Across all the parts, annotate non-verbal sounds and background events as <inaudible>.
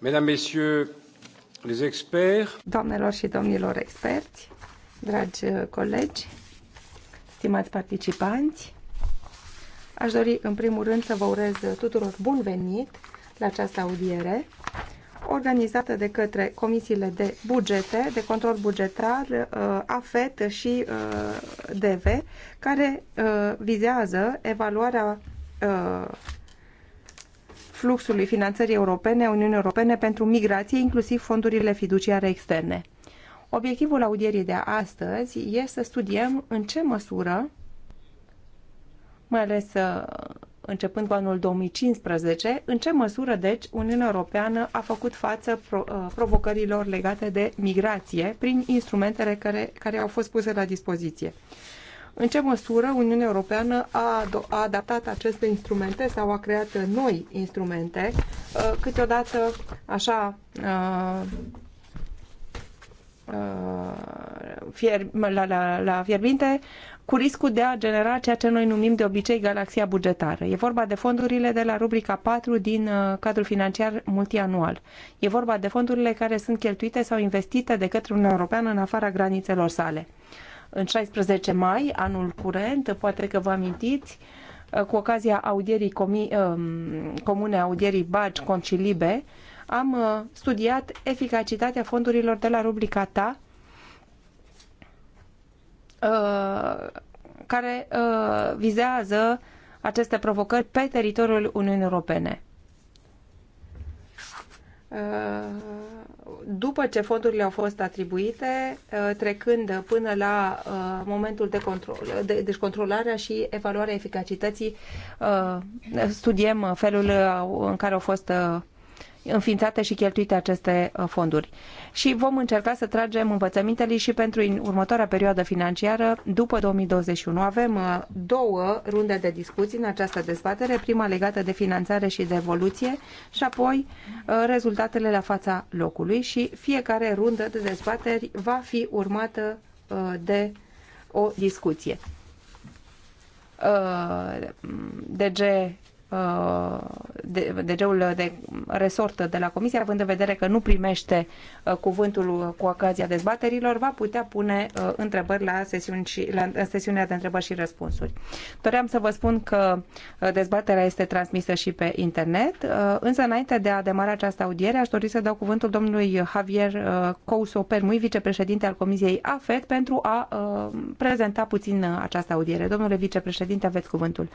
Mesdames, Messieurs, les experts. Doamnelor și domnilor experți, dragi uh, colegi, stimați participanți, aș dori în primul rând să vă urez tuturor bun venit la această audiere organizată de către comisiile de bugete, de control bugetar, uh, AFET și uh, DV, care vizează evaluarea fluxului finanțării europene a Uniunii Europene pentru migrație, inclusiv fondurile fiduciare externe. Obiectivul audierii de astăzi este să studiem în ce măsură, mai ales uh, începând cu anul 2015, în ce măsură, deci, Uniunea Europeană a făcut față uh, provocărilor legate de migrație prin instrumentele care, care au fost puse la dispoziție. În ce măsură Uniunea Europeană a, a adaptat aceste instrumente sau a creat noi instrumente, uh, câteodată așa uh, uh, fier, la, la, la fierbinte, cu riscul de a genera ceea ce noi numim de obicei galaxia bugetară. E vorba de fondurile de la rubrica 4 din cadrul financiar multianual. E vorba de fondurile care sunt cheltuite sau investite de către Uniunea Europeană în afara granițelor sale în 16 mai, anul curent, poate că vă amintiți, uh, cu ocazia audierii comi, um, comune audierii BAGI Concilibe, am uh, studiat eficacitatea fondurilor de la rubrica ta uh, care vizează aceste provocări pe teritoriul Uniunii Europene. Uh, după ce fondurile au fost atribuite, uh, trecând până la uh, momentul de control, de, deci controlarea și evaluarea eficacității, studiem felul în care au fost înființate și cheltuite aceste fonduri și vom încerca să tragem învățămintele și pentru următoarea perioadă financiară după 2021. Avem uh, două runde de discuții în această dezbatere, prima legată de finanțare și de evoluție și apoi uh, rezultatele la fața locului și fiecare rundă de dezbateri va fi urmată uh, de o discuție. DG deci, Uh, de ul de resort de la Comisie, având în vedere că nu primește uh, cuvântul cu ocazia dezbaterilor, va putea pune uh, întrebări la, sesiuni și, la sesiunea de întrebări și răspunsuri. Doream să vă spun că dezbaterea este transmisă și pe internet, însă înainte de a demara această audiere, aș dori să dau cuvântul domnului Javier Couso Permui, vicepreședinte al Comisiei AFET, pentru a prezenta puțin această audiere. Domnule vicepreședinte, aveți cuvântul.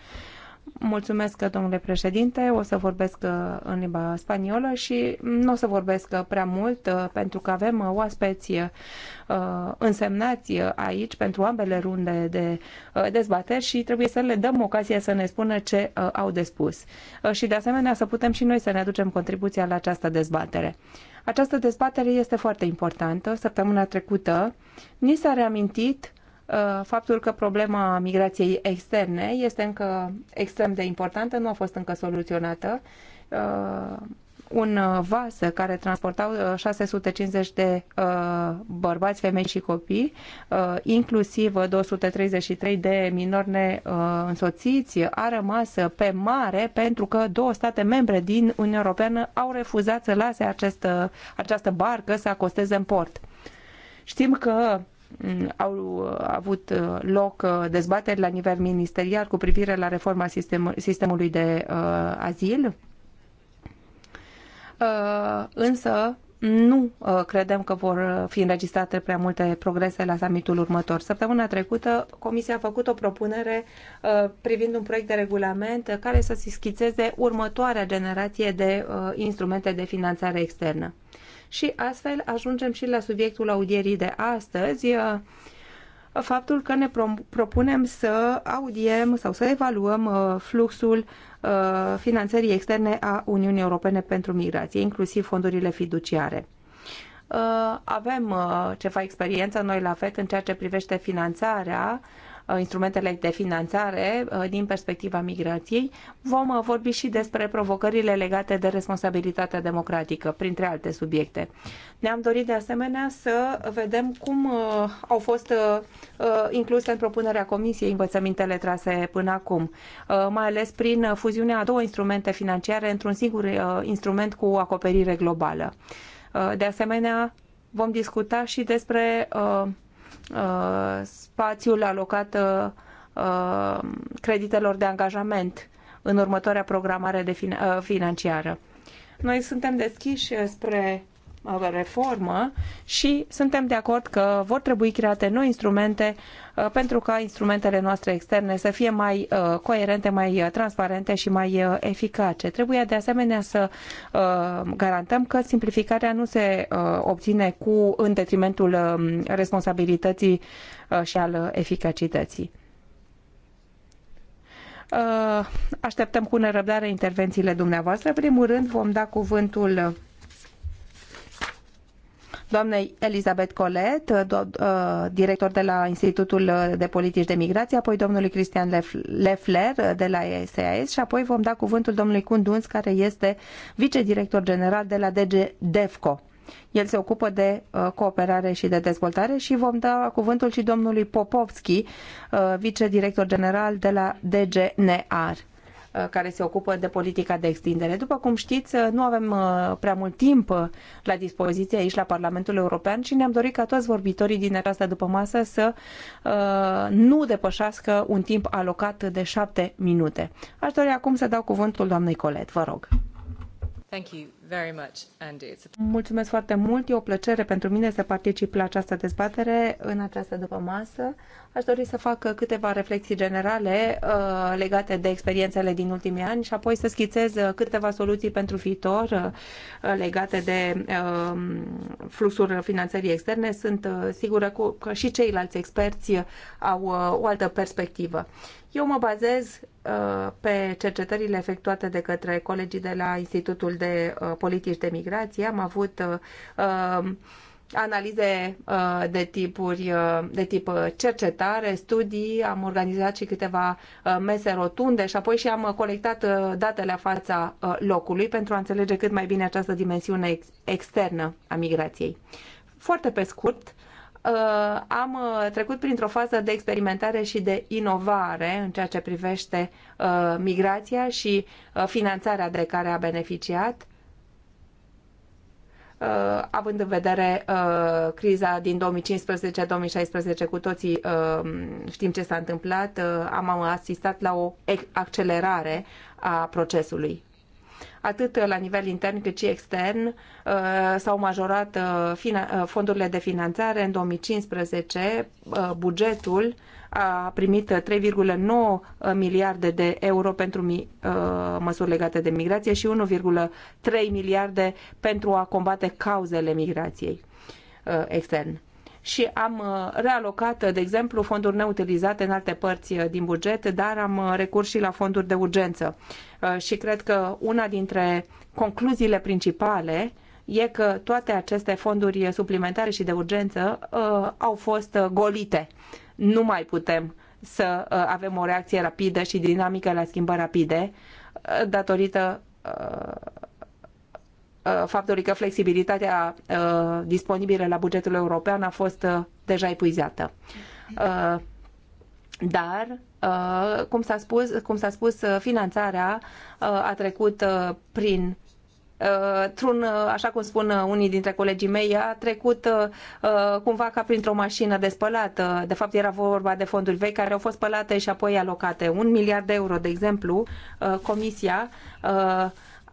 Mulțumesc, domnule președinte. O să vorbesc uh, în limba spaniolă și nu o să vorbesc uh, prea mult uh, pentru că avem oaspeți însemnați aici pentru ambele runde de dezbateri și trebuie să le dăm ocazia să ne spună ce au de spus. Și de asemenea să putem și noi să ne aducem contribuția la această dezbatere. Această dezbatere este foarte importantă. Săptămâna trecută ni s-a reamintit Uh, faptul că problema migrației externe este încă extrem de importantă, nu a fost încă soluționată. Uh, un vas care transportau 650 uh, de bărbați, femei și copii, inclusiv 233 de minori neînsoțiți, a rămas pe mare pentru că două state membre din Uniunea Europeană au refuzat să lase această, această barcă să acosteze în port. Știm că au uh, avut uh, loc uh, dezbateri la nivel ministerial cu privire la reforma sistemului de azil. Însă, nu credem că vor fi înregistrate prea multe progrese la summitul următor. Săptămâna trecută, Comisia a făcut o propunere privind un proiect de regulament care să se schițeze următoarea generație de instrumente de finanțare externă. Și astfel ajungem și la subiectul audierii de astăzi, uh, faptul că ne propunem să audiem sau să evaluăm uh, fluxul uh, finanțării externe a Uniunii Europene pentru migrație, inclusiv fondurile fiduciare avem ceva experiență noi la FET în ceea ce privește finanțarea Uh, instrumentele de finanțare uh, din perspectiva migrației. Vom uh, vorbi și despre provocările legate de responsabilitatea democratică, printre alte subiecte. Ne-am dorit de asemenea să vedem cum au fost incluse în propunerea Comisiei învățămintele trase până acum, mai ales prin fuziunea a două instrumente financiare într-un singur instrument cu acoperire globală. De asemenea, vom discuta și despre uh, Uh, spațiul alocat uh, creditelor de angajament în următoarea programare de fin uh, financiară. Noi suntem deschiși spre Uh, reformă și suntem de acord că vor trebui create noi instrumente uh, pentru ca instrumentele noastre externe să fie mai uh, coerente, mai transparente și mai eficace. Trebuie de asemenea să garantăm că simplificarea nu se obține cu în detrimentul um, responsabilității și al eficacității. Așteptăm cu nerăbdare intervențiile dumneavoastră. Primul rând vom da cuvântul doamnei Elizabeth Colet, uh, uh, director de la Institutul de Politici de Migrație, apoi domnului Cristian Lefler uh, de la SAS și apoi vom da cuvântul domnului Cunduns, care este vicedirector general de la DG DEFCO. El se ocupă de cooperare și de dezvoltare și vom da cuvântul și domnului Popovski, vicedirector general de la DG NEAR. Uh, care se ocupă de politica de extindere. După cum știți, uh, nu avem uh, prea mult timp la dispoziție aici la Parlamentul European și ne-am dorit ca toți vorbitorii din această dupa-masă să nu depășească un timp alocat de șapte minute. Aș dori acum să dau cuvântul doamnei Colet. Vă rog. Thank you very much, Andy. Mulțumesc foarte mult. E o plăcere pentru mine să particip la această dezbatere în această masă. Aș dori să fac câteva reflexii generale uh, legate de experiențele din ultimii ani și apoi să schițez uh, câteva soluții pentru viitor uh, legate de uh, fluxul finanțării externe. Sunt uh, sigură cu, că și ceilalți experți au uh, o altă perspectivă. Eu mă bazez pe cercetările efectuate de către colegii de la Institutul de politici de migrație. Am avut uh, uh, analize uh, de, tipuri, de tip cercetare, studii, am organizat și câteva mese rotunde și apoi și am colectat datele fața fața locului pentru a înțelege cât mai bine această dimensiune externă a migrației. Foarte pe scurt, am trecut printr-o fază de experimentare și de inovare în ceea ce privește migrația și finanțarea de care a beneficiat Uh, având în vedere uh, criza din 2015-2016, cu toții uh, știm ce s-a întâmplat, am asistat la o accelerare a procesului atât la nivel intern cât și extern. Uh, s-au majorat uh, uh, fondurile de finanțare în 2015, bugetul a primit 3,9 miliarde de euro pentru măsuri legate de migrație și 1,3 miliarde pentru a combate cauzele migrației extern și am uh, realocat, de exemplu, fonduri neutilizate în alte părți uh, din buget, dar am uh, recurs și la fonduri de urgență. Și cred că una dintre concluziile principale e că toate aceste fonduri suplimentare și de urgență au fost golite. Nu mai putem să avem o reacție rapidă și dinamică la schimbări rapide datorită Uh, faptului că flexibilitatea uh, disponibilă la bugetul european a fost uh, deja epuizată. Dar, cum s-a spus, cum s-a spus finanțarea a trecut prin trun, așa cum spun unii dintre colegii mei, a trecut cumva ca printr-o mașină de spălat. De fapt, era vorba de fonduri vechi care au fost spălate și apoi alocate. Un miliard de euro, de exemplu, Comisia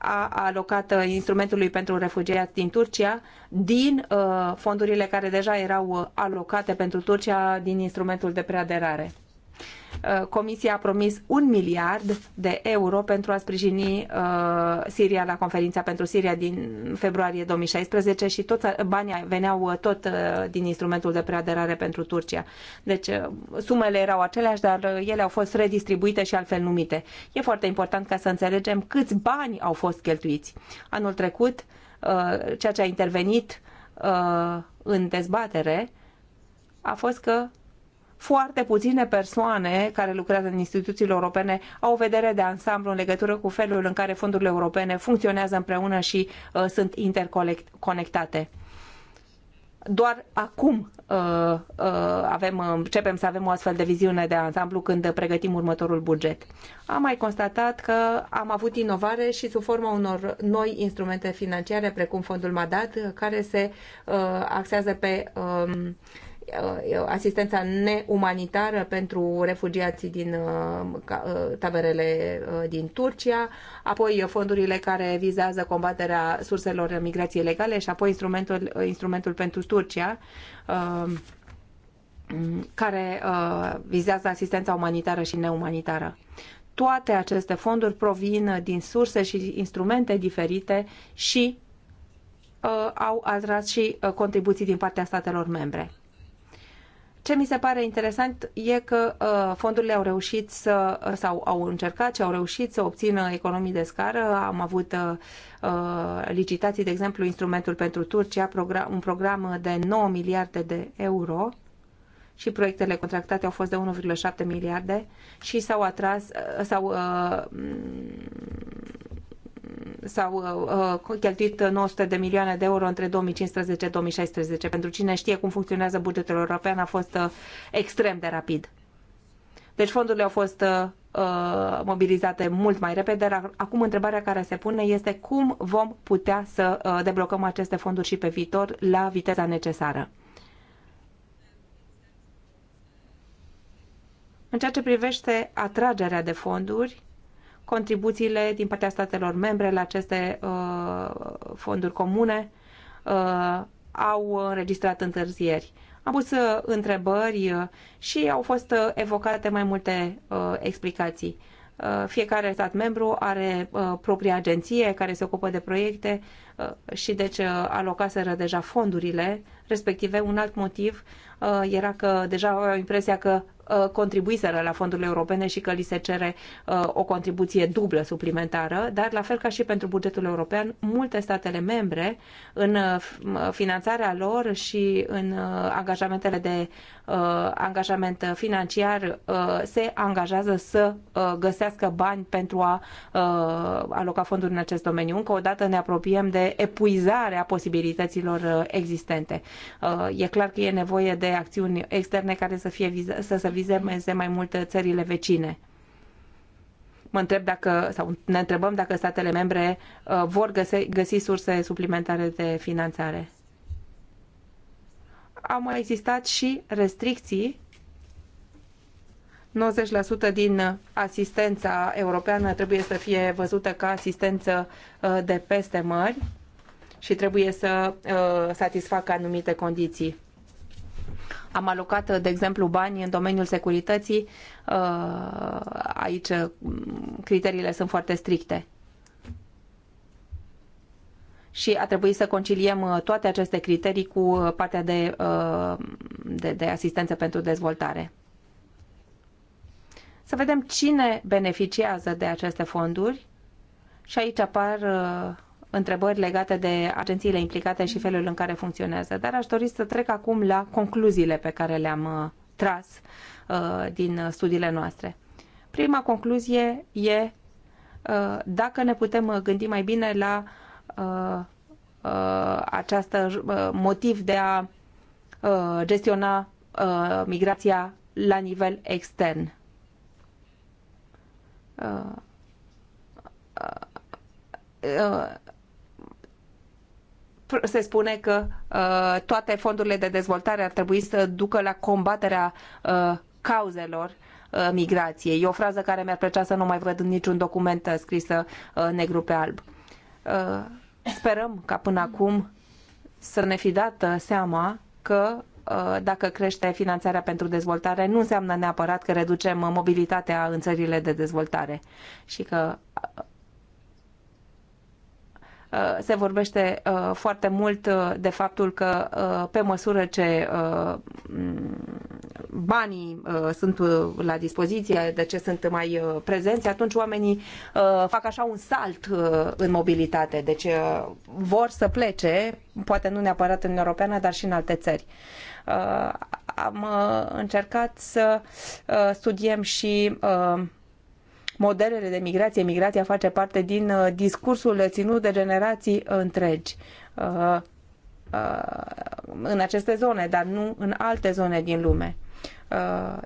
a alocat uh, instrumentului pentru refugiați din Turcia din uh, fondurile care deja erau uh, alocate pentru Turcia din instrumentul de preaderare. Uh, Comisia a promis un miliard de euro pentru a sprijini uh, Siria la conferința pentru Siria din februarie 2016 și toți uh, banii veneau tot din instrumentul de preaderare pentru Turcia. Deci sumele erau aceleași, dar ele au fost redistribuite și altfel numite. E foarte important ca să înțelegem câți bani au fost cheltuiți. Anul trecut, ceea ce a intervenit în dezbatere a fost că foarte puține persoane care lucrează în instituțiile europene au o vedere de ansamblu în legătură cu felul în care fondurile europene funcționează împreună și uh, sunt interconectate. Doar acum uh, uh, avem, uh, începem să avem o astfel de viziune de ansamblu când pregătim următorul buget. Am mai constatat că am avut inovare și sub forma unor noi instrumente financiare, precum fondul Madat, care se uh, axează pe uh, Uh, uh, asistența neumanitară pentru refugiații din uh, taberele din Turcia, apoi fondurile care vizează combaterea surselor migrației legale și apoi instrumentul, instrumentul pentru Turcia care vizează asistența umanitară și neumanitară toate aceste fonduri provin din surse și instrumente diferite și uh, au atras și uh, contribuții din partea statelor membre. Ce mi se pare interesant e că uh, fondurile au reușit să, uh, sau au încercat și au reușit să obțină economii de scară. Am avut uh, licitații, de exemplu, instrumentul pentru Turcia, un program de 9 miliarde de euro și proiectele contractate au fost de 1,7 miliarde și s-au atras, s-au uh, s-au uh, uh cheltuit 900 de milioane de euro între 2015-2016. Pentru cine știe cum funcționează bugetul european, a fost uh, extrem de rapid. Deci fondurile au fost uh, uh mobilizate mult mai repede, dar acum întrebarea care se pune este cum vom putea să uh, deblocăm aceste fonduri și pe viitor la viteza necesară. În ceea ce privește atragerea de fonduri, contribuțiile din partea statelor membre la aceste uh, fonduri comune uh, au înregistrat întârzieri. Am pus uh, întrebări uh, și au fost uh, evocate mai multe uh, explicații. Fiecare stat membru are propria agenție care se ocupă de proiecte și deci alocaseră deja fondurile respective. Un alt motiv era că deja aveau impresia că Uh, contribuiseră la fondurile europene și că li se cere uh, o contribuție dublă suplimentară, dar la fel ca și pentru bugetul european, multe statele membre în uh, finanțarea lor și în angajamentele de Uh, angajament financiar uh, se angajează să uh, găsească bani pentru a aloca fonduri în acest domeniu. Încă o dată ne apropiem de epuizarea posibilităților existente. E clar că e nevoie de acțiuni externe care să, fie, să se vizeze mai mult țările vecine mă întreb dacă, sau ne întrebăm dacă statele membre vor găse, găsi surse suplimentare de finanțare au mai existat și restricții 90% din asistența europeană trebuie să fie văzută ca asistență uh, de peste mări și trebuie să uh, satisfacă anumite condiții. Am alocat, uh, de exemplu, bani în domeniul securității. Aici mm, criteriile sunt foarte stricte și a trebuit să conciliem uh, toate aceste criterii cu uh, partea de, uh, de, de asistență pentru dezvoltare. Să vedem cine beneficiază de aceste fonduri și aici apar întrebări legate de agențiile implicate și felul în care funcționează. Dar aș dori să trec acum la concluziile pe care le-am tras din studiile noastre. Prima concluzie e dacă ne putem gândi mai bine la Uh, uh, această uh, motiv de a gestiona migrația la nivel extern. Se spune că toate fondurile de dezvoltare ar trebui să ducă la combaterea cauzelor migrației. E o frază care mi-ar plăcea să nu mai văd în niciun document scrisă negru pe alb Sperăm ca până acum să ne fi dat uh, seama că uh, dacă crește finanțarea pentru dezvoltare, nu înseamnă neapărat că reducem mobilitatea în țările de dezvoltare și că uh, Uh, se vorbește uh, foarte mult uh, de faptul că pe măsură ce banii sunt la dispoziție, de ce sunt mai prezenți, atunci oamenii fac așa un salt în mobilitate. Deci vor să plece, poate nu neapărat în Uniunea Europeană, dar și în alte țări am încercat să studiem și modelele de migrație. Migrația face parte din uh, discursul ținut de generații întregi uh, uh, în aceste zone, dar nu în alte zone din lume.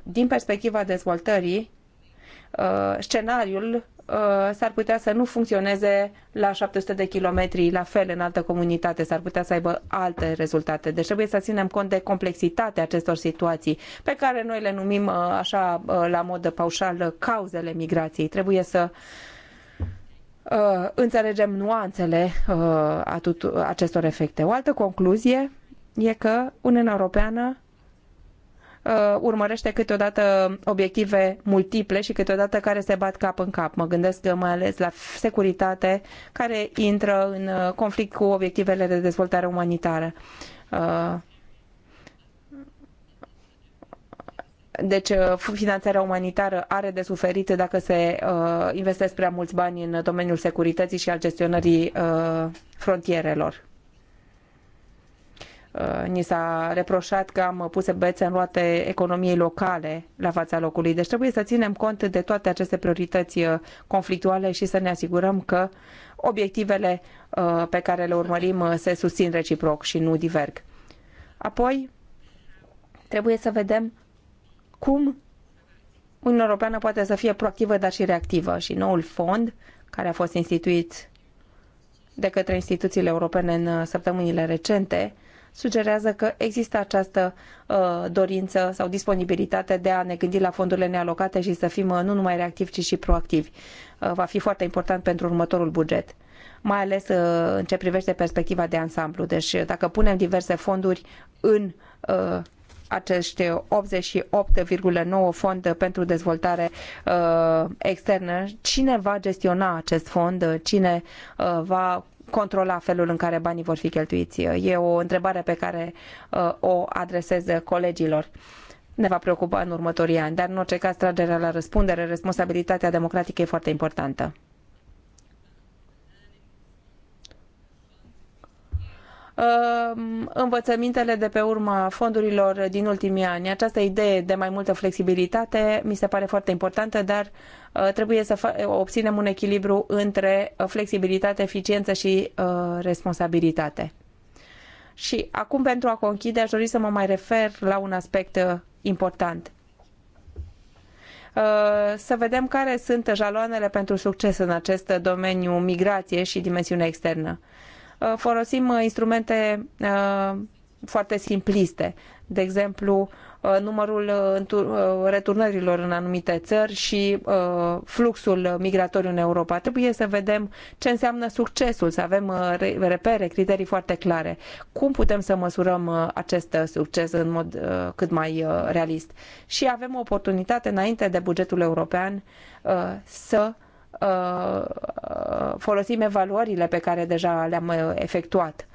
Din perspectiva dezvoltării, scenariul Uh, s-ar putea să nu funcționeze la 700 de kilometri, la fel în altă comunitate, s-ar putea să aibă alte rezultate. Deci trebuie să ținem cont de complexitatea acestor situații, pe care noi le numim uh, așa uh, la modă paușal cauzele migrației. Trebuie să înțelegem nuanțele acestor efecte. O altă concluzie e că Uniunea Europeană Uh, urmărește câteodată obiective multiple și câteodată care se bat cap în cap. Mă gândesc mai ales la securitate, care intră în uh, conflict cu obiectivele de dezvoltare umanitară. Uh, deci finanțarea umanitară are de suferit dacă se investesc prea mulți bani în domeniul securității și al gestionării frontierelor. Uh, ni s-a reproșat că am pus bețe în roate economiei locale la fața locului. Deci trebuie să ținem cont de toate aceste priorități uh, conflictuale și să ne asigurăm că obiectivele uh, pe care le urmărim se susțin reciproc și nu diverg. Apoi, trebuie să vedem cum Uniunea Europeană poate să fie proactivă, dar și reactivă. Și noul fond, care a fost instituit de către instituțiile europene în săptămânile recente, sugerează că există această uh, dorință sau disponibilitate de a ne gândi la fondurile nealocate și să fim uh, nu numai reactivi, ci și proactivi. Uh, va fi foarte important pentru următorul buget mai ales uh, în ce privește perspectiva de ansamblu. Deci uh, dacă punem diverse fonduri în uh, acești 88,9 fond pentru dezvoltare uh, externă. Cine va gestiona acest fond? Cine uh, va controla felul în care banii vor fi cheltuiți? E o întrebare pe care uh, o adresez colegilor ne va preocupa în următorii ani, dar în orice caz tragerea la răspundere, responsabilitatea democratică e foarte importantă. Uh, învățămintele de pe urma fondurilor din ultimii ani, această idee de mai multă flexibilitate mi se pare foarte importantă, dar uh, Uh, trebuie să obținem un echilibru între uh, flexibilitate, eficiență și uh, responsabilitate. Și acum, pentru a conchide, aș dori să mă mai refer la un aspect important. Să vedem care sunt jaloanele pentru succes în acest domeniu migrație și dimensiune externă. Folosim instrumente foarte simpliste, de exemplu, Uh, numărul uh, uh, returnărilor în anumite țări și fluxul migratoriu în Europa. Trebuie să vedem ce înseamnă succesul, să avem repere, criterii foarte clare. Cum putem să măsurăm acest succes în mod cât mai realist? Și avem o oportunitate înainte de bugetul european să folosim evaluările pe care deja le-am efectuat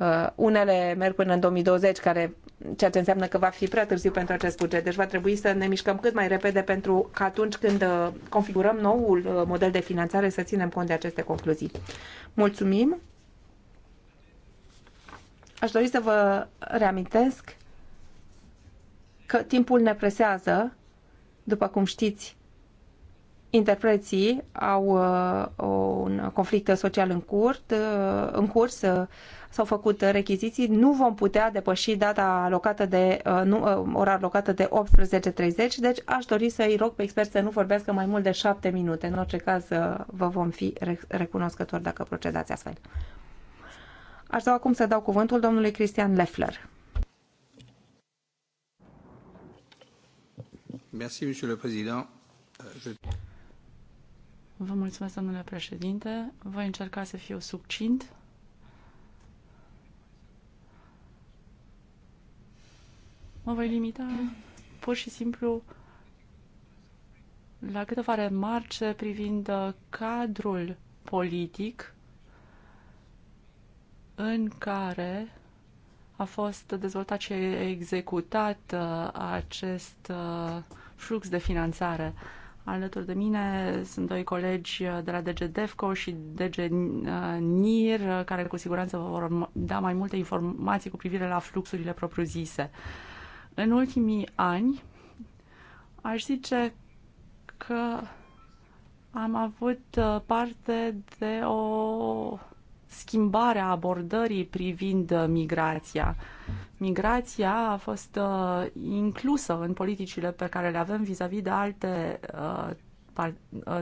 Uh, unele merg până în 2020, care, ceea ce înseamnă că va fi prea târziu pentru acest buget. Deci va trebui să ne mișcăm cât mai repede pentru că atunci când uh, configurăm noul uh, model de finanțare să ținem cont de aceste concluzii. Mulțumim! Aș dori să vă reamintesc că timpul ne presează. După cum știți, interpreții au uh, un conflict social în, curt, uh, în curs. Uh, s-au făcut rechiziții, nu vom putea depăși data alocată de, uh, nu, uh, ora alocată de 18.30, deci aș dori să-i rog pe experți să nu vorbească mai mult de 7 minute. În orice caz, uh, vă vom fi recunoscători dacă procedați astfel. Aș dau acum să dau cuvântul domnului Cristian Leffler. Merci, monsieur le président. Euh, je... Vă mulțumesc, domnule președinte. Voi încerca să fiu succint. Mă voi limita pur și simplu la câteva remarce privind uh, cadrul politic în care a fost dezvoltat și executat uh, acest uh, flux de finanțare. Alături de mine sunt doi colegi de la DG DEFCO și DG NIR, care cu siguranță vă vor da mai multe informații cu privire la fluxurile propriu-zise. Uh, în ultimii ani, aș zice că am avut uh, parte de o schimbare a abordării privind uh, migrația. Migrația a fost uh, inclusă în politicile pe care le avem vis-a-vis -vis de alte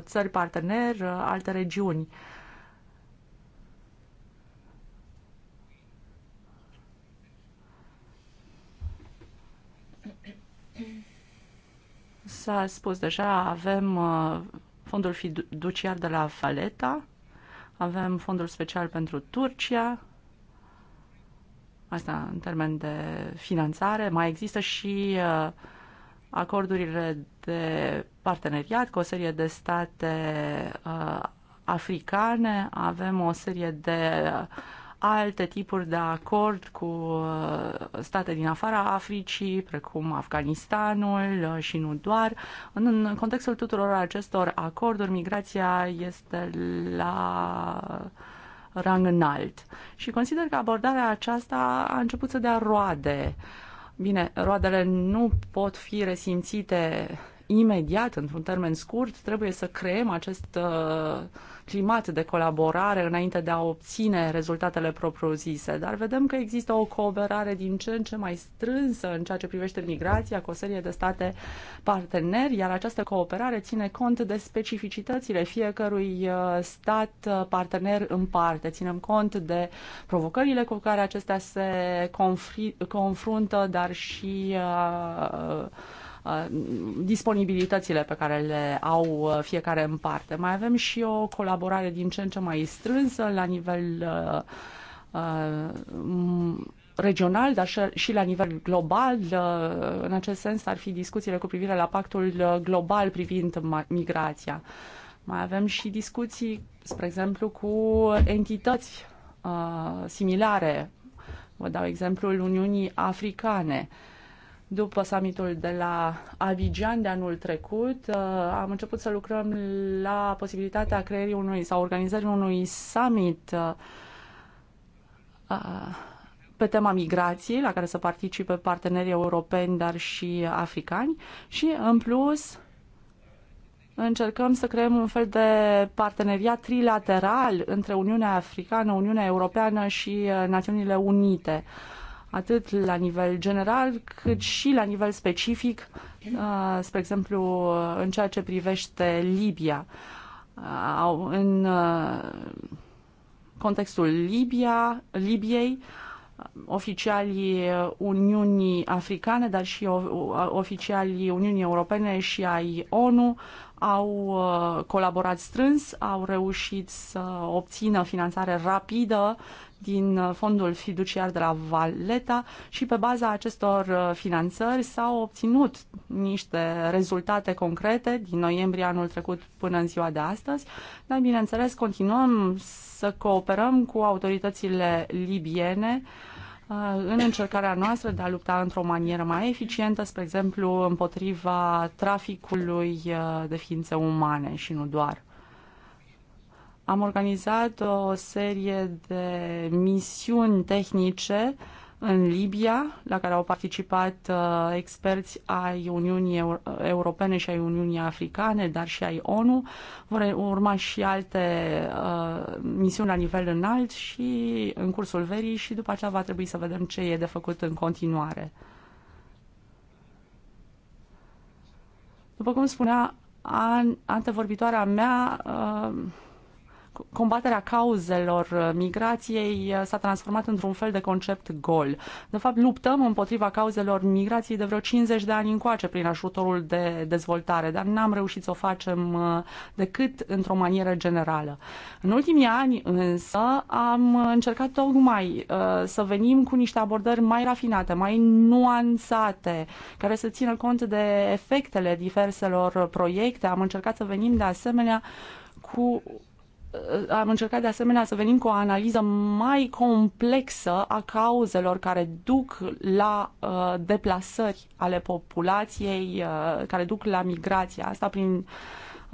țări partener, alte regiuni. S-a spus deja, avem uh, fondul fiduciar de la Faleta, avem fondul special pentru Turcia, asta în termen de finanțare, mai există și uh, acordurile de parteneriat cu o serie de state uh, africane, avem o serie de uh, alte tipuri de acord cu uh, state din afara Africii, precum Afganistanul uh, și nu doar. În contextul tuturor acestor acorduri, migrația este la rang înalt. Și consider că abordarea aceasta a început să dea roade. Bine, roadele nu pot fi resimțite imediat, într-un termen scurt, trebuie să creăm acest uh, climat de colaborare înainte de a obține rezultatele propriu-zise, dar vedem că există o cooperare din ce în ce mai strânsă în ceea ce privește migrația cu o serie de state parteneri, iar această cooperare ține cont de specificitățile fiecărui uh, stat uh, partener în parte. Ținem cont de provocările cu care acestea se confruntă, dar și uh, Uh, disponibilitățile pe care le au uh, fiecare în parte. Mai avem și o colaborare din ce în ce mai strânsă la nivel uh, regional, dar și la nivel global. În acest sens ar fi discuțiile cu privire la pactul global privind migrația. Mai avem și discuții, spre exemplu, cu entități uh, similare. Vă dau exemplul Uniunii Africane. Uh, după summitul de la Abidjan de anul trecut, uh, am început să lucrăm la posibilitatea creierii unui sau organizării unui summit uh, uh, pe tema migrației, la care să participe partenerii europeni, dar și africani. Și, în plus, încercăm să creăm un fel de parteneriat trilateral între Uniunea Africană, Uniunea Europeană și Națiunile Unite. Uh, atât la nivel general, cât și la nivel specific, uh, spre exemplu, în ceea ce privește Libia. Uh, în uh, contextul Libia, Libiei, oficialii Uniunii Africane, dar și oficialii Uniunii Europene și ai ONU au colaborat strâns, au reușit să obțină finanțare rapidă din uh, fondul fiduciar de la Valeta și pe baza acestor uh, finanțări s-au obținut niște rezultate concrete din noiembrie anul trecut până în ziua de astăzi, dar bineînțeles continuăm să cooperăm cu autoritățile libiene uh, în încercarea noastră de a lupta într-o manieră mai eficientă, spre exemplu, împotriva traficului de ființe umane și nu doar. Am organizat o serie de misiuni tehnice în Libia, la care au participat uh, experți ai Uniunii Euro Europene și ai Uniunii Africane, dar și ai ONU. Vor urma și alte uh, misiuni la nivel înalt și în cursul verii și după aceea va trebui să vedem ce e de făcut în continuare. După cum spunea an antevorbitoarea mea, uh, combaterea cauzelor uh, migrației uh, s-a transformat într-un fel de concept gol. De fapt, luptăm împotriva cauzelor migrației de vreo 50 de ani încoace prin ajutorul de dezvoltare, dar n-am reușit să o facem uh, decât într-o manieră generală. În ultimii ani, însă, am încercat tocmai să venim cu niște abordări mai rafinate, mai nuanțate, care să țină cont de efectele diverselor proiecte. Am încercat să venim, de asemenea, cu Uh, am încercat de asemenea să venim cu o analiză mai complexă a cauzelor care duc la uh, deplasări ale populației, uh, care duc la migrația asta prin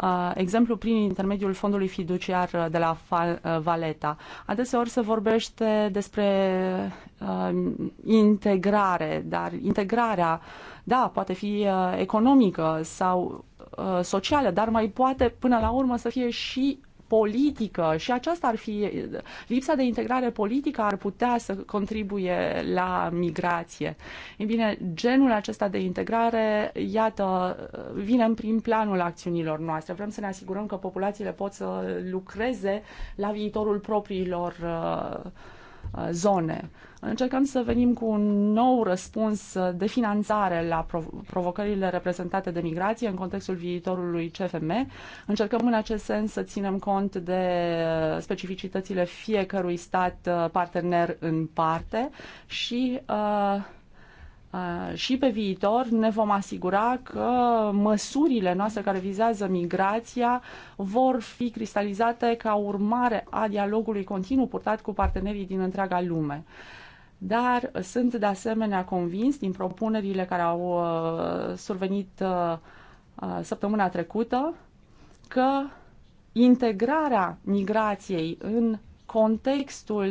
Uh, exemplu, prin intermediul fondului fiduciar de la uh, Valeta. Adeseori se vorbește despre uh, integrare, dar integrarea, da, poate fi uh, economică sau uh, socială, dar mai poate până la urmă să fie și politică și aceasta ar fi, lipsa de integrare politică ar putea să contribuie la migrație. E bine, genul acesta de integrare, iată, vine în prim planul acțiunilor noastre. Vrem să ne asigurăm că populațiile pot să lucreze la viitorul propriilor uh, zone încercăm să venim cu un nou răspuns de finanțare la provocările reprezentate de migrație în contextul viitorului CFM. Încercăm în acest sens să ținem cont de specificitățile fiecărui stat uh, partener în parte și uh, uh, și pe viitor ne vom asigura că măsurile noastre care vizează migrația vor fi cristalizate ca urmare a dialogului continuu purtat cu partenerii din întreaga lume dar sunt de asemenea convins din propunerile care au uh, survenit uh, uh, săptămâna trecută că integrarea migrației în contextul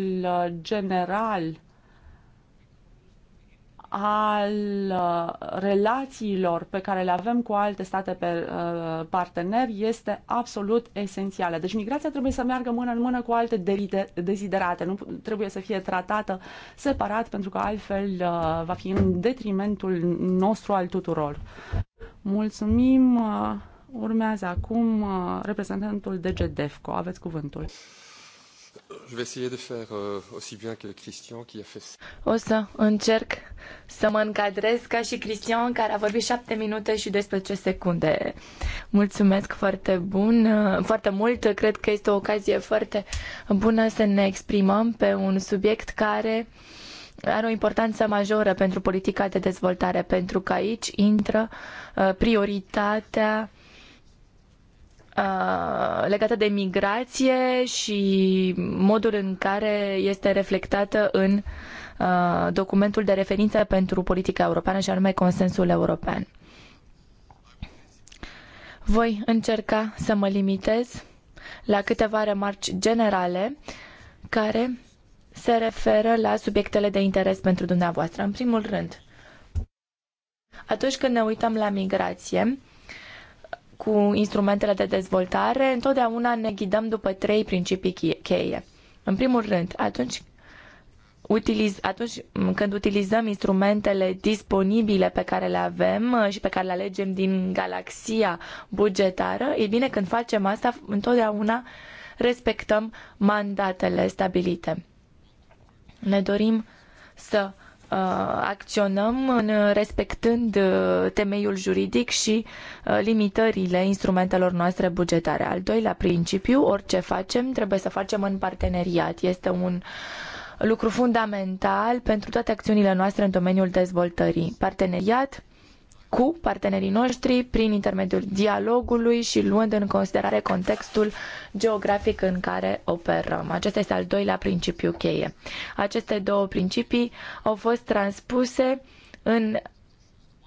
general al uh, relațiilor pe care le avem cu alte state pe, uh, parteneri este absolut esențială. Deci migrația trebuie să meargă mână în mână cu alte deziderate, nu trebuie să fie tratată separat pentru că altfel uh, va fi în detrimentul nostru al tuturor. Mulțumim! Urmează acum reprezentantul DGDEFCO. Aveți cuvântul. Je vais essayer de faire euh, aussi bien que Christian qui a fait... O să încerc să mă încadrez ca și Cristian care a vorbit 7 minute și 12 secunde. Mulțumesc foarte bun, foarte mult. Cred că este o ocazie foarte bună să ne exprimăm pe un subiect care are o importanță majoră pentru politica de dezvoltare, pentru că aici intră uh, prioritatea Uh, legată de migrație și modul în care este reflectată în uh, documentul de referință pentru politica europeană și anume consensul european. Voi încerca să mă limitez la câteva remarci generale care se referă la subiectele de interes pentru dumneavoastră. În primul rând, atunci când ne uităm la migrație, cu instrumentele de dezvoltare, întotdeauna ne ghidăm după trei principii cheie. În primul rând, atunci utiliz, atunci când utilizăm instrumentele disponibile pe care le avem uh, și pe care le alegem din galaxia bugetară, e bine când facem asta, întotdeauna respectăm mandatele stabilite. Ne dorim să Uh, acționăm în uh, respectând uh, temeiul juridic și limitările instrumentelor noastre bugetare. Al doilea principiu, orice facem, trebuie să facem în parteneriat. Este un lucru fundamental pentru toate acțiunile noastre în domeniul dezvoltării. Parteneriat cu partenerii noștri prin intermediul dialogului și luând în considerare contextul geografic în care operăm. Acesta este al doilea principiu cheie. Aceste două principii au fost transpuse în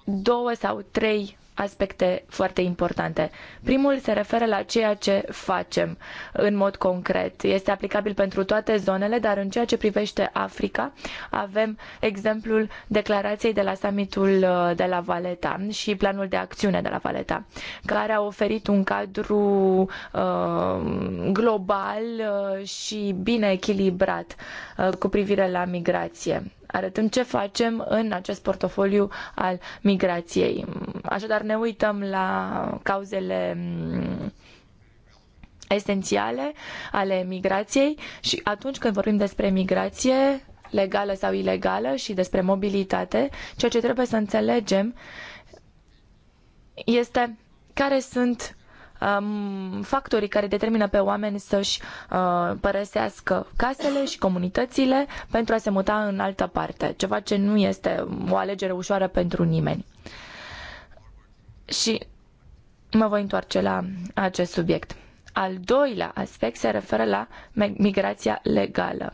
două sau trei aspecte foarte importante. Primul se referă la ceea ce facem în mod concret. Este aplicabil pentru toate zonele, dar în ceea ce privește Africa, avem exemplul declarației de la summitul uh, de la Valeta și planul de acțiune de la Valeta, care a oferit un cadru uh, global uh, și bine echilibrat cu privire la migrație arătăm ce facem în acest portofoliu al migrației. Așadar ne uităm la cauzele mm, esențiale ale migrației și atunci când vorbim despre migrație legală sau ilegală și despre mobilitate, ceea ce trebuie să înțelegem este care sunt um, factorii care determină pe oameni să-și uh, părăsească casele și comunitățile pentru a se muta în altă parte, ceva ce nu este o alegere ușoară pentru nimeni. Și mă voi întoarce la acest subiect. Al doilea aspect se referă la migrația legală.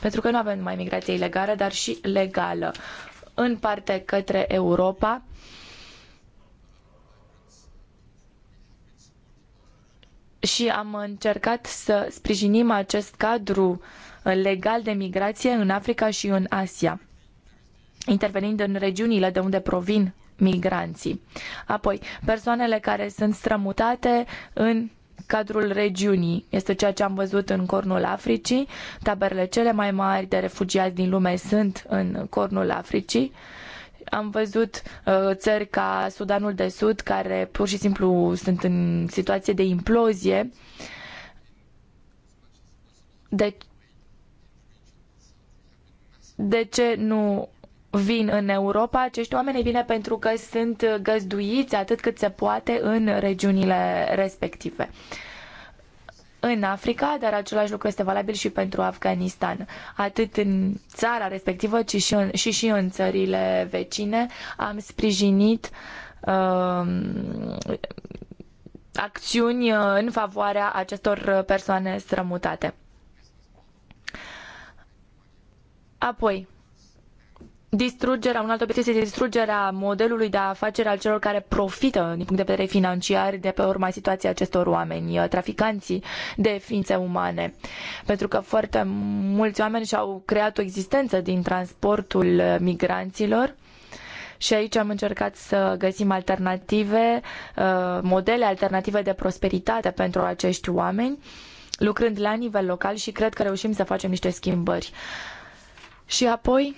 Pentru că nu avem numai migrație ilegală, dar și legală. În parte către Europa, și am încercat să sprijinim acest cadru uh, legal de migrație în Africa și în Asia, intervenind în regiunile de unde provin migranții. Apoi, persoanele care sunt strămutate în cadrul regiunii. Este ceea ce am văzut în cornul Africii. Taberele cele mai mari de refugiați din lume sunt în cornul Africii. Uh, am văzut uh, țări ca Sudanul de Sud, care pur și simplu sunt în situație de implozie. De, de ce nu vin în Europa? Acești oameni vin pentru că sunt găzduiți atât cât se poate în regiunile respective în Africa, dar același lucru este valabil și pentru Afganistan. Atât în țara respectivă, ci și, în, și, și în țările vecine am sprijinit um, uh, acțiuni în favoarea acestor persoane strămutate. Apoi, distrugerea, un alt obiectiv este distrugerea modelului de afaceri al celor care profită din punct de vedere financiar de pe urma situației acestor oameni, uh, traficanții de ființe umane. Pentru că foarte mulți oameni și-au creat o existență din transportul uh, migranților și aici am încercat să găsim alternative, uh, modele alternative de prosperitate pentru acești oameni, lucrând la nivel local și cred că reușim să facem niște schimbări. Și apoi,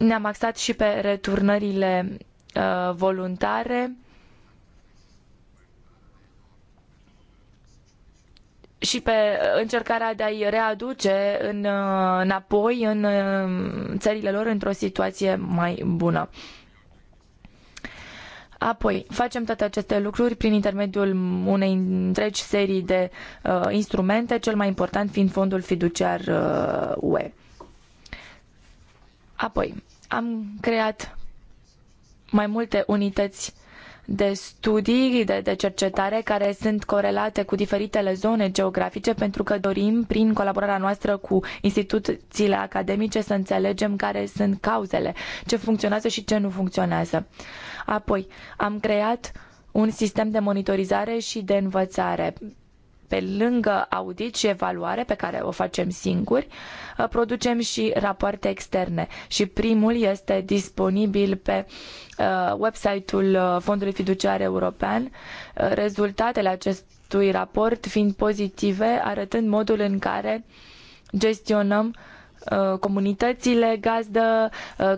ne-am axat și pe returnările uh, voluntare. și pe uh, încercarea de a-i readuce în, uh, înapoi în uh, țările lor într-o situație mai bună. Apoi, facem toate aceste lucruri prin intermediul unei întregi serii de uh, instrumente, cel mai important fiind fondul fiduciar uh, UE. Apoi, am creat mai multe unități de studii, de, de cercetare care sunt corelate cu diferitele zone geografice pentru că dorim, prin colaborarea noastră cu instituțiile academice, să înțelegem care sunt cauzele, ce funcționează și ce nu funcționează. Apoi, am creat un sistem de monitorizare și de învățare pe lângă audit și evaluare pe care o facem singuri, uh, producem și rapoarte externe și primul este disponibil pe uh, website-ul uh, Fondului Fiduciar European. Rezultatele acestui raport fiind pozitive, arătând modul în care gestionăm comunitățile gazdă,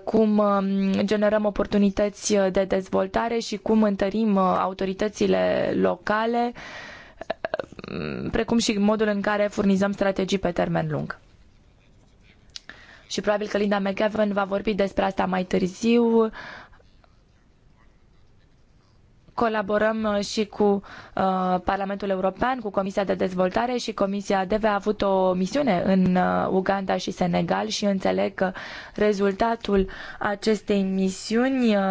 cum um, generăm oportunități de dezvoltare și cum întărim autoritățile locale Mm, precum și modul în care furnizăm strategii pe termen lung. Și probabil că Linda McEwen va vorbi despre asta mai târziu. Colaborăm uh, și cu uh, Parlamentul European, cu Comisia de Dezvoltare și Comisia DEVE a avut o misiune în uh, Uganda și Senegal și înțeleg că rezultatul acestei misiuni uh,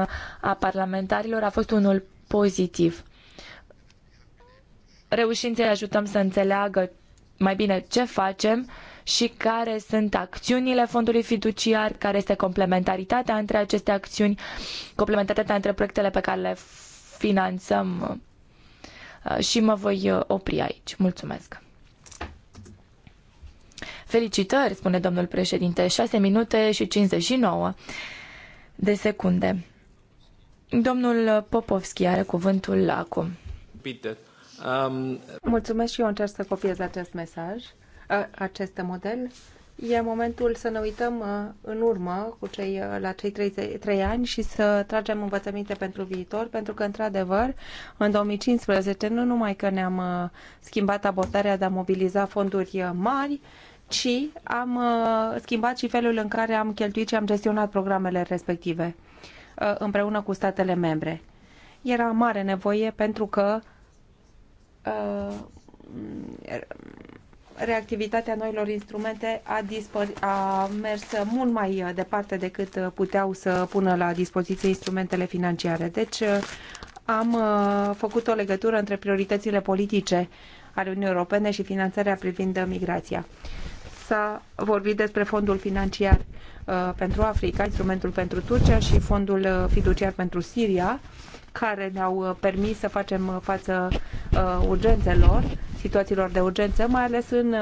a parlamentarilor a fost unul pozitiv reușim să-i ajutăm să înțeleagă mai bine ce facem și care sunt acțiunile fondului fiduciar, care este complementaritatea între aceste acțiuni, complementaritatea între proiectele pe care le finanțăm uh, și mă voi uh, opri aici. Mulțumesc! Felicitări, spune domnul președinte, 6 minute și 59 de secunde. Domnul Popovski are cuvântul acum. Peter. Um... Mulțumesc și eu încerc să copiez acest mesaj, acest model. E momentul să ne uităm în urmă cu cei, la cei trei, trei ani și să tragem învățăminte pentru viitor, pentru că, într-adevăr, în 2015 nu numai că ne-am schimbat abordarea de a mobiliza fonduri mari, ci am schimbat și felul în care am cheltuit și am gestionat programele respective împreună cu statele membre. Era mare nevoie pentru că Uh, reactivitatea noilor instrumente a, dispăr- a mers mult mai uh, departe decât uh, puteau să pună la dispoziție instrumentele financiare. Deci am făcut o legătură între prioritățile politice ale Uniunii Europene și finanțarea privind migrația. S-a vorbit despre fondul financiar pentru Africa, instrumentul pentru Turcia și fondul fiduciar pentru Siria care ne-au uh, permis să facem uh, față uh, urgențelor, situațiilor de urgență, mai ales în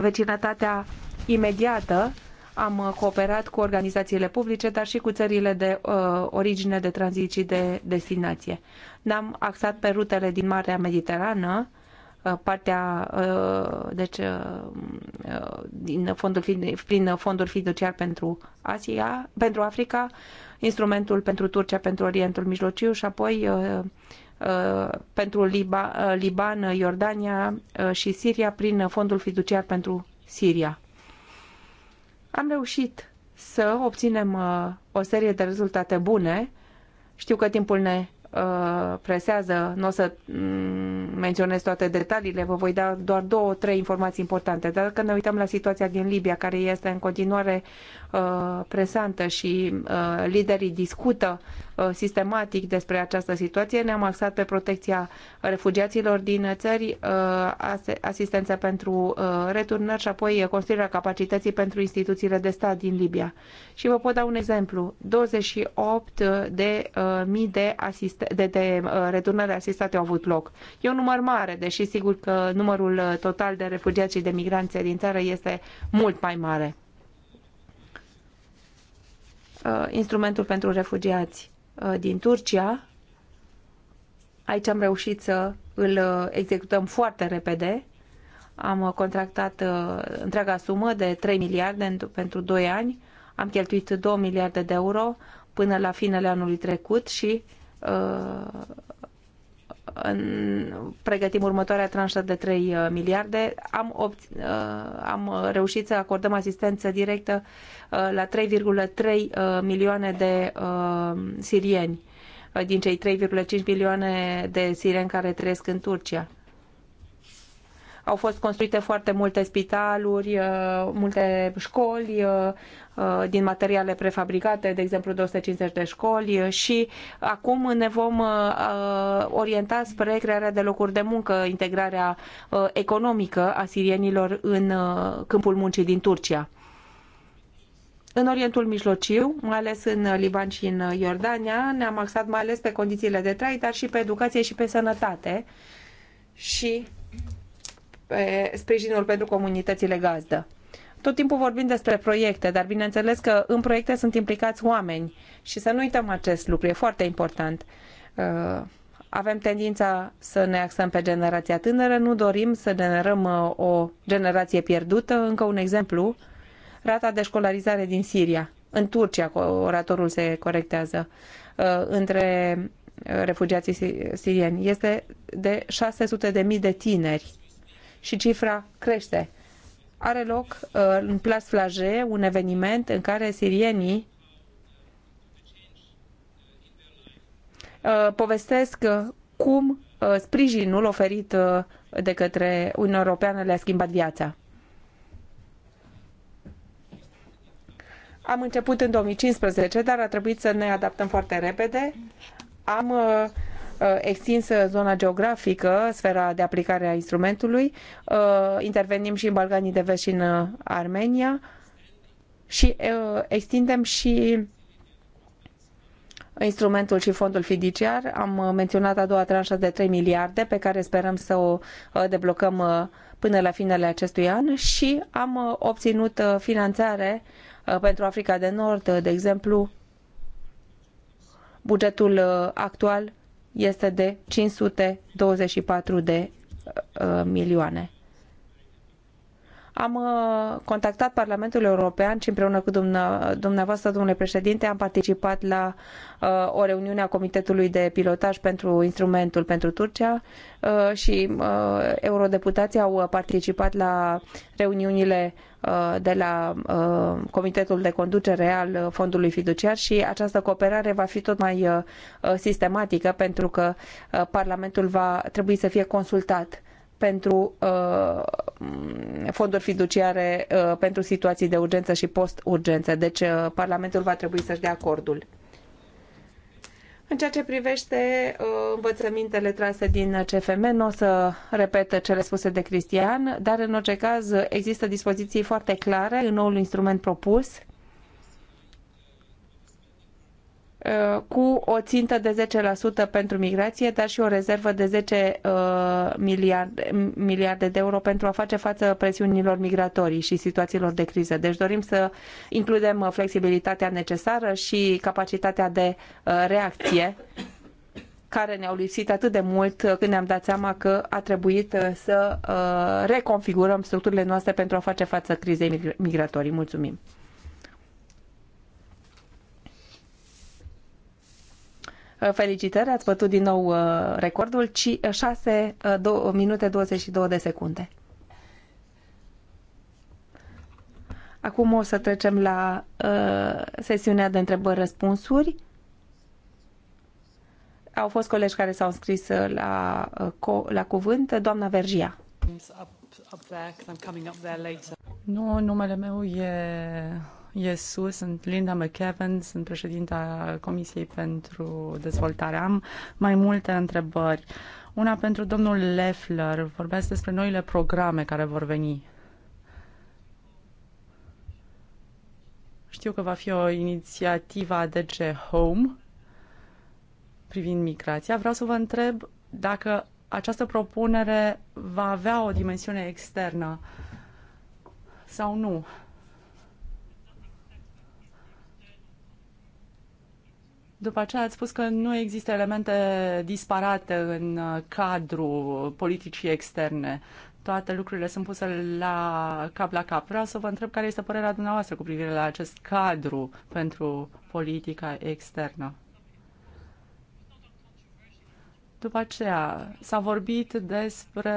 vecinătatea imediată. Am cooperat cu organizațiile publice, dar și cu țările de origine de tranzit și de destinație. Ne-am axat pe rutele din Marea Mediterană, Uh, partea uh, deci, uh, din fondul, prin fondul fiduciar pentru Asia, pentru Africa, instrumentul pentru Turcia, pentru Orientul Mijlociu și apoi pentru Liban, Iordania și Siria prin fondul fiduciar pentru Siria. Am reușit să obținem o serie de rezultate bune. Știu că timpul ne Uh, presează, nu o să mm, menționez toate detaliile, vă voi da doar două, trei informații importante. Dar când ne uităm la situația din Libia, care este în continuare uh, presantă și uh, liderii discută sistematic despre această situație, ne-am axat pe protecția refugiaților din țări, asistența pentru returnări și apoi construirea capacității pentru instituțiile de stat din Libia. Și vă pot da un exemplu. 28 de mii de asisten- de, de uh, returnări asistate au avut loc. E un număr mare, deși sigur că numărul uh, total de refugiați și de migranți din țară este mult mai mare. Uh, instrumentul pentru refugiați din Turcia, aici am reușit să îl executăm foarte repede. Am contractat întreaga sumă de 3 miliarde pentru 2 ani. Am cheltuit 2 miliarde de euro până la finele anului trecut și Uh, în, pregătim următoarea tranșă de 3 uh, miliarde. Am, ob, uh, am reușit să acordăm asistență directă la 3,3 milioane de sirieni din cei 3,5 milioane de sirieni care trăiesc în Turcia. Au fost construite foarte multe spitaluri, multe școli, Uh, din materiale prefabricate, de exemplu 250 de școli uh, și acum ne vom uh, orienta spre crearea de locuri de muncă, integrarea economică a sirienilor în câmpul muncii din Turcia. În Orientul Mijlociu, mai ales în Liban și în Iordania, ne-am axat mai ales pe condițiile de trai, dar și pe educație și pe sănătate și pe sprijinul pentru comunitățile gazdă. Tot timpul vorbim despre proiecte, dar bineînțeles că în proiecte sunt implicați oameni și să nu uităm acest lucru, e foarte important. Uh, avem tendința să ne axăm pe generația tânără, nu dorim să generăm uh, o generație pierdută. Încă un exemplu, rata de școlarizare din Siria. În Turcia, oratorul se corectează, uh, între refugiații sirieni este de 600.000 de tineri și cifra crește are loc uh, în Place Flage un eveniment în care sirienii uh, povestesc uh, cum sprijinul oferit de către Uniunea Europeană le-a schimbat viața. Am început în 2015, dar a trebuit să ne adaptăm foarte repede. Am Uh, extinsă zona geografică, sfera de aplicare a instrumentului, uh, intervenim și în Balganii de Vest și în uh, Armenia și extindem și instrumentul și fondul fiduciar. Am menționat a doua tranșă de 3 miliarde pe care sperăm să o deblocăm până la finele acestui an și am obținut finanțare pentru Africa de Nord, de exemplu, bugetul actual este de 524 de uh, milioane. Am uh, contactat Parlamentul European și împreună cu dumneavoastră, domnule președinte, am participat la uh, o reuniune a Comitetului de Pilotaj pentru Instrumentul pentru Turcia uh, și eurodeputații au participat la reuniunile de la Comitetul de Conducere al Fondului Fiduciar și această cooperare va fi tot mai sistematică pentru că Parlamentul va trebui să fie consultat pentru uh, fonduri fiduciare uh, pentru situații de urgență și post-urgență. Deci uh, Parlamentul va trebui să-și dea acordul. În ceea ce privește uh, învățămintele trase din CFM, nu o să repet cele spuse de Cristian, dar în orice caz există dispoziții foarte clare în noul instrument propus Uh, cu o țintă de 10% pentru migrație, dar și o rezervă de 10 uh, miliarde, miliarde de euro pentru a face față presiunilor migratorii și situațiilor de criză. Deci dorim să includem uh, flexibilitatea necesară și capacitatea de reacție care ne-au lipsit atât de mult când ne-am dat seama că a trebuit să reconfigurăm structurile noastre pentru a face față crizei migratorii. Mulțumim! Uh, felicitări, ați bătut din nou uh, recordul, ci 6 uh, douăzeci minute 22 de secunde. Acum o să trecem la uh, sesiunea de întrebări-răspunsuri. Au fost colegi care s-au înscris la, uh, la cuvânt. Doamna Vergia. Nu, numele meu e Iesu, sunt Linda McKeven, sunt președinta Comisiei pentru Dezvoltare. Am mai multe întrebări. Una pentru domnul Leffler. Vorbeați despre noile programe care vor veni. Știu că va fi o inițiativă a DG Home privind migrația. Vreau să vă întreb dacă această propunere va avea o dimensiune externă sau nu. După aceea ați spus că nu există elemente disparate în uh, cadrul politicii externe. Toate lucrurile sunt puse la cap la cap. Vreau să vă întreb care este părerea dumneavoastră cu privire la acest cadru pentru politica externă. După aceea s-a vorbit despre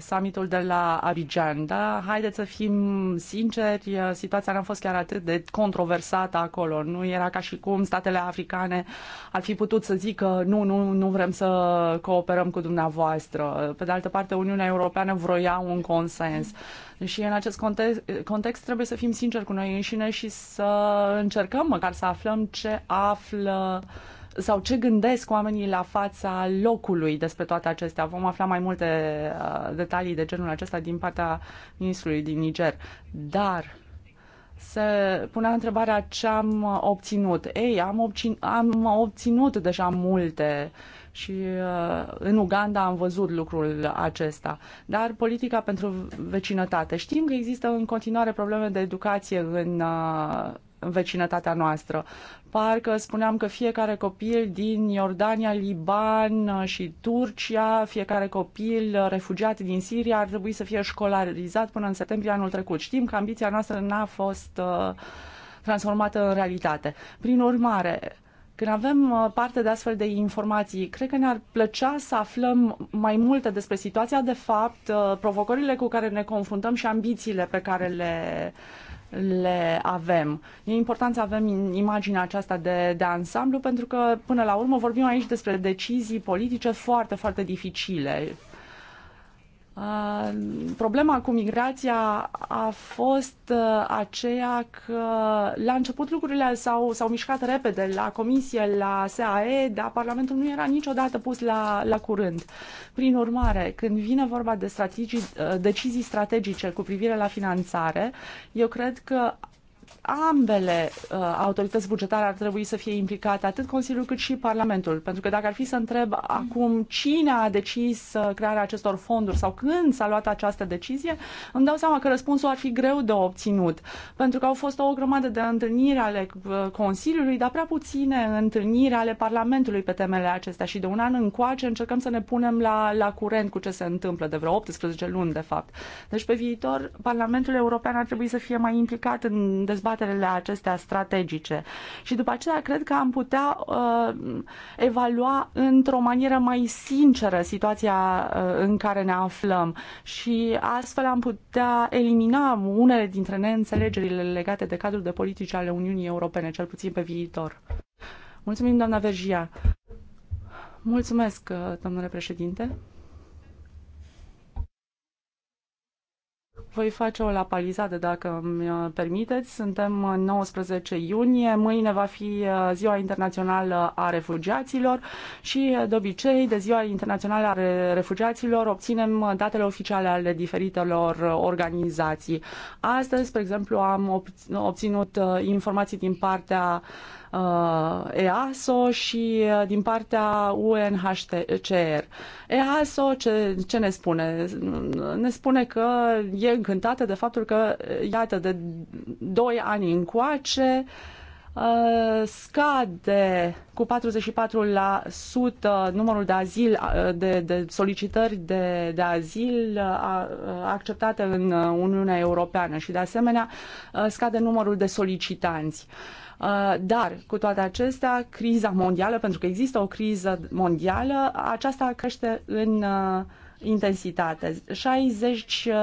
summitul de la Abidjan, da? Haideți să fim sinceri, situația n-a fost chiar atât de controversată acolo. Nu era ca și cum statele africane ar fi putut să zică nu, nu, nu vrem să cooperăm cu dumneavoastră. Pe de altă parte, Uniunea Europeană vroia un consens. Și în acest context, context trebuie să fim sinceri cu noi înșine și să încercăm măcar să aflăm ce află sau ce gândesc oamenii la fața locului despre toate acestea. Vom afla mai multe uh, detalii de genul acesta din partea ministrului din Niger. Dar se punea întrebarea ce am obținut. Ei, am, obțin, am obținut deja multe și uh, în Uganda am văzut lucrul acesta. Dar politica pentru vecinătate. Știm că există în continuare probleme de educație în, uh, în vecinătatea noastră. Parcă spuneam că fiecare copil din Iordania, Liban uh, și Turcia, fiecare copil uh, refugiat din Siria ar trebui să fie școlarizat până în septembrie anul trecut. Știm că ambiția noastră n-a fost uh, transformată în realitate. Prin urmare, când avem parte de astfel de informații, cred că ne-ar plăcea să aflăm mai multe despre situația de fapt, provocările cu care ne confruntăm și ambițiile pe care le, le avem. E important să avem imaginea aceasta de, de ansamblu pentru că, până la urmă, vorbim aici despre decizii politice foarte, foarte dificile, Uh, problema cu migrația a fost uh, aceea că la început lucrurile s-au, s-au mișcat repede la Comisie, la SAE, dar Parlamentul nu era niciodată pus la, la curând. Prin urmare, când vine vorba de strategii, uh, decizii strategice cu privire la finanțare, eu cred că ambele uh, autorități bugetare ar trebui să fie implicate, atât Consiliul cât și Parlamentul. Pentru că dacă ar fi să întreb acum cine a decis uh, crearea acestor fonduri sau când s-a luat această decizie, îmi dau seama că răspunsul ar fi greu de obținut. Pentru că au fost o grămadă de întâlniri ale uh, Consiliului, dar prea puține întâlniri ale Parlamentului pe temele acestea și de un an încoace încercăm să ne punem la, la curent cu ce se întâmplă, de vreo 18 luni, de fapt. Deci, pe viitor, Parlamentul European ar trebui să fie mai implicat în dezbaterea statele acestea strategice. Și după aceea cred că am putea uh, evalua într-o manieră mai sinceră situația uh, în care ne aflăm și astfel am putea elimina unele dintre neînțelegerile legate de cadrul de politici ale Uniunii Europene, cel puțin pe viitor. Mulțumim, doamna Vergia. Mulțumesc, uh, domnule președinte. Voi face o lapalizadă, dacă îmi uh, permiteți. Suntem 19 iunie, mâine va fi uh, Ziua Internațională a Refugiaților și, uh, de obicei, de Ziua Internațională a Refugiaților obținem datele oficiale ale diferitelor organizații. Astăzi, spre exemplu, am obținut informații din partea uh, Uh, EASO și uh, din partea UNHCR. EASO ce, ce ne spune? Ne spune că e încântată de faptul că, iată, de 2 ani încoace, uh, scade cu 44% numărul de azil, de, de solicitări de, de azil acceptate în Uniunea Europeană și de asemenea scade numărul de solicitanți. Uh, dar, cu toate acestea, criza mondială, pentru că există o criză mondială, aceasta crește în uh, intensitate. 60 uh,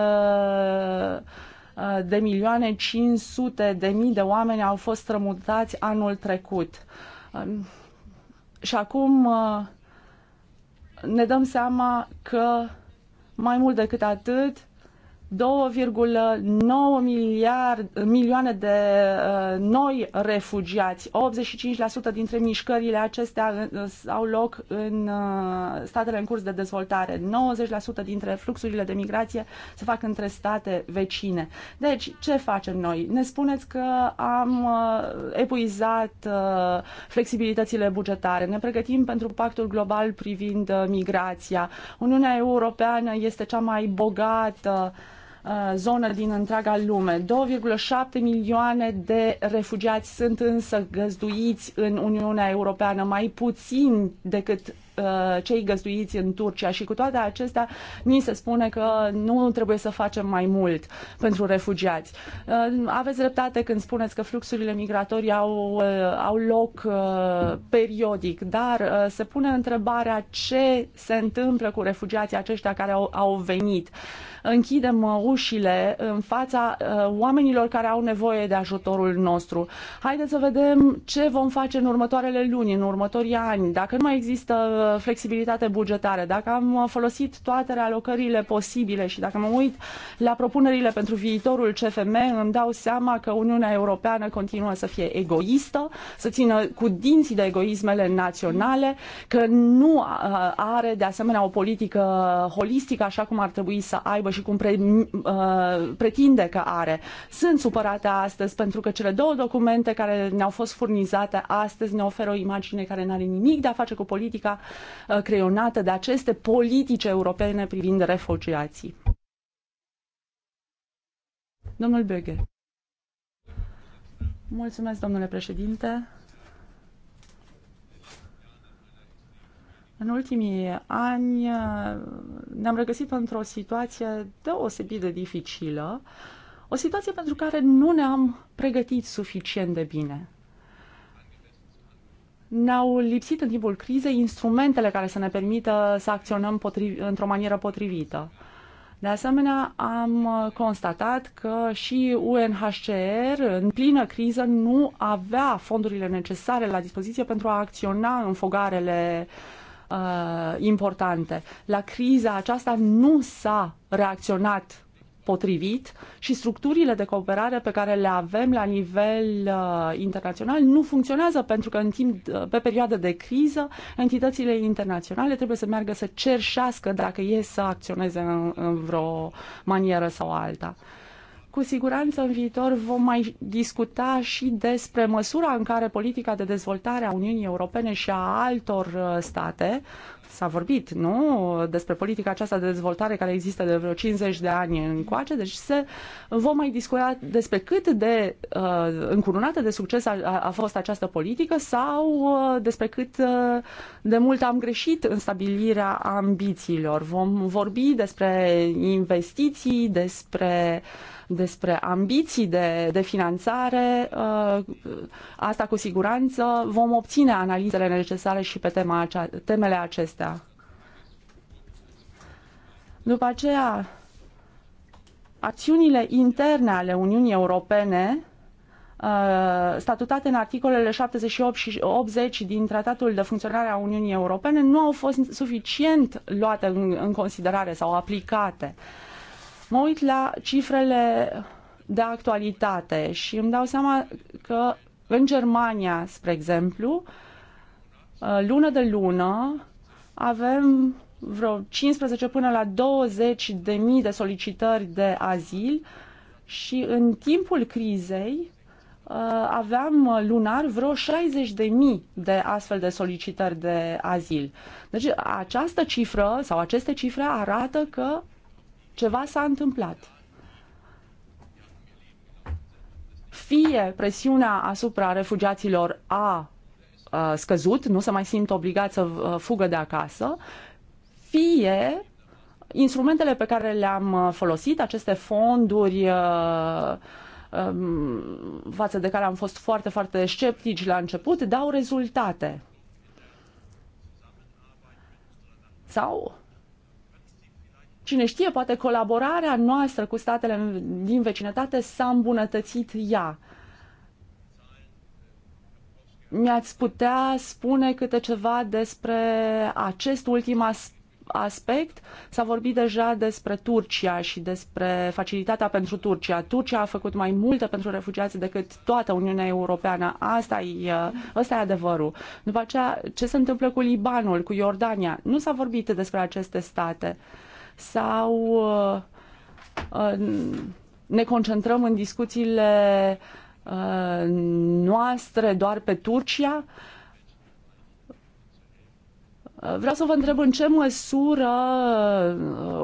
de milioane 500 de mii de oameni au fost strămutați anul trecut. Um, și acum ne dăm seama că mai mult decât atât, 2,9 miliard, milioane de uh, noi refugiați. 85% dintre mișcările acestea uh, au loc în uh, statele în curs de dezvoltare. 90% dintre fluxurile de migrație se fac între state vecine. Deci, ce facem noi? Ne spuneți că am uh, epuizat uh, flexibilitățile bugetare. Ne pregătim pentru pactul global privind uh, migrația. Uniunea Europeană este cea mai bogată uh, Uh, zonă din întreaga lume. 2,7 milioane de refugiați sunt însă găzduiți în Uniunea Europeană, mai puțin decât uh, cei găzduiți în Turcia și cu toate acestea ni se spune că nu trebuie să facem mai mult pentru refugiați. Uh, aveți dreptate când spuneți că fluxurile migratorii au, au loc periodic, dar se pune întrebarea ce se întâmplă cu refugiații aceștia care au, au venit închidem uh, ușile în fața uh, oamenilor care au nevoie de ajutorul nostru. Haideți să vedem ce vom face în următoarele luni, în următorii ani, dacă nu mai există uh, flexibilitate bugetară, dacă am folosit toate realocările posibile și dacă mă uit la propunerile pentru viitorul CFM, îmi dau seama că Uniunea Europeană continuă să fie egoistă, să țină cu dinții de egoismele naționale, că nu are de asemenea o politică holistică așa cum ar trebui să aibă și cum pre, uh, pretinde că are. Sunt supărate astăzi pentru că cele două documente care ne-au fost furnizate astăzi ne oferă o imagine care nu are nimic de a face cu politica uh, creionată de aceste politici europene privind refugiații. Domnul Böge. Mulțumesc, domnule președinte. În ultimii ani uh, ne-am regăsit într-o situație deosebit de dificilă, o situație pentru care nu ne-am pregătit suficient de bine. Ne-au lipsit în timpul crizei instrumentele care să ne permită să acționăm într-o manieră potrivită. De asemenea, am constatat că și UNHCR, în plină criză, nu avea fondurile necesare la dispoziție pentru a acționa în fogarele uh, uh, importante. La criza aceasta nu s-a reacționat potrivit și structurile de cooperare pe care le avem la nivel uh, internațional nu funcționează pentru că în timp, uh, pe perioadă de criză entitățile internaționale trebuie să meargă să cerșească dacă e să acționeze în, în vreo manieră sau alta. Uh, cu siguranță în viitor vom mai discuta și despre măsura în care politica de dezvoltare a Uniunii Europene și a altor uh, state s-a vorbit, nu? Despre politica aceasta de dezvoltare care există de vreo 50 de ani încoace, deci se vom mai discuta despre cât de uh, încurunată de succes a, a fost această politică sau uh, despre cât uh, de mult am greșit în stabilirea ambițiilor. Vom vorbi despre investiții, despre uh, despre ambiții de, de finanțare, uh, asta cu siguranță vom obține analizele necesare și pe tema acea, temele acestea. După aceea, acțiunile interne ale Uniunii Europene uh, statutate în articolele 78 și 80 din Tratatul de Funcționare a Uniunii Europene nu au fost suficient luate în, în considerare sau aplicate. Uh, Mă uit la cifrele de actualitate și îmi dau seama că în Germania, spre exemplu, uh, lună de lună avem vreo 15 până la 20 de mii de solicitări de azil și în timpul crizei uh, aveam uh, lunar vreo 60 de mii de astfel de solicitări de azil. Deci această cifră sau aceste cifre arată că ceva s-a întâmplat. Fie presiunea asupra refugiaților a scăzut, nu se mai simt obligați să fugă de acasă, fie instrumentele pe care le-am folosit, aceste fonduri față de care am fost foarte, foarte sceptici la început, dau rezultate. Sau Cine știe, poate colaborarea noastră cu statele din vecinătate s-a îmbunătățit ea. Mi-ați putea spune câte ceva despre acest ultim aspect aspect. S-a vorbit deja despre Turcia și despre facilitatea pentru Turcia. Turcia a făcut mai multe pentru refugiați decât toată Uniunea Europeană. Asta e, asta e adevărul. După aceea, ce se întâmplă cu Libanul, cu Iordania? Nu s-a vorbit despre aceste state. Uh, sau uh, uh, ne concentrăm în discuțiile uh, noastre doar pe Turcia? Vreau să vă întreb în ce măsură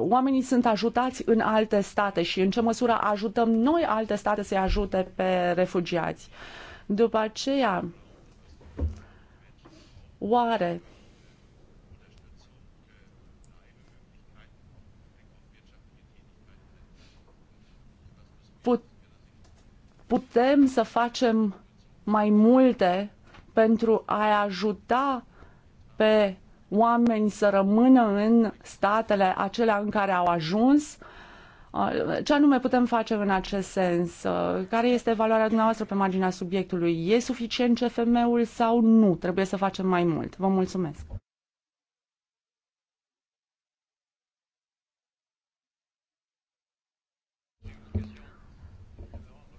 oamenii sunt ajutați în alte state și în ce măsură ajutăm noi alte state să-i ajute pe refugiați. După aceea, oare putem să facem mai multe pentru a ajuta pe oameni să rămână în statele acelea în care au ajuns. Uh, ce anume putem face în acest sens? Uh, care este valoarea dumneavoastră pe marginea subiectului? E suficient CFM-ul sau nu? Trebuie să facem mai mult. Vă mulțumesc!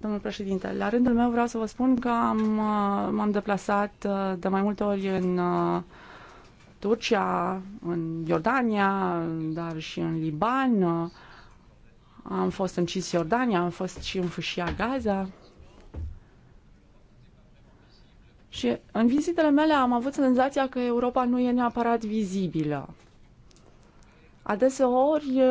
Domnul președinte, la rândul meu vreau să vă spun că am, uh, m-am deplasat uh, de mai multe ori în uh, Turcia, în Iordania, dar și în Liban. Am fost în Cisjordania, am fost și în Fâșia Gaza. Și în vizitele mele am avut senzația că Europa nu e neapărat vizibilă. Adeseori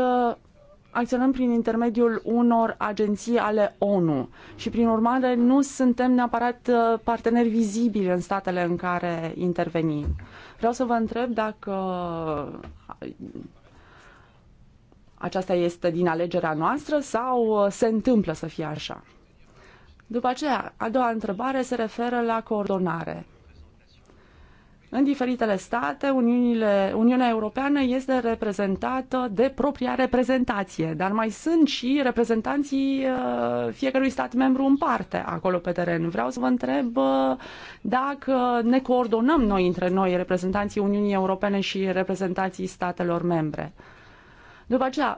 acționăm prin intermediul unor agenții ale ONU și, prin urmare, nu suntem neapărat uh, parteneri vizibili în statele în care intervenim. Vreau să vă întreb dacă uh, aceasta este din alegerea noastră sau uh, se întâmplă să fie așa. După aceea, a doua întrebare se referă la coordonare. În diferitele state, Uniunile, Uniunea Europeană este reprezentată de propria reprezentație, dar mai sunt și reprezentanții uh, fiecărui stat membru în parte acolo pe teren. Vreau să vă întreb uh, dacă ne coordonăm noi între noi, reprezentanții Uniunii Europene și reprezentanții statelor membre. După aceea,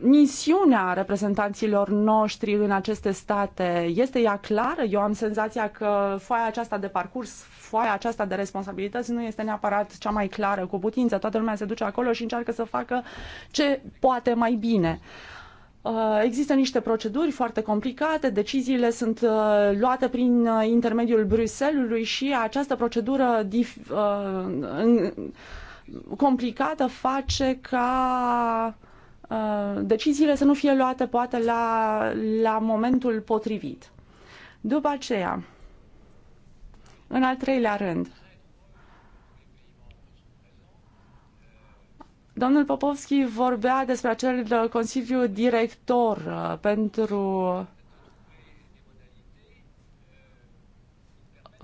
misiunea reprezentanților noștri în aceste state este ea clară? Eu am senzația că foaia aceasta de parcurs, foaia aceasta de responsabilități nu este neapărat cea mai clară cu putință. Toată lumea se duce acolo și încearcă să facă ce poate mai bine. Uh, există niște proceduri foarte complicate, deciziile sunt uh, luate prin uh, intermediul Bruxellesului și această procedură dif- în complicată face ca uh, deciziile să nu fie luate poate la, la momentul potrivit. După aceea, în al treilea rând, domnul Popovski vorbea despre acel Consiliu Director uh, pentru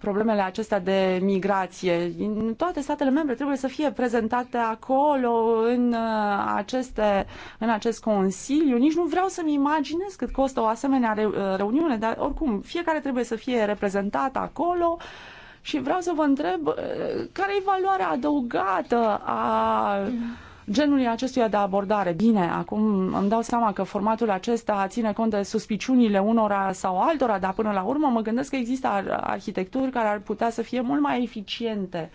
problemele acestea de migrație. Toate statele membre trebuie să fie prezentate acolo, în, uh, aceste, în acest Consiliu. Nici nu vreau să-mi imaginez cât costă o asemenea uh, reuniune, dar oricum, fiecare trebuie să fie reprezentat acolo. Și vreau să vă întreb uh, care e valoarea adăugată a. Mm genului acestuia de abordare. Bine, acum îmi dau seama că formatul acesta ține cont de suspiciunile unora sau altora, dar până la urmă mă gândesc că există arhitecturi care ar putea să fie mult mai eficiente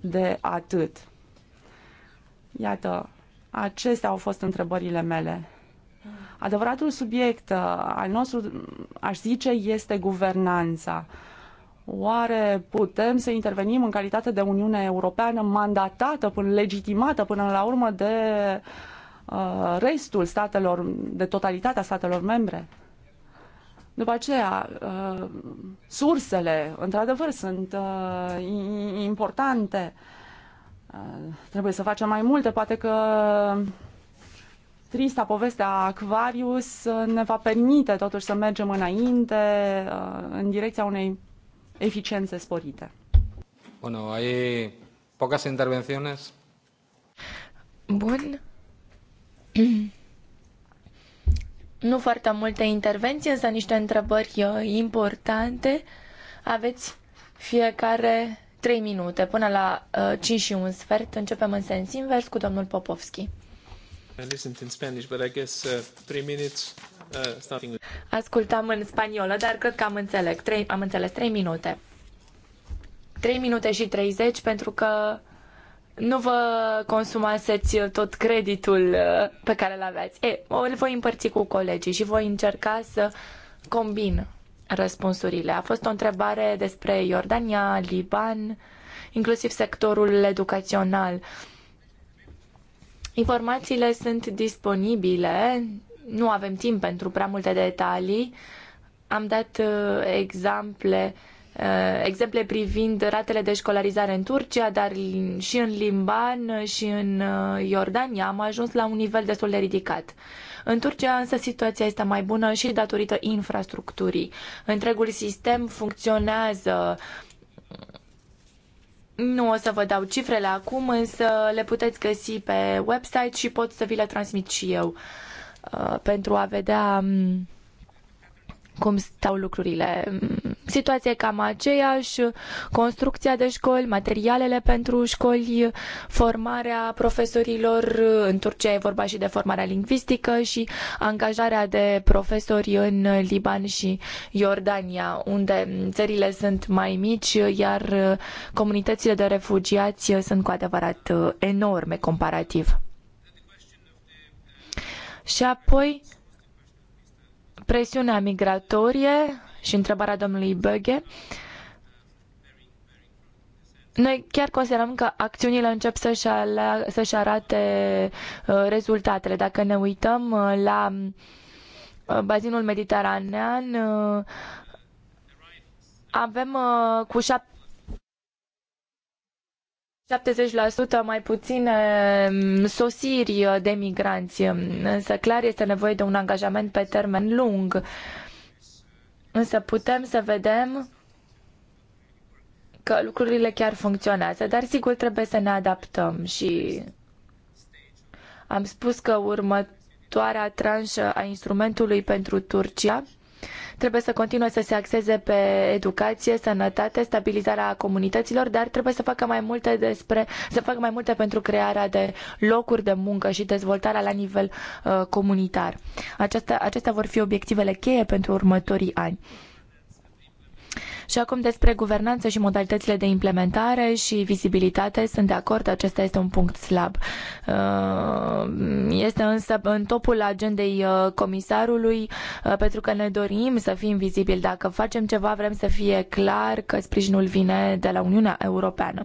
de atât. Iată, acestea au fost întrebările mele. Adevăratul subiect uh, al nostru, aș zice, este guvernanța. Uh, Oare putem să intervenim în calitate de Uniune Europeană mandatată, până legitimată până la urmă de uh, restul statelor, de totalitatea statelor membre? După aceea, uh, sursele, într-adevăr, sunt uh, importante. Uh, trebuie să facem mai multe. Poate că trista poveste a Aquarius uh, ne va permite totuși să mergem înainte uh, în direcția unei eficiențe sporite. Bun, ai pocas intervenciones. Bun. <clears throat> Nu foarte multe intervenții, însă niște întrebări uh, importante. Aveți fiecare 3 minute, până la uh, 5 și un sfert. Începem în sens invers cu domnul Popovski. I listened in Spanish, but I guess uh, three minutes Ascultam în spaniolă, dar cred că am înțeles. Trei, am înțeles. Trei minute. Trei minute și treizeci pentru că nu vă consumaseți tot creditul uh, pe care îl aveați. E, îl voi împărți cu colegii și voi încerca să combin răspunsurile. A fost o întrebare despre Iordania, Liban, inclusiv sectorul educațional. Informațiile sunt disponibile nu avem timp pentru prea multe detalii. Am dat uh, exemple, uh, exemple privind ratele de școlarizare în Turcia, dar și în Limban uh, și în Iordania am ajuns la un nivel destul de ridicat. În Turcia însă situația este mai bună și datorită infrastructurii. Întregul sistem funcționează nu o să vă dau cifrele acum, însă le puteți găsi pe website și pot să vi le transmit și eu. Uh, Uh, pentru a vedea um, cum stau lucrurile. Situația e cam aceeași, construcția de școli, materialele pentru școli, formarea profesorilor, uh, în Turcia e vorba și de formarea lingvistică și angajarea de profesori în Liban și Iordania, unde țările sunt mai mici, iar uh, comunitățile de refugiați sunt cu adevărat enorme comparativ. Și apoi presiunea migratorie și întrebarea domnului Böge. Noi chiar considerăm că acțiunile încep să-și, să arate uh, rezultatele. Dacă ne uităm uh, la uh, bazinul mediteranean, avem cu șapte 70% mai puține mm, sosiri uh, de migranți, însă clar este nevoie de un angajament pe termen lung. Însă putem să vedem că lucrurile chiar funcționează, dar sigur trebuie să ne adaptăm și am spus că următoarea tranșă a instrumentului pentru Turcia Trebuie să continue să se axeze pe educație, sănătate, stabilizarea comunităților, dar trebuie să facă mai multe despre, să facă mai multe pentru crearea de locuri de muncă și dezvoltarea la nivel uh, comunitar. acestea vor fi obiectivele cheie pentru următorii ani. Și acum despre guvernanță și modalitățile de implementare și vizibilitate, sunt de acord, acesta este un punct slab. Uh, este însă în topul agendei uh, comisarului uh, pentru că ne dorim să fim vizibili. Dacă facem ceva, vrem să fie clar că sprijinul vine de la Uniunea Europeană.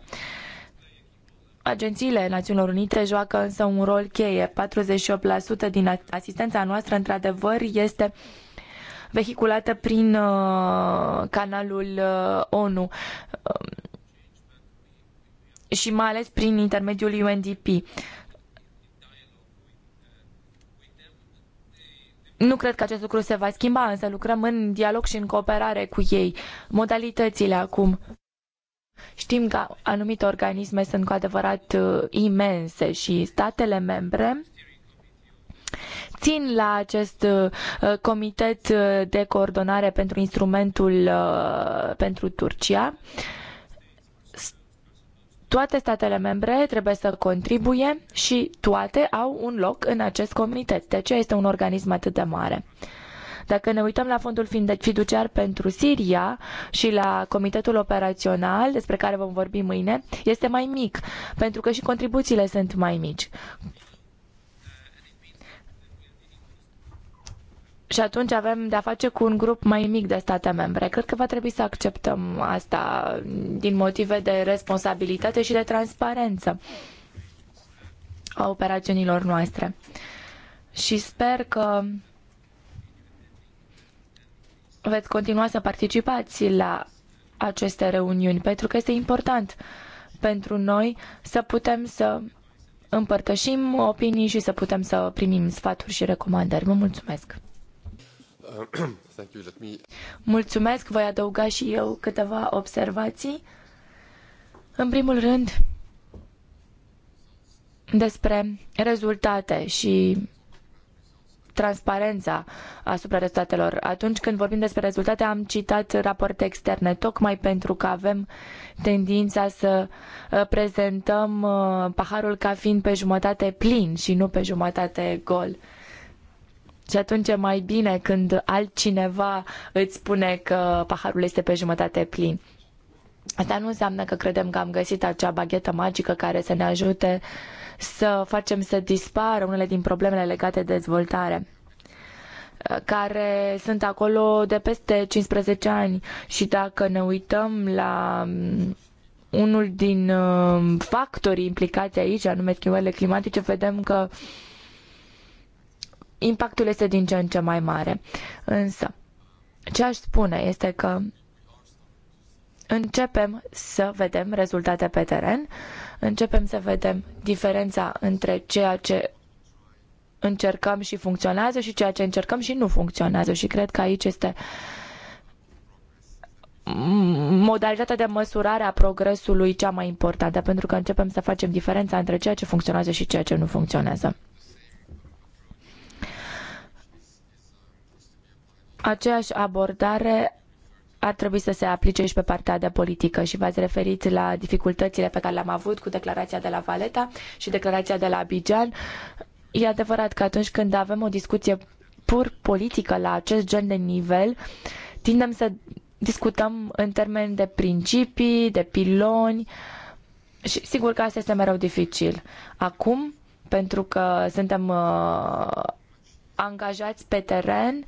Agențiile Națiunilor Unite joacă însă un rol cheie. 48% din asistența noastră, într-adevăr, este uh, vehiculată prin uh, canalul uh, ONU um, și mai ales prin intermediul UNDP. Nu cred că acest lucru se va schimba, însă lucrăm în dialog și în cooperare cu ei. Modalitățile acum. Știm că anumite organisme sunt cu adevărat uh, imense și statele membre țin la acest uh, comitet uh, de coordonare pentru instrumentul uh, pentru Turcia. Toate statele membre trebuie să contribuie și toate au un loc în acest comitet. De aceea este un organism atât de mare. Dacă ne uităm la fondul fiduciar pentru Siria și la comitetul operațional, despre care vom vorbi mâine, este mai mic, pentru că și contribuțiile sunt mai mici. și atunci avem de-a face cu un grup mai mic de state membre. Cred că va trebui să acceptăm asta din motive de responsabilitate și de transparență a operațiunilor noastre. Și sper că veți continua să participați la aceste reuniuni, pentru că este important pentru noi să putem să împărtășim opinii și să putem să primim sfaturi și recomandări. Vă mulțumesc! <clears throat> Mulțumesc, voi adăuga și eu câteva observații. În primul rând, despre rezultate și transparența asupra rezultatelor. Atunci când vorbim despre rezultate, am citat rapoarte externe, tocmai pentru că avem tendința să uh, prezentăm uh, paharul ca fiind pe jumătate plin și nu pe jumătate gol. Și atunci e mai bine când altcineva îți spune că paharul este pe jumătate plin. Asta nu înseamnă că credem că am găsit acea baghetă magică care să ne ajute să facem să dispară unele din problemele legate de dezvoltare care sunt acolo de peste 15 ani și dacă ne uităm la mm, unul din mm, factorii implicați aici, anume schimbările climatice, vedem că uh, impactul este din ce în ce mai mare. Însă, ce aș spune este că începem să vedem rezultate pe teren, începem să vedem diferența între ceea ce încercăm și funcționează și ceea ce încercăm și nu funcționează. Și cred că aici este modalitatea de măsurare a progresului cea mai importantă, pentru că începem să facem diferența între ceea ce funcționează și ceea ce nu funcționează. aceeași abordare ar trebui să se aplice și pe partea de politică și v-ați referit la dificultățile pe care le-am avut cu declarația de la Valeta și declarația de la Abidjan. E adevărat că atunci când avem o discuție pur politică la acest gen de nivel, tindem să discutăm în termeni de principii, de piloni și sigur că asta este mereu dificil. Acum, pentru că suntem uh, angajați pe teren, uh,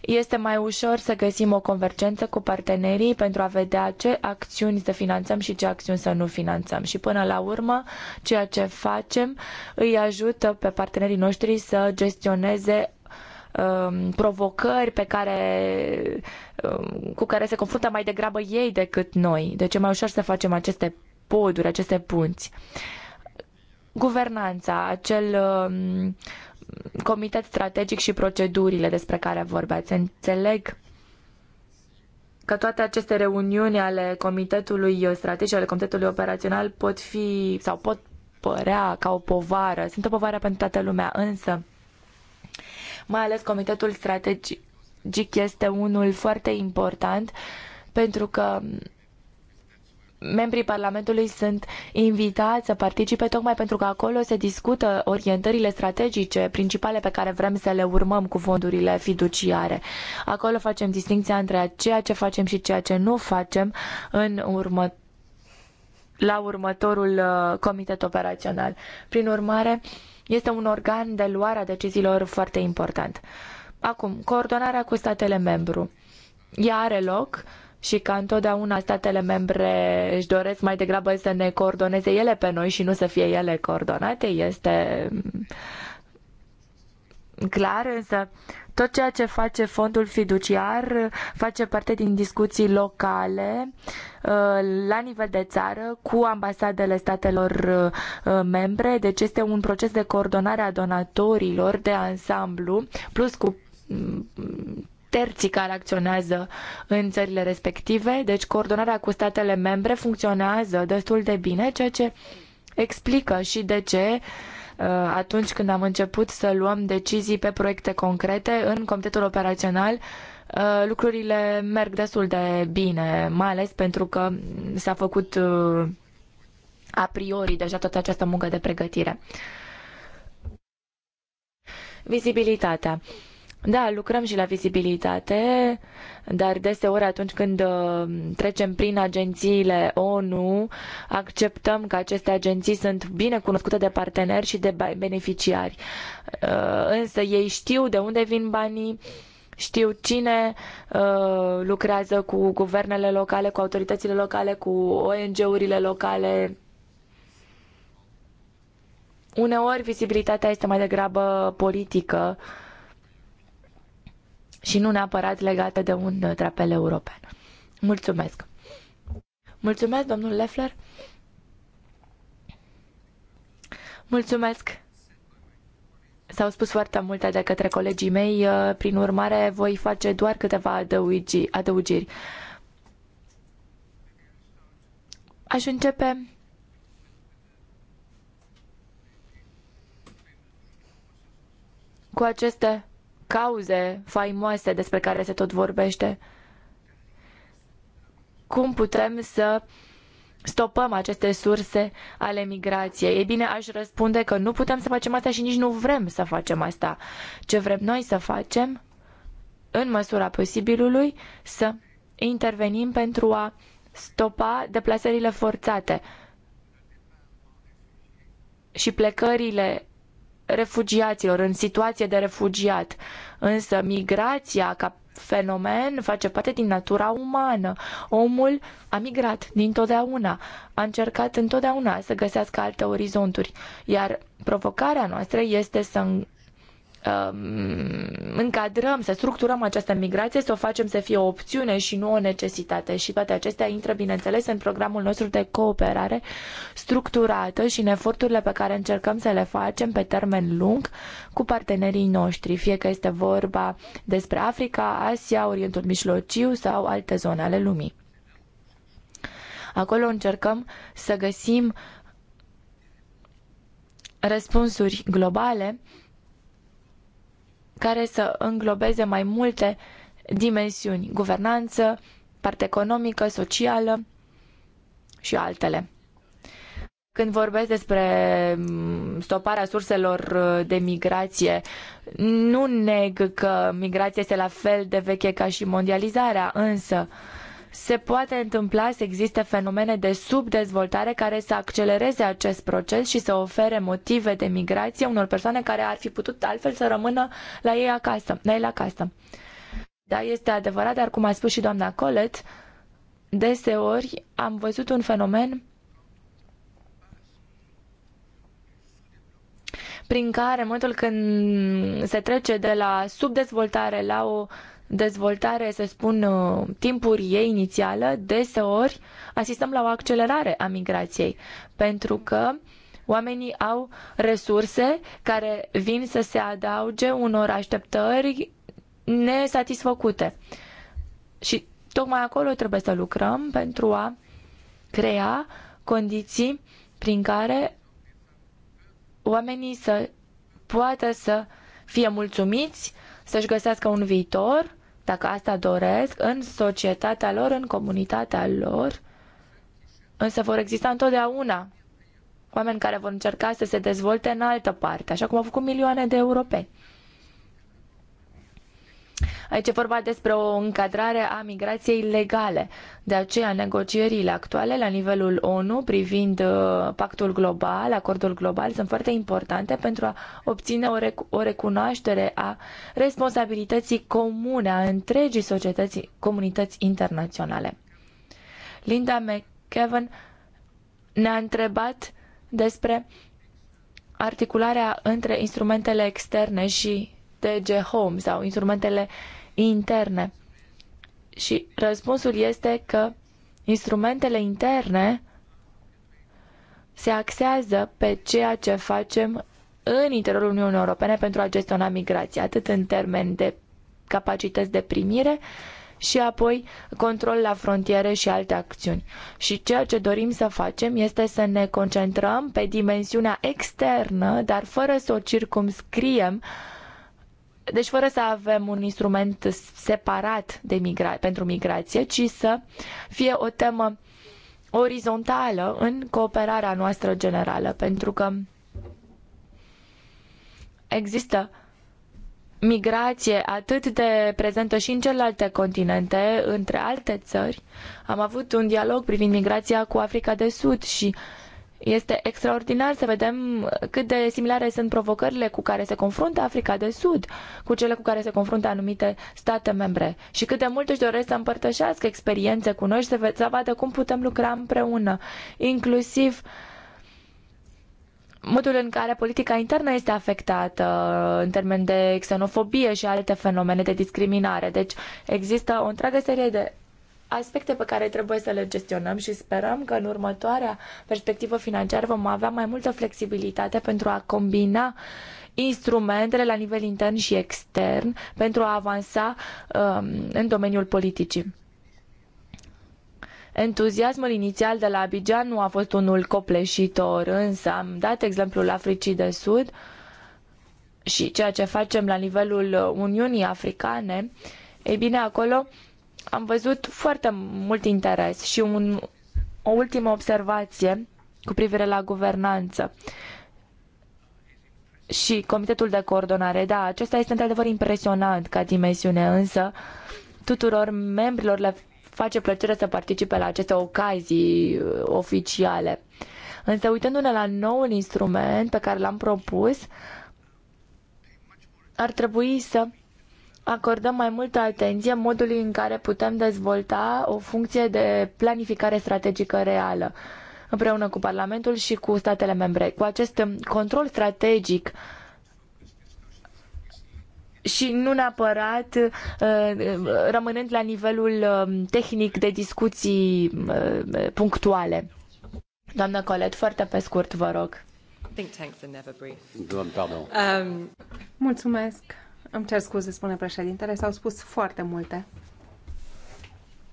este mai ușor să găsim o convergență cu partenerii pentru a vedea ce acțiuni să finanțăm și ce acțiuni să nu finanțăm. Și până la urmă, ceea ce facem îi ajută pe partenerii noștri să gestioneze um, provocări pe care, um, cu care se confruntă mai degrabă ei decât noi. Deci e mai ușor să facem aceste poduri, aceste punți. Guvernanța, acel um, comitet strategic și procedurile despre care vorbeați. Înțeleg că toate aceste reuniuni ale comitetului strategic, ale comitetului operațional pot fi sau pot părea ca o povară. Sunt o povară pentru toată lumea, însă mai ales comitetul strategic este unul foarte important pentru că membrii Parlamentului sunt invitați să participe tocmai pentru că acolo se discută orientările strategice principale pe care vrem să le urmăm cu fondurile fiduciare. Acolo facem distinția între ceea ce facem și ceea ce nu facem în urmă, la următorul uh, comitet operațional. Prin urmare, este un organ de luare a deciziilor foarte important. Acum, coordonarea cu statele membru. Ea are loc și ca întotdeauna statele membre își doresc mai degrabă să ne coordoneze ele pe noi și nu să fie ele coordonate, este clar, însă tot ceea ce face fondul fiduciar face parte din discuții locale uh, la nivel de țară cu ambasadele statelor uh, membre, deci este un proces de coordonare a donatorilor de ansamblu, plus cu mm, terții care acționează în țările respective, deci coordonarea cu statele membre funcționează destul de bine, ceea ce explică și de ce uh, atunci când am început să luăm decizii pe proiecte concrete în comitetul operațional, uh, lucrurile merg destul de bine, mai ales pentru că s-a făcut uh, a priori deja toată această muncă de pregătire. Vizibilitatea. Uh, da, lucrăm și la vizibilitate, dar deseori atunci când uh, trecem prin agențiile ONU, acceptăm că aceste agenții sunt bine cunoscute de parteneri și de beneficiari. Uh, însă ei știu de unde vin banii, știu cine uh, lucrează cu guvernele locale, cu autoritățile locale, cu ONG-urile locale. Uneori vizibilitatea este mai degrabă politică și nu neapărat legate de un drapel uh, european. Mulțumesc! Mulțumesc, domnul Leffler! Mulțumesc! S-au spus foarte multe de către colegii mei, uh, prin urmare voi face doar câteva adăugi, adăugiri. Aș începe cu aceste cauze faimoase despre care se tot vorbește. Cum putem să stopăm aceste surse ale migrației? Ei bine, aș răspunde că nu putem să facem asta și nici nu vrem să facem asta. Ce vrem noi să facem, în măsura posibilului, să intervenim pentru a stopa deplasările forțate și plecările refugiaților, în situație de refugiat. Însă migrația ca fenomen face parte din natura umană. Omul a migrat dintotdeauna, a încercat întotdeauna să găsească alte orizonturi, iar provocarea noastră este să Um, încadrăm, să structurăm această migrație, să o facem să fie o opțiune și nu o necesitate. Și toate acestea intră, bineînțeles, în programul nostru de cooperare structurată și în eforturile pe care încercăm să le facem pe termen lung cu partenerii noștri, fie că este vorba despre Africa, Asia, Orientul Mijlociu sau alte zone ale lumii. Acolo încercăm să găsim răspunsuri globale care să înglobeze mai multe dimensiuni, guvernanță, parte economică, socială și altele. Când vorbesc despre mm, stoparea surselor uh, de migrație, nu neg că migrația este la fel de veche ca și mondializarea, însă uh, se poate întâmpla să existe fenomene de subdezvoltare care să accelereze acest proces și să ofere motive de migrație unor persoane care ar fi putut altfel să rămână la ei acasă. La ei la Da, este adevărat, dar cum a spus și doamna Colet, deseori am văzut un fenomen prin care în momentul când se trece de la subdezvoltare la o dezvoltare, să spun, uh, timpurie inițială, deseori asistăm la o accelerare a migrației, pentru că oamenii au resurse care vin să se adauge unor așteptări nesatisfăcute. Și tocmai acolo trebuie să lucrăm pentru a crea condiții prin care oamenii să poată să fie mulțumiți, să-și găsească un viitor dacă asta doresc, în societatea lor, în comunitatea lor, însă vor exista întotdeauna oameni care vor încerca să se dezvolte în altă parte, așa cum au făcut milioane de europeni. Aici e vorba despre o încadrare a migrației legale. De aceea, negocierile actuale la nivelul ONU privind uh, pactul global, acordul global, sunt foarte importante pentru a obține o, rec- o recunoaștere a responsabilității comune a întregii societăți, comunități internaționale. Linda McKevin ne-a întrebat despre articularea între instrumentele externe și TG Home sau instrumentele interne. Și răspunsul este că instrumentele interne se axează pe ceea ce facem în interiorul Uniunii Europene pentru a gestiona migrația, atât în termeni de capacități de primire, și apoi control la frontiere și alte acțiuni. Și ceea ce dorim să facem este să ne concentrăm pe dimensiunea externă, dar fără să o circumscriem uh, deci fără să avem un instrument separat de migra- pentru migrație, ci să fie o temă orizontală în cooperarea noastră generală, pentru că există migrație atât de prezentă și în celelalte continente, între alte țări. Am avut un dialog privind migrația cu Africa de Sud și este extraordinar să vedem cât de similare sunt provocările cu care se confruntă Africa de Sud, cu cele cu care se confruntă anumite state membre și cât de mult își doresc să împărtășească experiențe cu noi și să, vadă cum putem lucra împreună, inclusiv modul în care politica internă este afectată uh, în termen de xenofobie și alte fenomene de discriminare. Deci există o întreagă serie de aspecte pe care trebuie să le gestionăm și sperăm că în următoarea perspectivă financiară vom avea mai multă flexibilitate pentru a combina instrumentele la nivel intern și extern pentru a avansa um, în domeniul politicii. Entuziasmul inițial de la Abidjan nu a fost unul copleșitor, însă am dat exemplul Africii de Sud și ceea ce facem la nivelul Uniunii Africane. Ei bine, acolo uh, am văzut foarte mult interes și un, o ultimă observație cu privire la guvernanță și Comitetul de Coordonare. Da, acesta este într-adevăr impresionant ca dimensiune, însă tuturor membrilor le face plăcere să participe la aceste ocazii uh, oficiale. Însă, uitându-ne la noul instrument pe care l-am propus, ar trebui să acordăm mai multă atenție modului în care putem dezvolta o funcție de planificare strategică reală împreună cu Parlamentul și cu statele membre. Cu acest control strategic și nu neapărat uh, rămânând la nivelul um, tehnic de discuții uh, punctuale. Doamna Colet, foarte pe scurt, vă rog. Think tanks are never brief. Um, Mulțumesc. Îmi cer scuze, spune președintele, s-au spus foarte multe.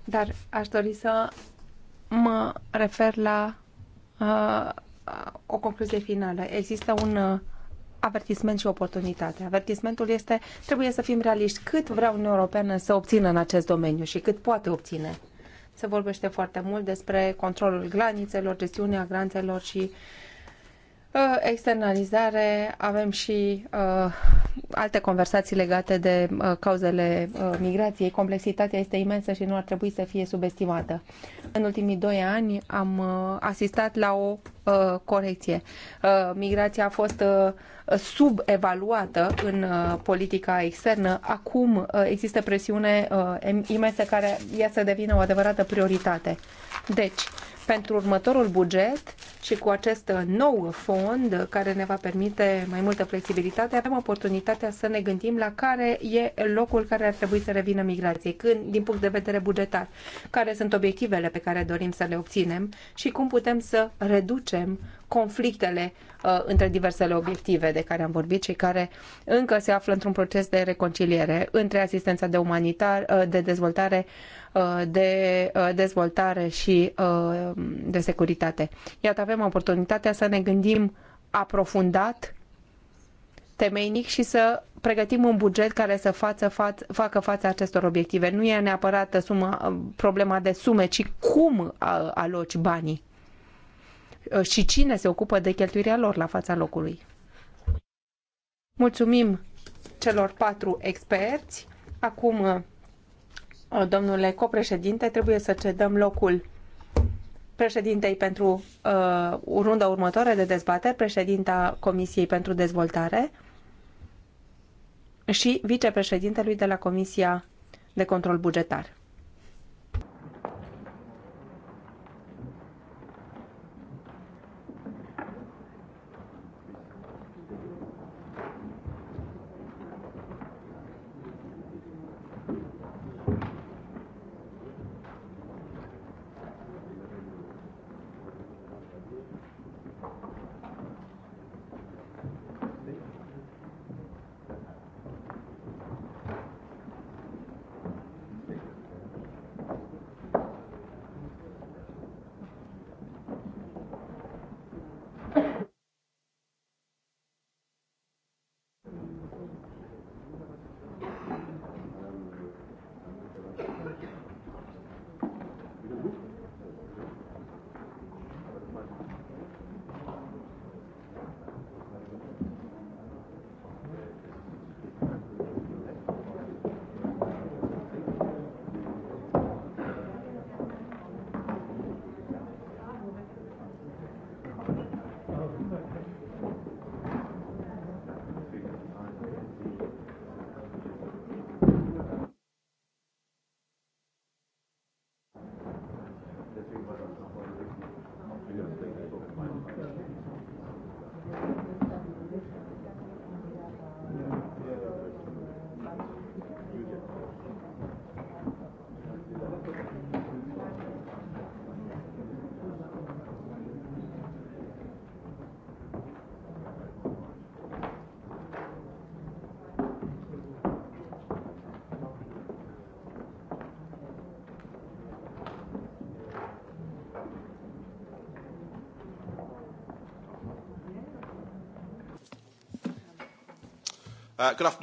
Dar aș dori să mă refer la uh, o concluzie finală. Există un uh, avertisment și oportunitate. Avertismentul este, trebuie să fim realiști, cât vrea Uniunea Europeană să obțină în acest domeniu și cât poate obține. Se vorbește foarte mult despre controlul granițelor, gestiunea granițelor și uh, Uh, externalizare, avem și uh, alte conversații legate de uh, cauzele migrației. Complexitatea este imensă și nu ar trebui să fie subestimată. În ultimii doi ani am asistat la o corecție. Migrația a fost subevaluată în politica externă. Acum există presiune imensă care ia să devină o adevărată prioritate. Deci, pentru următorul buget și cu acest uh, nou fond care ne va permite mai multă flexibilitate, avem oportunitatea să ne gândim la care e locul care ar trebui să revină migrației, când, din punct de vedere bugetar, care sunt obiectivele pe care dorim să le obținem și cum putem să reducem conflictele uh, între diversele obiective de care am vorbit și care încă se află într-un proces de reconciliere între asistența de umanitar, uh, de dezvoltare, uh, de uh, dezvoltare și uh, de securitate. Iată, avem oportunitatea să ne gândim aprofundat, temeinic și să pregătim un buget care să față, faț, facă față acestor obiective. Nu e neapărat suma, uh, problema de sume, ci cum uh, aloci banii Uh, și cine se ocupă de cheltuirea lor la fața locului. Mulțumim celor patru experți. Acum, uh, uh, domnule copreședinte, trebuie să cedăm locul președintei pentru uh, runda următoare de dezbateri, președinta Comisiei pentru Dezvoltare și vicepreședintelui de la Comisia de Control Bugetar.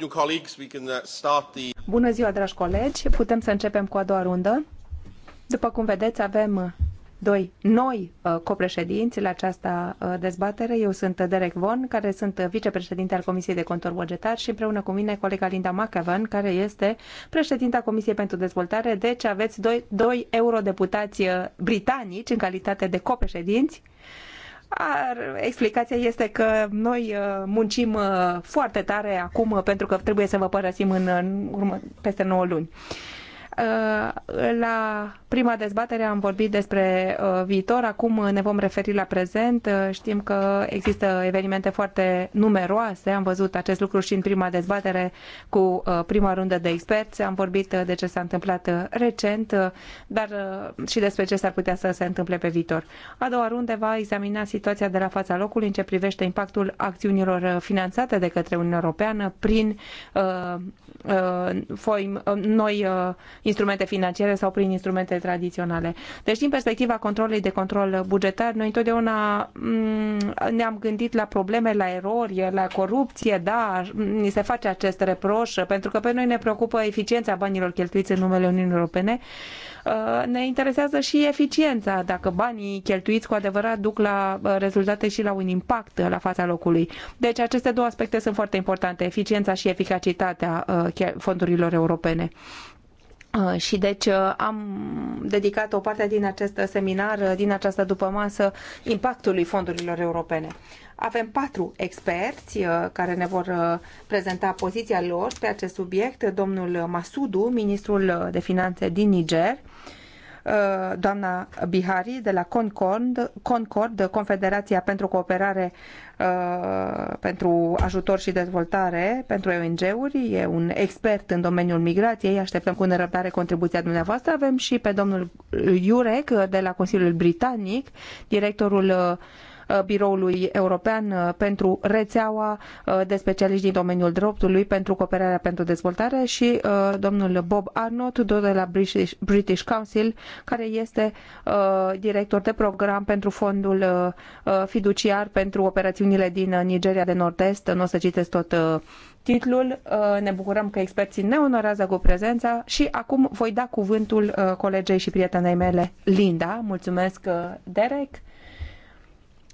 Uh, uh, Bună ziua, dragi colegi. Putem să începem cu a doua rundă. După cum vedeți, avem uh, doi noi copreședinți la această dezbatere. Eu sunt Derek Von, care sunt vicepreședinte al Comisiei de Contor Bugetar și împreună cu mine colega Linda McEvan, care este președinta Comisiei pentru Dezvoltare. Deci aveți doi, doi eurodeputați britanici în calitate de copreședinți. Ar, explicația este că noi uh, muncim uh, foarte tare acum uh, pentru că trebuie să vă părăsim în, în urmă, peste 9 luni. La prima dezbatere am vorbit despre uh, viitor, acum ne vom referi la prezent. Uh, știm că există evenimente foarte numeroase, am văzut acest lucru și în prima dezbatere cu uh, prima rundă de experți, am vorbit de ce s-a întâmplat recent, dar și despre ce s-ar putea să se întâmple pe viitor. A doua rundă va examina situația de la fața locului în ce privește impactul acțiunilor finanțate de către Uniunea Europeană prin uh, uh, foi, uh, noi instrumente financiare sau prin instrumente tradiționale. Deci, din perspectiva controlului de control bugetar, noi întotdeauna mm, ne-am gândit la probleme, la erori, la corupție, da, ni se face acest reproș, pentru că pe noi ne preocupă eficiența banilor cheltuiți în numele Uniunii Europene. Uh, ne interesează și eficiența, dacă banii cheltuiți cu adevărat duc la uh, rezultate și la un impact uh, la fața locului. Deci aceste două aspecte sunt foarte importante, eficiența și eficacitatea fondurilor europene. Uh, și deci uh, am dedicat o parte din acest seminar, uh, din această dupămasă, impactului fondurilor europene. Avem patru experți care ne vor prezenta poziția lor pe acest subiect. Domnul Masudu, ministrul de finanțe din Niger, Uh, doamna Bihari de la Concord, Concord Confederația pentru Cooperare uh, pentru Ajutor și Dezvoltare pentru ONG-uri, e un expert în domeniul migrației, așteptăm cu nerăbdare contribuția dumneavoastră. Avem și pe domnul Iurec de la Consiliul Britanic, directorul uh, Uh, Biroului European uh, pentru rețeaua uh, de specialiști din domeniul dreptului pentru cooperarea pentru dezvoltare și domnul Bob Arnott, tot de la British, British Council, care este director de program pentru fondul fiduciar pentru operațiunile din Nigeria de Nord-Est. Nu o să citesc tot titlul. Ne bucurăm că experții ne onorează cu prezența și acum voi da cuvântul colegei și prietenei mele, Linda. Mulțumesc, Derek.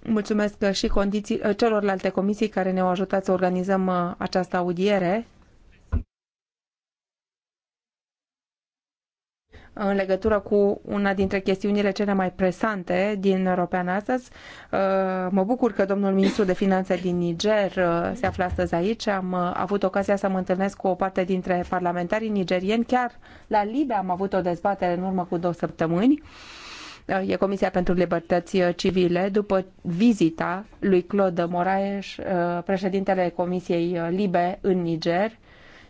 Mulțumesc și condiții, uh, celorlalte comisii care ne-au ajutat să organizăm uh, această audiere. în legătură cu una dintre chestiunile cele mai presante din European astăzi. Uh, mă bucur că domnul ministru de finanțe din Niger se află astăzi aici. Am avut ocazia să mă întâlnesc cu o parte dintre parlamentarii nigerieni. Chiar la Libe am avut o dezbatere în urmă cu două săptămâni e Comisia pentru Libertăți Civile, după vizita lui Claude Moraes, uh, președintele Comisiei Libe în Niger,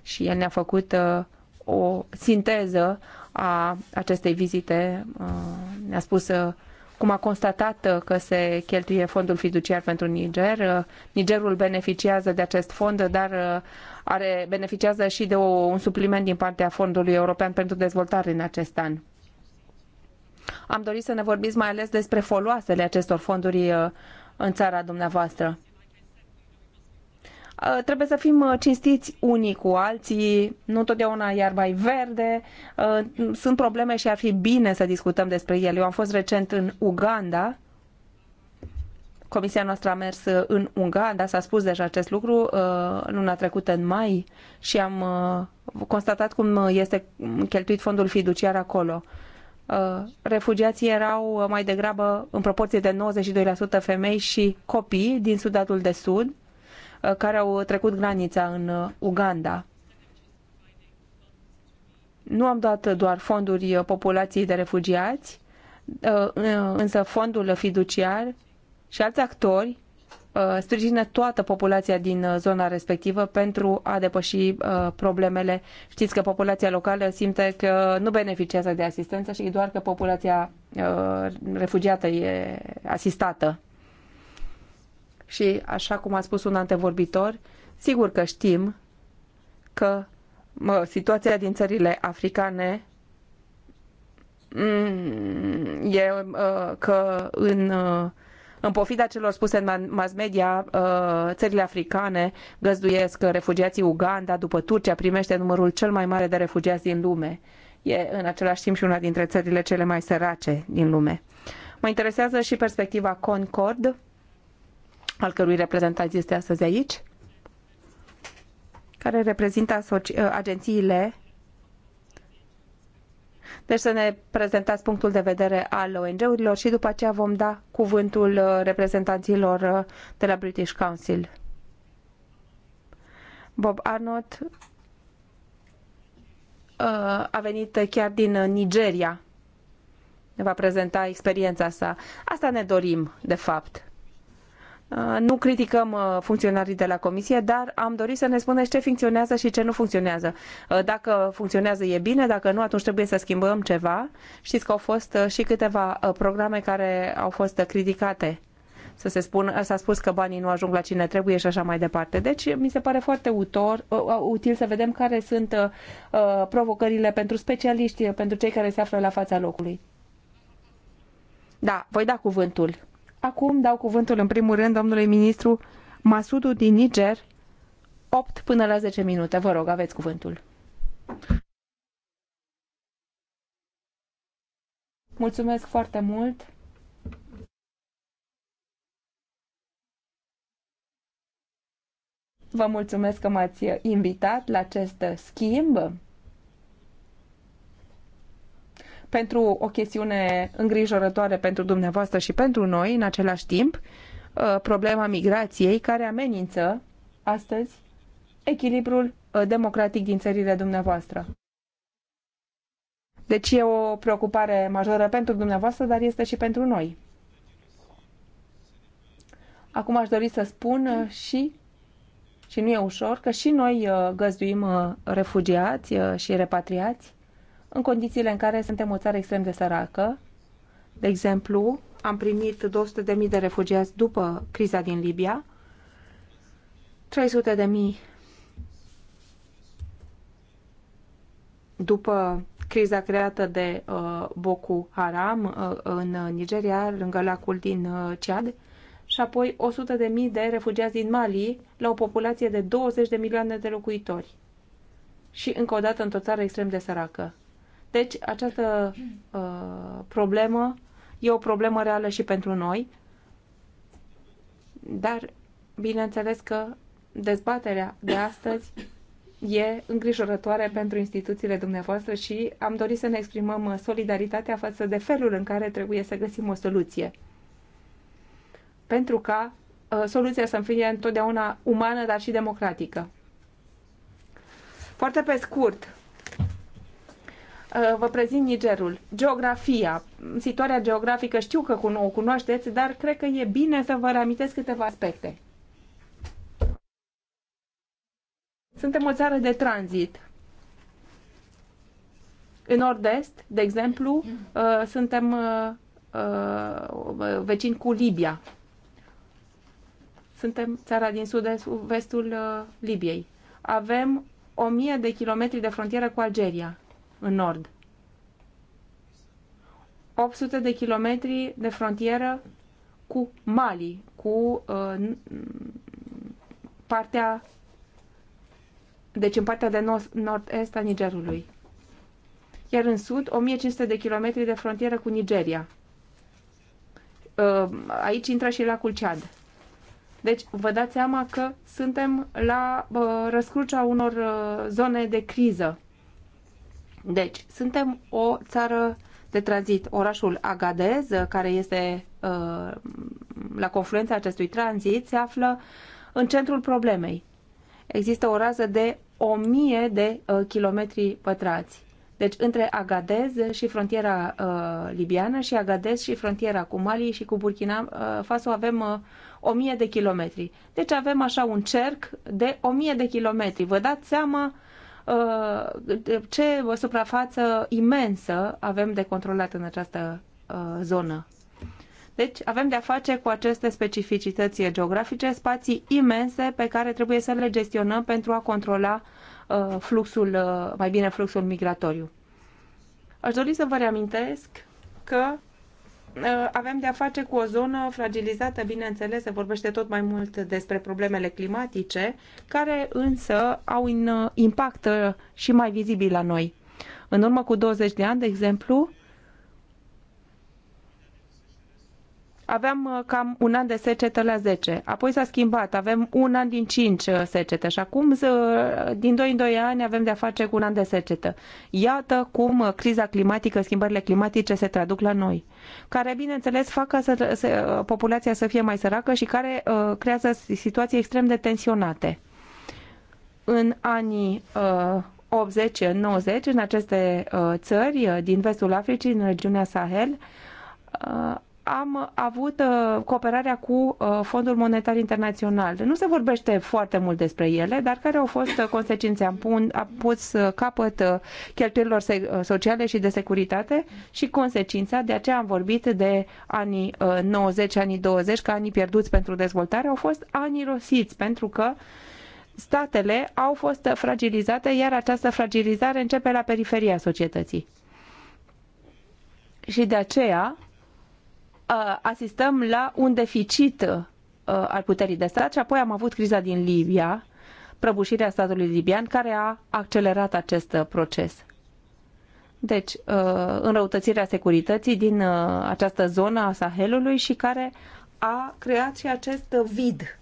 și el ne-a făcut uh, o sinteză a acestei vizite. Uh, ne-a spus cum a constatat că se cheltuie fondul fiduciar pentru Niger. Nigerul beneficiază de acest fond, dar are, beneficiază și de o, un supliment din partea Fondului European pentru Dezvoltare în acest an. Am dorit să ne vorbiți mai ales despre foloasele acestor fonduri uh, în țara dumneavoastră. Uh, trebuie să fim uh, cinstiți unii cu alții, nu totdeauna iarba e verde, sunt probleme și ar fi bine să discutăm despre ele. Eu am fost recent în Uganda, Comisia noastră a mers în Uganda, s-a spus deja acest lucru luna trecută în mai și am constatat cum este cheltuit fondul fiduciar acolo. Uh, refugiații erau uh, mai degrabă în proporție de 92% femei și copii din Sudatul de Sud uh, care au trecut granița în Uganda. Nu am dat doar fonduri populației de refugiați, însă fondul fiduciar și alți actori Uh, sprijină toată populația din uh, zona respectivă pentru a depăși uh, problemele. Știți că populația locală simte că nu beneficiază de asistență și doar că populația refugiată e asistată. Și așa cum a spus un antevorbitor, sigur că știm că mă, situația din țările africane mm, e că în în pofida celor spuse în mass media, uh, țările africane găzduiesc refugiații Uganda, după Turcia primește numărul cel mai mare de refugiați din lume. E în același timp și una dintre țările cele mai sărace din lume. Mă interesează și perspectiva Concord, al cărui reprezentant este astăzi aici, care reprezintă uh, agențiile deci să ne prezentați punctul de vedere al ONG-urilor și după aceea vom da cuvântul uh, reprezentanților uh, de la British Council. Bob Arnott uh, a venit chiar din Nigeria. Ne va prezenta experiența sa. Asta ne dorim, de fapt. Uh, nu criticăm uh, funcționarii de la comisie, dar am dorit să ne spuneți ce funcționează și ce nu funcționează. Uh, dacă funcționează e bine, dacă nu atunci trebuie să schimbăm ceva. Știți că au fost și câteva programe care au fost criticate să se spun, s-a spus că banii nu ajung la cine trebuie și așa mai departe. Deci mi se pare foarte utor, util să vedem care sunt provocările pentru specialiști, pentru cei care se află la fața locului. Da, voi da cuvântul Acum dau cuvântul în primul rând domnului ministru Masudu din Niger. 8 până la 10 minute. Vă rog, aveți cuvântul. Mulțumesc foarte mult. Vă mulțumesc că m-ați invitat la acest schimb pentru o chestiune îngrijorătoare pentru dumneavoastră și pentru noi în același timp, uh, problema migrației care amenință astăzi echilibrul uh, democratic din țările dumneavoastră. Deci e o preocupare majoră pentru dumneavoastră, dar este și pentru noi. Acum aș dori să spun uh, și, și nu e ușor, că și noi găzduim refugiați și repatriați în condițiile în care suntem o țară extrem de săracă. De exemplu, am primit 200.000 de refugiați după criza din Libia, 300.000 după criza creată de uh, Boko Haram uh, în Nigeria, lângă lacul din uh, Chad, și apoi 100.000 de refugiați din Mali la o populație de 20 de milioane de locuitori. Și încă o dată într-o țară extrem de săracă. Deci, această uh, problemă e o problemă reală și pentru noi, dar bineînțeles că dezbaterea de astăzi e îngrijorătoare pentru instituțiile dumneavoastră și am dorit să ne exprimăm solidaritatea față de felul în care trebuie să găsim o soluție. Pentru ca uh, soluția să fie întotdeauna umană, dar și democratică. Foarte pe scurt, Uh, vă prezint Nigerul. Geografia, situarea geografică, știu că nu o cunoașteți, dar cred că e bine să vă reamintesc câteva aspecte. Suntem o țară de tranzit. În nord-est, de exemplu, uh, suntem uh, vecini cu Libia. Suntem țara din sud-vestul Libiei. Avem o mie de kilometri de frontieră cu Algeria în nord. 800 de kilometri de frontieră cu Mali, cu uh, partea, deci în partea de nord-est a Nigerului. Iar în sud, 1500 de kilometri de frontieră cu Nigeria. Uh, aici intră și lacul Cead. Deci vă dați seama că suntem la uh, răscrucea unor uh, zone de criză deci, suntem o țară de tranzit, orașul Agadez, care este uh, la confluența acestui tranzit, se află în centrul problemei. Există o rază de 1000 de uh, kilometri pătrați. Deci între Agadez și frontiera uh, libiană și Agadez și frontiera cu Mali și cu Burkina uh, Faso avem uh, 1000 de kilometri. Deci avem așa un cerc de 1000 de kilometri. Vă dați seama uh, Uh, ce suprafață imensă avem de controlat în această uh, zonă. Deci avem de-a face cu aceste specificități geografice, spații imense pe care trebuie să le gestionăm pentru a controla uh, fluxul, mai bine fluxul migratoriu. Aș dori să vă reamintesc că Uh, avem de-a face cu o zonă fragilizată, bineînțeles, se vorbește tot mai mult despre problemele climatice, care însă au un uh, impact uh, și mai vizibil la noi. În urmă cu 20 de ani, de exemplu, aveam uh, cam un an de secetă la 10, apoi s-a schimbat, avem un an din 5 uh, secete și acum uh, din 2 în 2 ani avem de-a face cu un an de secetă. Iată cum criza climatică, schimbările climatice se traduc la noi, care bineînțeles fac ca să, să, populația să fie mai săracă și care uh, creează situații extrem de tensionate. În anii uh, 80-90 în aceste țări din vestul Africii, în regiunea Sahel, am avut uh, cooperarea cu uh, Fondul Monetar Internațional. Nu se vorbește foarte mult despre ele, dar care au fost uh, consecințe? Am, pun, am pus capăt cheltuielilor sociale și de securitate și consecința, de aceea am vorbit de anii 90, anii 20, ca anii pierduți pentru dezvoltare, au fost anii rosiți, pentru că statele au fost fragilizate, iar această fragilizare începe la periferia societății. Și de aceea, Uh, asistăm la un deficit uh, al puterii de stat și apoi am avut criza din Libia, prăbușirea statului libian, care a accelerat acest uh, proces. Deci, înrăutățirea securității din această zonă a Sahelului și care a creat și acest vid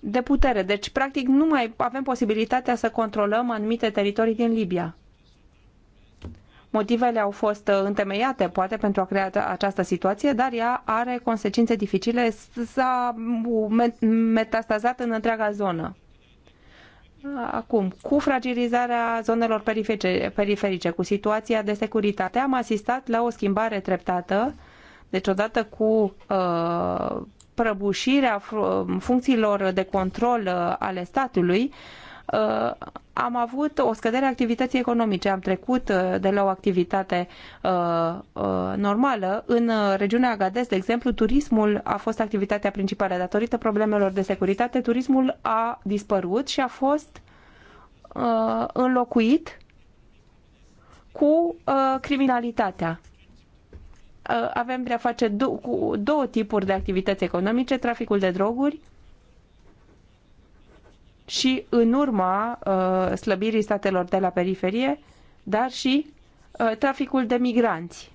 de putere. Deci, practic, nu mai avem posibilitatea să controlăm anumite teritorii din Libia. Motivele au fost uh, întemeiate, poate, pentru a crea această situație, dar ea are consecințe dificile, s-a metastazat în întreaga zonă. Acum, cu fragilizarea zonelor periferice, periferice, cu situația de securitate, am asistat la o schimbare treptată, deci odată cu uh, prăbușirea funcțiilor de control uh, ale statului, uh, Uh, am avut o scădere a activității economice. Am trecut uh, de la o activitate uh, normală. În regiunea Agades, de exemplu, turismul a fost activitatea principală. Datorită problemelor de securitate, turismul a dispărut și a fost înlocuit cu criminalitatea avem de-a face cu două tipuri de activități economice, traficul de droguri și în urma uh, slăbirii statelor de la periferie, dar și uh, traficul de migranți.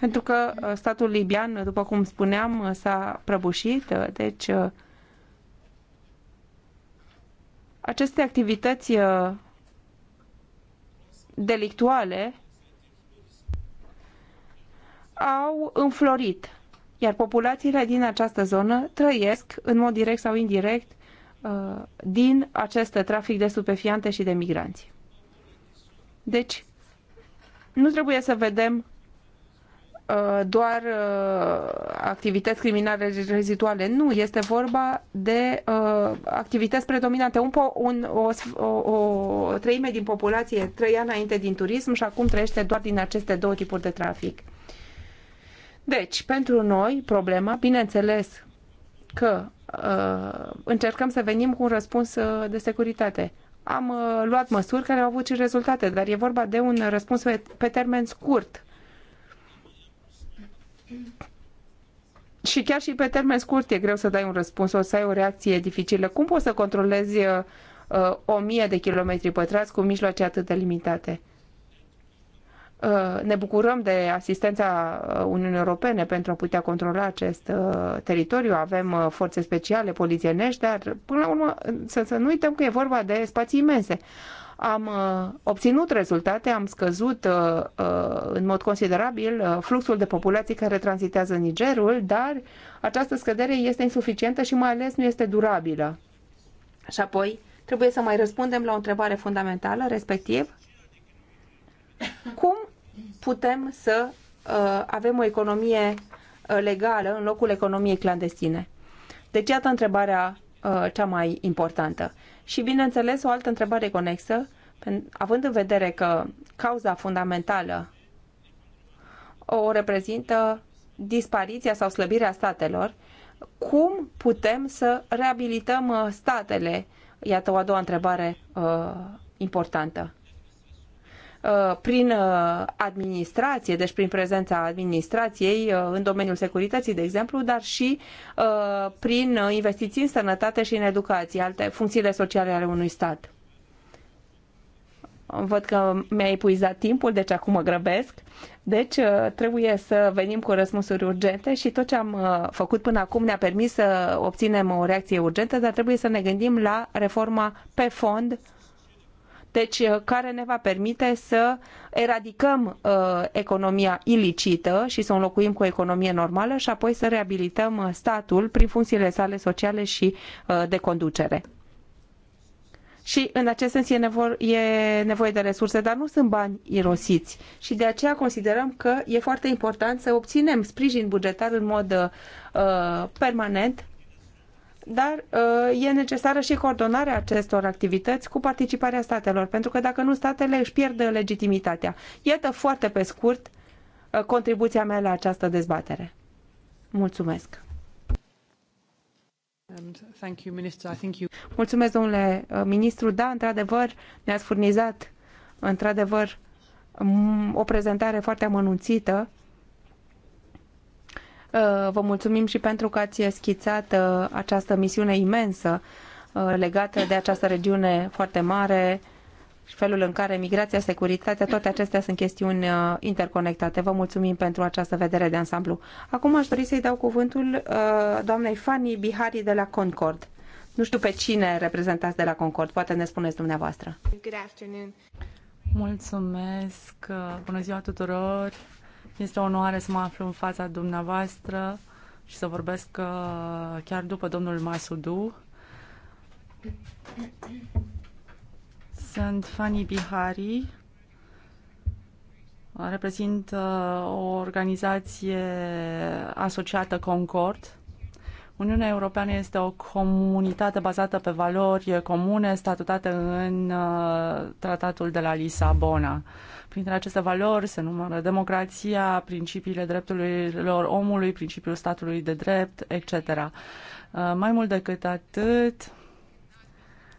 Pentru că uh, statul libian, după cum spuneam, uh, s-a prăbușit, uh, deci uh, aceste activități uh, delictuale au înflorit iar populațiile din această zonă trăiesc, în mod direct sau indirect, uh, din acest trafic de stupefiante și de migranți. Deci, nu trebuie să vedem uh, doar uh, activități criminale rezituale, Nu, este vorba de activități predominante. Un, un, o, o, o treime din populație trăia înainte din turism și acum trăiește doar din aceste două tipuri de trafic. Deci, pentru noi, problema, bineînțeles că uh, încercăm să venim cu un răspuns uh, de securitate. Am uh, luat măsuri care au avut și rezultate, dar e vorba de un răspuns pe, pe termen scurt. Și chiar și pe termen scurt e greu să dai un răspuns, o să ai o reacție dificilă. Cum poți să controlezi uh, uh o mie de kilometri pătrați cu mijloace atât de limitate? Uh, Uh, ne bucurăm de asistența uh, Uniunii Europene pentru a putea controla acest uh, teritoriu. Avem forțe speciale, polițienești, dar până la urmă să, să nu uităm că e vorba de spații imense. Am obținut rezultate, am scăzut în mod considerabil fluxul de populații care tranzitează Nigerul, dar această scădere este insuficientă și mai ales nu este durabilă. Și apoi trebuie să mai răspundem la o întrebare fundamentală, respectiv cum putem să uh, avem o economie uh, legală în locul economiei clandestine. Deci, iată întrebarea uh, cea mai importantă. Și, bineînțeles, o altă întrebare conexă, având în vedere că cauza fundamentală o reprezintă dispariția sau slăbirea statelor, cum putem să reabilităm statele? Iată o a doua întrebare uh, importantă. Uh, prin uh, administrație, deci prin prezența administrației uh, în domeniul securității, de exemplu, dar și prin investiții în sănătate și în educație, alte funcțiile sociale ale unui stat. Văd că mi-a epuizat timpul, deci acum mă grăbesc. Deci trebuie să venim cu răspunsuri urgente și tot ce am făcut până acum ne-a permis să obținem o reacție urgentă, dar trebuie să ne gândim la reforma pe fond deci uh, care ne va permite să eradicăm uh, economia ilicită și să o înlocuim cu o economie normală și apoi să reabilităm uh, statul prin funcțiile sale sociale și de conducere. Și în acest sens e, nevo- e nevoie de resurse, dar nu sunt bani irosiți. Și de aceea considerăm că e foarte important să obținem sprijin bugetar în mod uh, permanent dar uh, e necesară și coordonarea acestor activități cu participarea statelor, pentru că dacă nu, statele își pierd legitimitatea. Iată foarte pe scurt uh, contribuția mea la această dezbatere. Mulțumesc! Mulțumesc, domnule uh, ministru. Da, într-adevăr, ne-ați furnizat, într-adevăr, o prezentare foarte amănunțită Uh, vă mulțumim și pentru că ați schițat uh, această misiune imensă uh, legată de această regiune foarte mare și felul în care migrația, securitatea, toate acestea sunt chestiuni interconectate. Vă mulțumim pentru această vedere de ansamblu. Acum aș dori să-i dau cuvântul doamnei Fanny Bihari de la Concord. Nu știu pe cine reprezentați de la Concord, poate ne spuneți dumneavoastră. Good afternoon. Mulțumesc, bună ziua tuturor. Este o onoare să mă aflu în fața dumneavoastră și să vorbesc uh, chiar după domnul Masudu. Sunt Fani Bihari, reprezint uh, o organizație asociată Concord, Uniunea Europeană este o comunitate bazată pe valori comune statutate în uh, tratatul de la Lisabona. Printre aceste valori se numără democrația, principiile drepturilor omului, principiul statului de drept, etc. Uh, mai mult decât atât,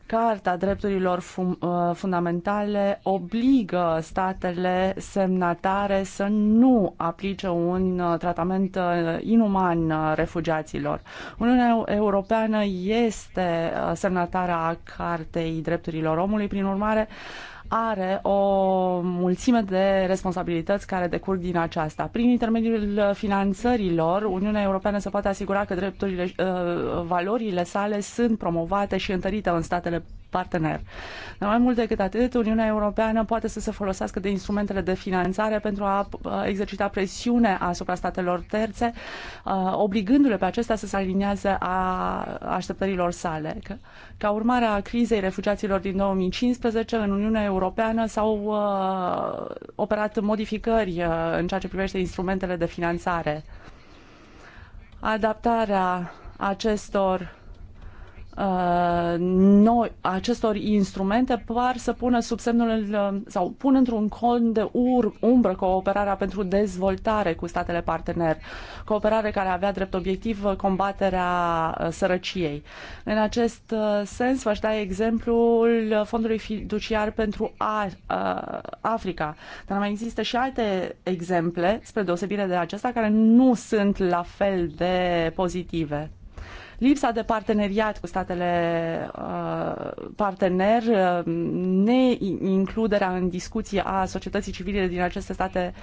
Carta drepturilor uh, fundamentale obligă statele semnatare să nu aplice un uh, tratament uh, inuman refugiaților. Uniunea Europeană este semnatară a Cartei drepturilor omului, prin urmare are o mulțime de responsabilități care decurg din aceasta. Prin intermediul finanțărilor, Uniunea Europeană se poate asigura că drepturile, uh, valorile sale sunt promovate și întărite în statele partener. Dar mai mult decât atât, Uniunea Europeană poate să se folosească de instrumentele de finanțare pentru a uh, exercita presiune asupra statelor terțe, uh, obligându-le pe acestea să se alinieze a așteptărilor sale. Ca urmare a crizei refugiaților din 2015, în Uniunea Europeană s-au uh, operat modificări în ceea ce privește instrumentele de finanțare. Adaptarea acestor Uh, noi, acestor instrumente par să pună sub semnul uh, sau pun într-un con de ur, umbră cooperarea pentru dezvoltare cu statele partener, cooperare care avea drept obiectiv combaterea uh, sărăciei. În acest sens v-aș da exemplul Fondului Fiduciar pentru Africa, dar mai există și alte exemple, spre deosebire de acesta, care nu sunt la fel de pozitive lipsa de parteneriat cu statele uh, partener, uh, neincluderea în discuție a societății civile din aceste state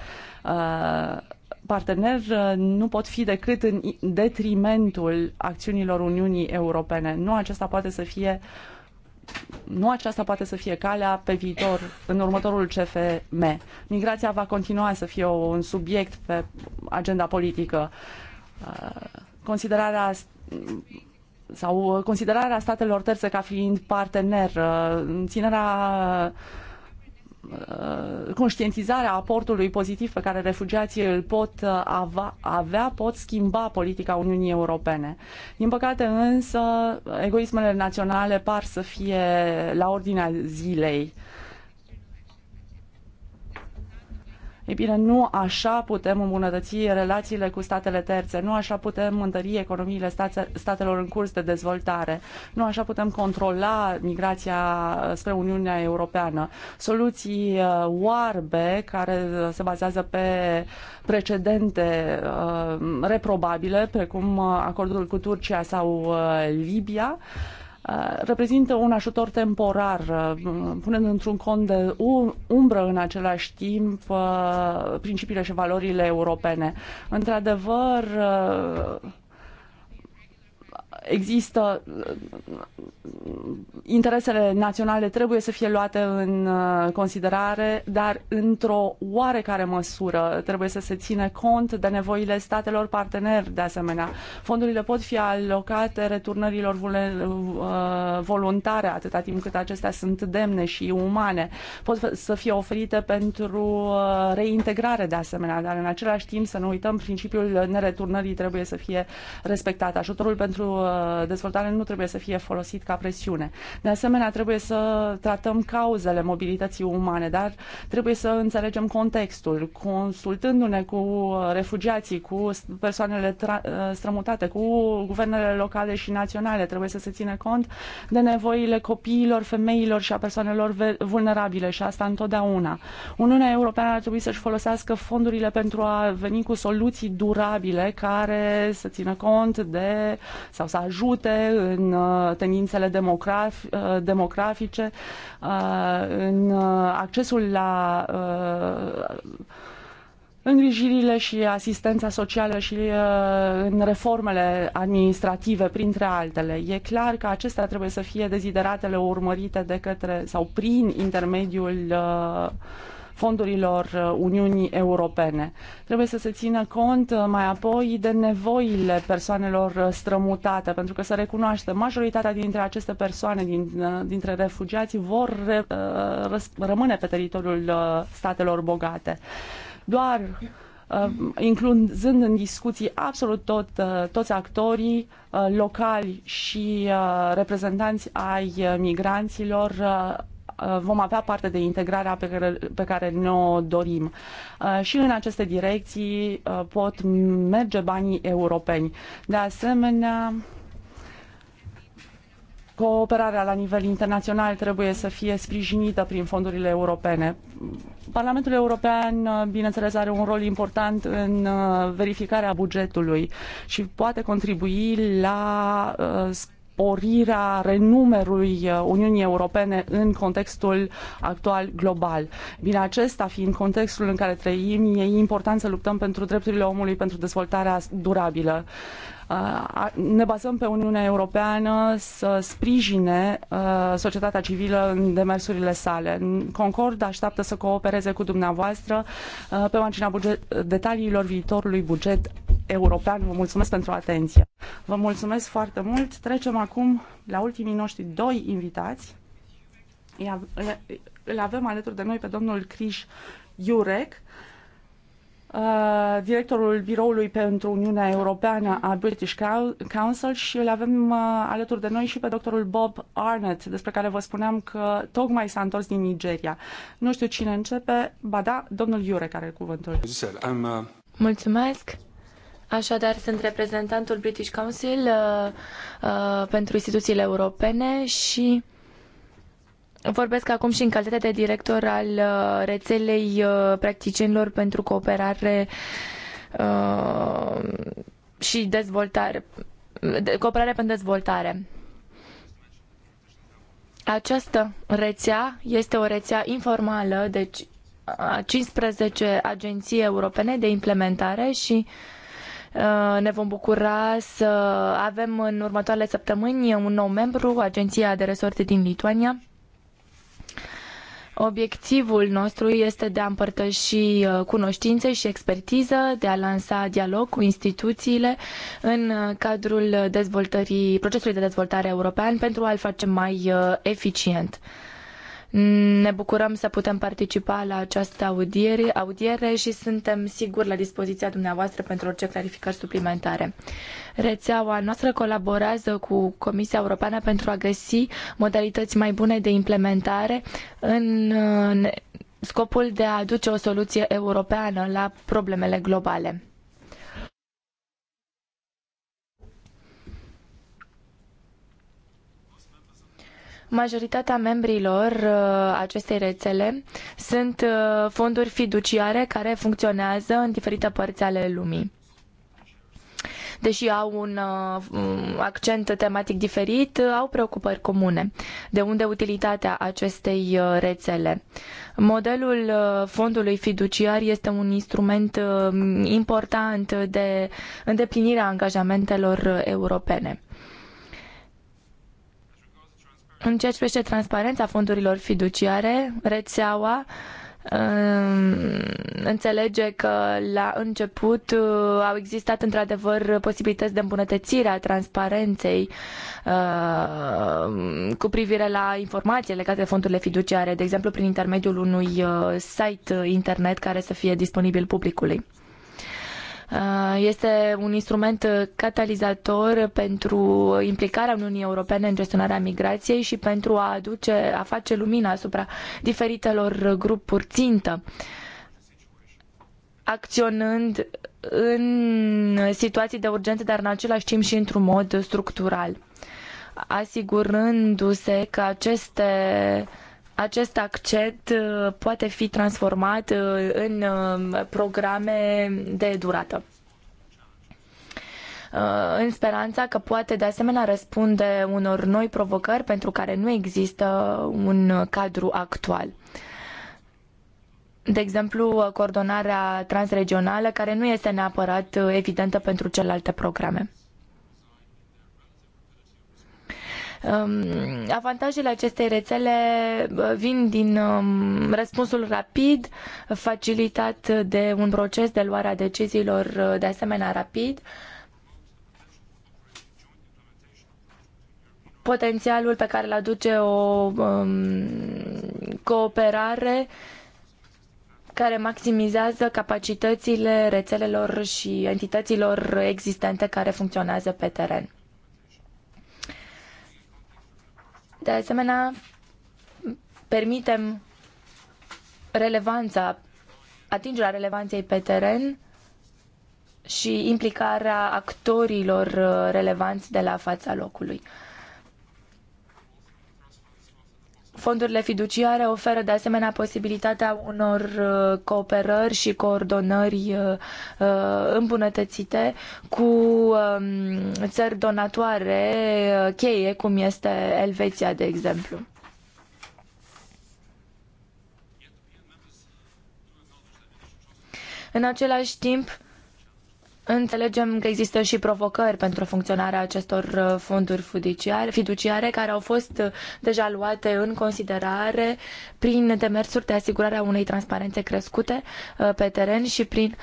uh, partener uh, nu pot fi decât în detrimentul acțiunilor Uniunii Europene. Nu acesta poate să fie nu aceasta poate să fie calea pe viitor, în următorul CFM. Migrația va continua să fie un subiect pe agenda politică. Uh, considerarea sau uh, considerarea statelor terțe ca fiind partener, uh, ținerea uh, conștientizarea aportului pozitiv pe care refugiații îl pot avea, pot schimba politica Uniunii Europene. Din păcate însă, egoismele naționale par să fie la ordinea zilei Ei bine, nu așa putem îmbunătăți relațiile cu statele terțe, nu așa putem întări economiile state, statelor în curs de dezvoltare, nu așa putem controla migrația uh, spre Uniunea Europeană. Soluții uh, oarbe care uh, se bazează pe precedente reprobabile, precum acordul cu Turcia sau Libia, Uh, reprezintă un ajutor temporar, uh, punând într-un cont de umbră în același timp uh, principiile și valorile europene. Într-adevăr, există interesele naționale trebuie să fie luate în uh, considerare, dar într-o oarecare măsură trebuie să se ține cont de nevoile statelor parteneri de asemenea. Fondurile pot fi alocate returnărilor uh, voluntare atâta timp cât acestea sunt demne și umane. Pot să fie oferite pentru uh, reintegrare de asemenea, dar în același timp să nu uităm principiul nereturnării trebuie să fie respectat. Ajutorul pentru dezvoltare nu trebuie să fie folosit ca presiune. De asemenea, trebuie să tratăm cauzele mobilității umane, dar trebuie să înțelegem contextul, consultându-ne cu refugiații, cu persoanele strămutate, cu guvernele locale și naționale. Trebuie să se ține cont de nevoile copiilor, femeilor și a persoanelor vulnerabile și asta întotdeauna. Uniunea Europeană ar trebui să-și folosească fondurile pentru a veni cu soluții durabile care să țină cont de sau să ajute în uh, tendințele demograf, uh, demografice, uh, în accesul la îngrijirile și asistența socială și în reformele administrative, printre altele. E clar că acestea trebuie să fie dezideratele urmărite de către sau prin intermediul uh, fondurilor uh, Uniunii Europene. Trebuie să se țină cont uh, mai apoi de nevoile persoanelor uh, strămutate, pentru că să recunoaște majoritatea dintre aceste persoane, din, dintre refugiații, vor rămâne pe teritoriul statelor bogate. Doar incluzând în discuții absolut tot, toți actorii locali și reprezentanți ai migranților, Uh, vom avea parte de integrarea pe care, pe care ne-o dorim. Uh, și în aceste direcții uh, pot merge banii europeni. De asemenea, cooperarea la nivel internațional trebuie să fie sprijinită prin fondurile europene. Parlamentul European, bineînțeles, are un rol important în verificarea bugetului și poate contribui la sporirea renumerului uh, Uniunii Europene în contextul actual global. Bine, acesta fiind contextul în care trăim, e important să luptăm pentru drepturile omului, pentru dezvoltarea durabilă. Uh, ne bazăm pe Uniunea Europeană să sprijine uh, societatea civilă în demersurile sale. Concord așteaptă să coopereze cu dumneavoastră pe marginea buget, detaliilor viitorului buget european. Vă mulțumesc pentru atenție. Vă mulțumesc foarte mult. Trecem acum la ultimii noștri doi invitați. Îl avem alături de noi pe domnul Criș Iurec, uh, directorul Biroului pentru Uniunea Europeană a British Council și îl avem uh, alături de noi și pe doctorul Bob Arnett, despre care vă spuneam că tocmai s-a întors din Nigeria. Nu știu cine începe, ba da, domnul Iure care are cuvântul. Uh, mulțumesc! Așadar, sunt reprezentantul British Council uh, uh, pentru instituțiile europene și vorbesc acum și în calitate de director al uh, rețelei uh, practicienilor pentru cooperare uh, și dezvoltare, de, cooperare pentru dezvoltare. Această rețea este o rețea informală, deci a 15 agenții europene de implementare și uh, Uh, ne vom bucura să avem în următoarele săptămâni un nou membru, Agenția de Resorte din Lituania. Obiectivul nostru este de a împărtăși uh, cunoștințe și expertiză, de a lansa dialog cu instituțiile în uh, cadrul dezvoltării, procesului de dezvoltare european pentru a-l face mai eficient. Ne bucurăm să putem participa la această audiere, audiere și suntem siguri la dispoziția dumneavoastră pentru orice clarificări suplimentare. Rețeaua noastră colaborează cu Comisia Europeană pentru a găsi modalități mai bune de implementare în scopul de a aduce o soluție europeană la problemele globale. Majoritatea membrilor uh, acestei rețele sunt uh, fonduri fiduciare care funcționează în diferite părți ale lumii deși au un uh, accent tematic diferit, au preocupări comune. De unde utilitatea acestei rețele? Modelul fondului fiduciar este un instrument important de îndeplinire a angajamentelor europene. În ceea ce privește transparența fondurilor fiduciare, rețeaua um, înțelege că la început uh, au existat într-adevăr posibilități de îmbunătățire a transparenței uh, cu privire la informații legate de fondurile fiduciare, de exemplu prin intermediul unui uh, site internet care să fie disponibil publicului. Uh, este un instrument catalizator pentru implicarea Uniunii Europene în gestionarea migrației și pentru a aduce, a face lumină asupra diferitelor grupuri țintă acționând în situații de urgență, dar în același timp și într-un mod structural, asigurându-se că aceste acest accent uh, poate fi transformat uh, în uh, programe de durată în speranța că poate de asemenea răspunde unor noi provocări pentru care nu există un cadru actual. De exemplu, coordonarea transregională, care nu este neapărat evidentă pentru celelalte programe. Um, avantajele acestei rețele uh, vin din um, răspunsul rapid, facilitat de un proces de luare a deciziilor uh, de asemenea rapid, potențialul pe care îl aduce o um, cooperare care maximizează capacitățile rețelelor și entităților existente care funcționează pe teren. De asemenea, permitem relevanța, atingerea relevanței pe teren și implicarea actorilor uh, relevanți de la fața locului. Fondurile fiduciare oferă de asemenea posibilitatea unor uh, cooperări și coordonări uh, uh, îmbunătățite cu um, țări donatoare cheie, cum este Elveția, de exemplu. În același timp, Înțelegem că există și provocări pentru funcționarea acestor uh, fonduri fiduciare care au fost uh, deja luate în considerare prin demersuri de asigurare a unei transparențe crescute uh, pe teren și prin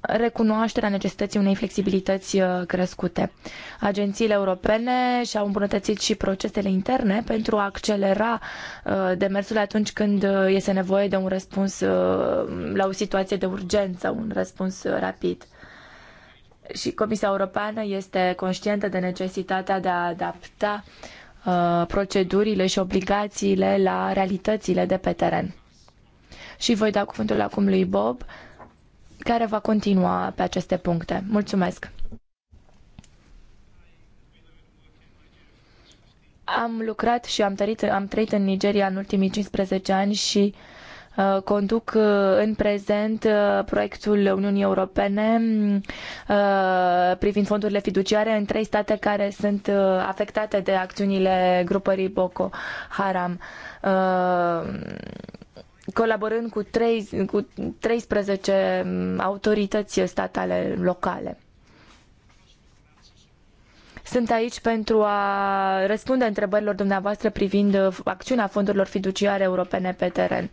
recunoașterea necesității unei flexibilități crescute. Agențiile europene și-au îmbunătățit și procesele interne pentru a accelera demersul atunci când este nevoie de un răspuns la o situație de urgență, un răspuns rapid și Comisia Europeană este conștientă de necesitatea de a adapta uh, procedurile și obligațiile la realitățile de pe teren. Și voi da cuvântul acum lui Bob, care va continua pe aceste puncte. Mulțumesc! Am lucrat și am trăit, am trăit în Nigeria în ultimii 15 ani și uh, Uh, conduc uh, în prezent uh, proiectul Uniunii Europene privind fondurile fiduciare în trei state care sunt afectate de acțiunile grupării Boko Haram colaborând cu, trei, cu 13 mm, autorități statale locale. Sunt aici pentru a răspunde întrebărilor dumneavoastră privind acțiunea fondurilor fiduciare europene pe teren. Uh,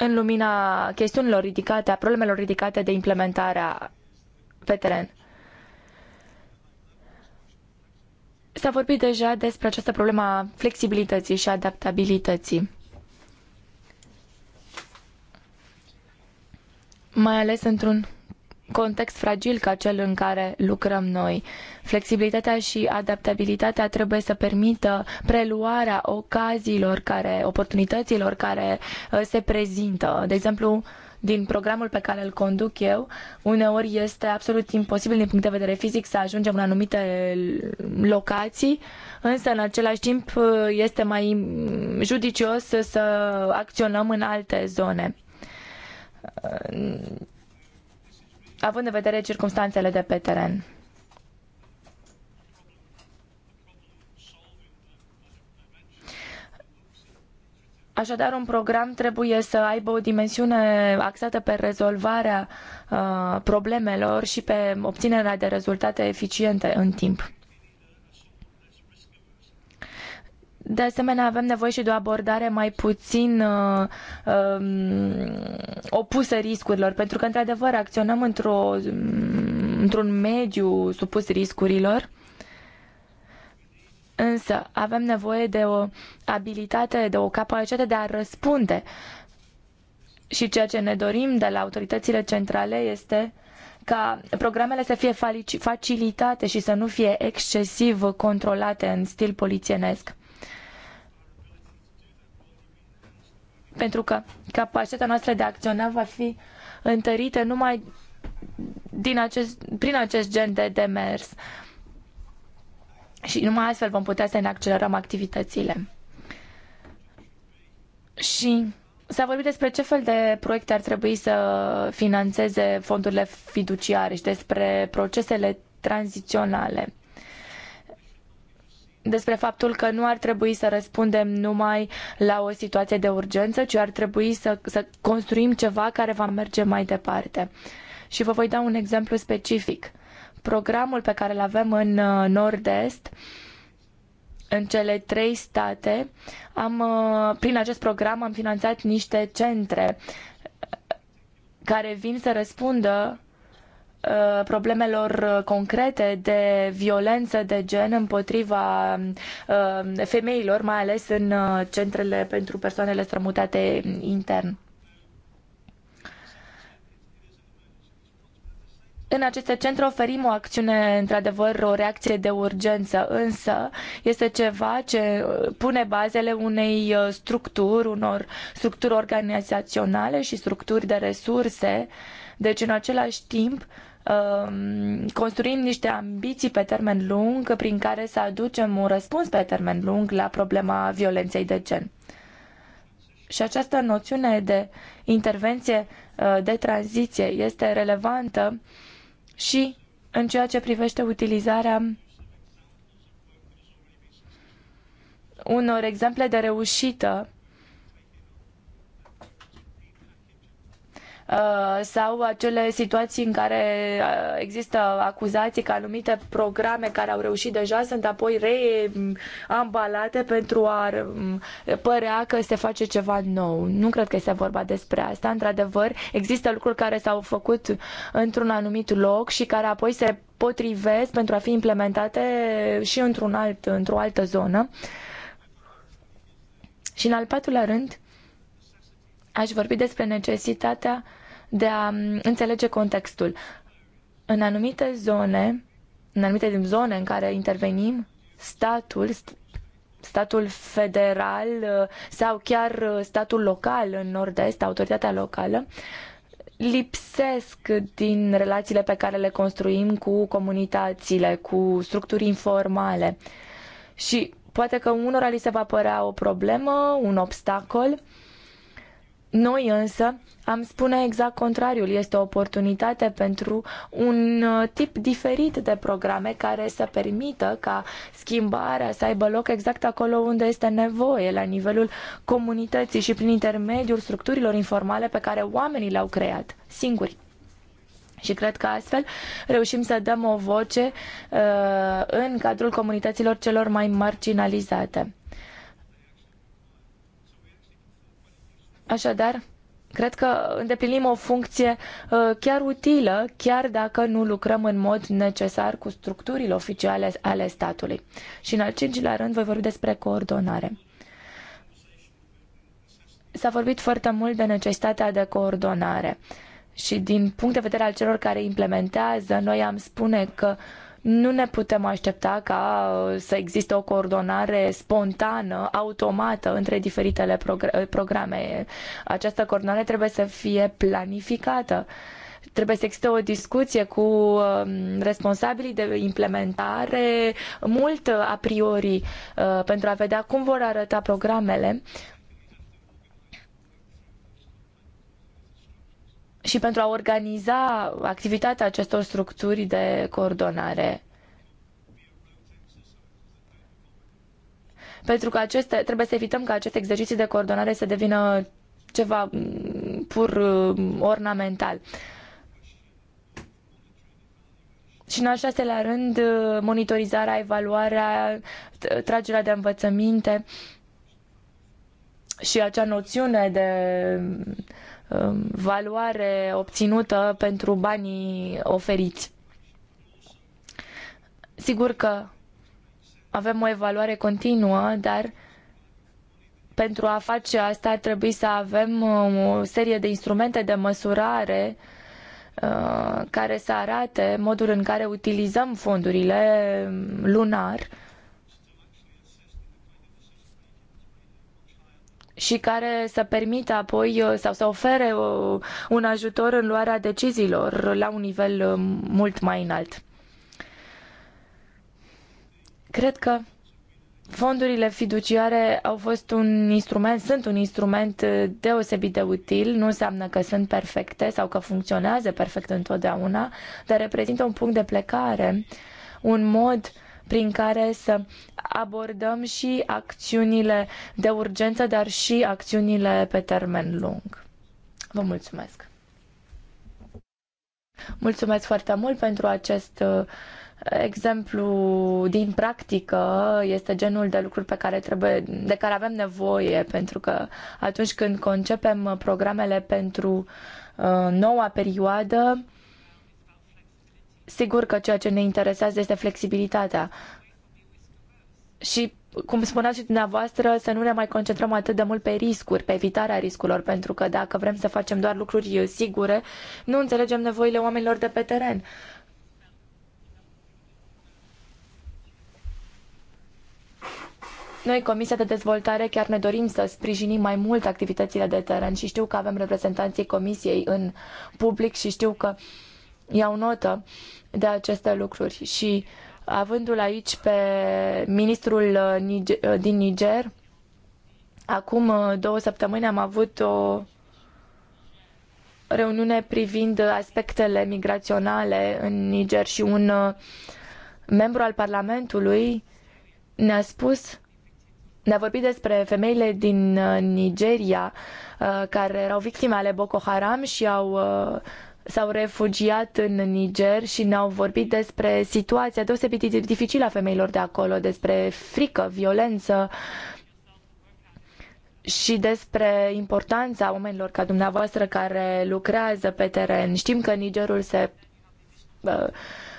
în lumina chestiunilor ridicate, a problemelor ridicate de implementarea pe teren. S-a vorbit deja despre această problemă a flexibilității și adaptabilității. Mai ales într-un context fragil ca cel în care lucrăm noi. Flexibilitatea și adaptabilitatea trebuie să permită preluarea ocaziilor care, oportunităților care uh, se prezintă. De exemplu, din programul pe care îl conduc eu, uneori este absolut imposibil din punct de vedere fizic să ajungem în anumite locații, însă în același timp uh, este mai judicios să acționăm în alte zone uh, având în vedere circumstanțele de pe teren. Așadar, un program trebuie să aibă o dimensiune axată pe rezolvarea uh, problemelor și pe obținerea de rezultate eficiente în timp. De asemenea, avem nevoie și de o abordare mai puțin uh, um, opusă riscurilor, pentru că, într-adevăr, acționăm într-o, mm, într-un mediu supus riscurilor. Însă, avem nevoie de o abilitate, de o capacitate de a răspunde. Și ceea ce ne dorim de la autoritățile centrale este ca programele să fie facilitate și să nu fie excesiv controlate în stil polițienesc. pentru că capacitatea noastră de a acționa va fi întărită numai din acest, prin acest gen de demers. Și numai astfel vom putea să ne accelerăm activitățile. Și S-a vorbit despre ce fel de proiecte ar trebui să financeze fondurile fiduciare și despre procesele tranziționale despre faptul că nu ar trebui să răspundem numai la o situație de urgență, ci ar trebui să, să construim ceva care va merge mai departe. Și vă voi da un exemplu specific. Programul pe care îl avem în uh, Nord-Est, în cele trei state, am, uh, prin acest program am finanțat niște centre uh, care vin să răspundă Uh, problemelor concrete de violență de gen împotriva uh, femeilor, mai ales în uh, centrele pentru persoanele strămutate intern. În aceste centre oferim o acțiune, într-adevăr, o reacție de urgență, însă este ceva ce pune bazele unei structuri, unor structuri organizaționale și structuri de resurse. Deci, în același timp, uh, Um, construim niște ambiții pe termen lung prin care să aducem un răspuns pe termen lung la problema violenței de gen. Și această noțiune de intervenție uh, de tranziție este relevantă și în ceea ce privește utilizarea unor exemple de reușită Uh, sau acele situații în care uh, există acuzații că anumite programe care au reușit deja sunt apoi reambalate pentru a um, părea că se face ceva nou. Nu cred că este vorba despre asta. Într-adevăr, există lucruri care s-au făcut într-un anumit loc și care apoi se potrivesc pentru a fi implementate și într-un alt, într-o altă zonă. Și în al patrulea rând, aș vorbi despre necesitatea de a mm, înțelege contextul. În anumite zone, în anumite din zone în care intervenim, statul, statul federal uh, sau chiar uh, statul local în nord-est, autoritatea locală, lipsesc din relațiile pe care le construim cu comunitățile, cu structuri informale. Și poate că unora li se va părea o problemă, un obstacol, noi însă am spune exact contrariul, este o oportunitate pentru un uh, tip diferit de programe care să permită ca schimbarea să aibă loc exact acolo unde este nevoie, la nivelul comunității și prin intermediul structurilor informale pe care oamenii le-au creat singuri. Și cred că astfel reușim să dăm o voce uh, în cadrul comunităților celor mai marginalizate. Așadar, cred că îndeplinim o funcție uh, chiar utilă, chiar dacă nu lucrăm în mod necesar cu structurile oficiale ale statului. Și în al cincilea rând voi vorbi despre coordonare. S-a vorbit foarte mult de necesitatea de coordonare și din punct de vedere al celor care implementează, noi am spune că uh, nu ne putem aștepta ca uh, să existe o coordonare spontană, automată între diferitele uh, programe. Această coordonare trebuie să fie planificată trebuie să existe o discuție cu um, responsabilii de implementare mult uh, a priori pentru a vedea cum vor arăta programele și pentru a organiza activitatea acestor structuri de coordonare. Pentru că aceste, trebuie să evităm ca aceste exerciții de coordonare să devină ceva mm, pur mm, ornamental. Și în al șaselea rând, monitorizarea, evaluarea, tragerea de învățăminte și acea noțiune de Um, valoare obținută pentru banii oferiți. Sigur că avem o evaluare continuă, dar pentru a face asta ar trebui să avem um, o serie de instrumente de măsurare uh, care să arate modul în care utilizăm fondurile um, lunar uh, și care să permită apoi uh, sau să ofere uh, un ajutor în luarea deciziilor la un nivel uh, mult mai înalt. Cred că fondurile fiduciare au fost un instrument, sunt un instrument deosebit de util, nu înseamnă că sunt perfecte sau că funcționează perfect întotdeauna, dar reprezintă un punct de plecare, un mod uh, prin care să abordăm și acțiunile de urgență, dar și acțiunile pe termen lung. Vă mulțumesc! Mulțumesc foarte mult pentru acest uh, exemplu din practică. Este genul de lucruri pe care trebuie, de care avem nevoie, pentru că atunci când concepem programele pentru uh, noua perioadă, Sigur că ceea ce ne interesează este flexibilitatea. Și, cum spuneați și dumneavoastră, să nu ne mai concentrăm atât de mult pe riscuri, pe evitarea riscurilor, pentru că dacă vrem să facem doar lucruri sigure, nu înțelegem nevoile oamenilor de pe teren. Noi, Comisia de Dezvoltare, chiar ne dorim să sprijinim mai mult activitățile de teren și știu că avem reprezentanții Comisiei în public și știu că iau notă de aceste lucruri. Și avându-l aici pe ministrul uh, uh, din Niger, acum uh, două săptămâni am avut o reuniune privind aspectele migraționale în Niger și un membru al Parlamentului ne-a spus, ne-a vorbit despre femeile din Nigeria care erau victime ale Boko Haram și au s-au refugiat în Niger și ne-au vorbit despre situația deosebit dificilă a femeilor de acolo, despre frică, violență și despre importanța oamenilor ca dumneavoastră care lucrează pe teren. Știm că Nigerul se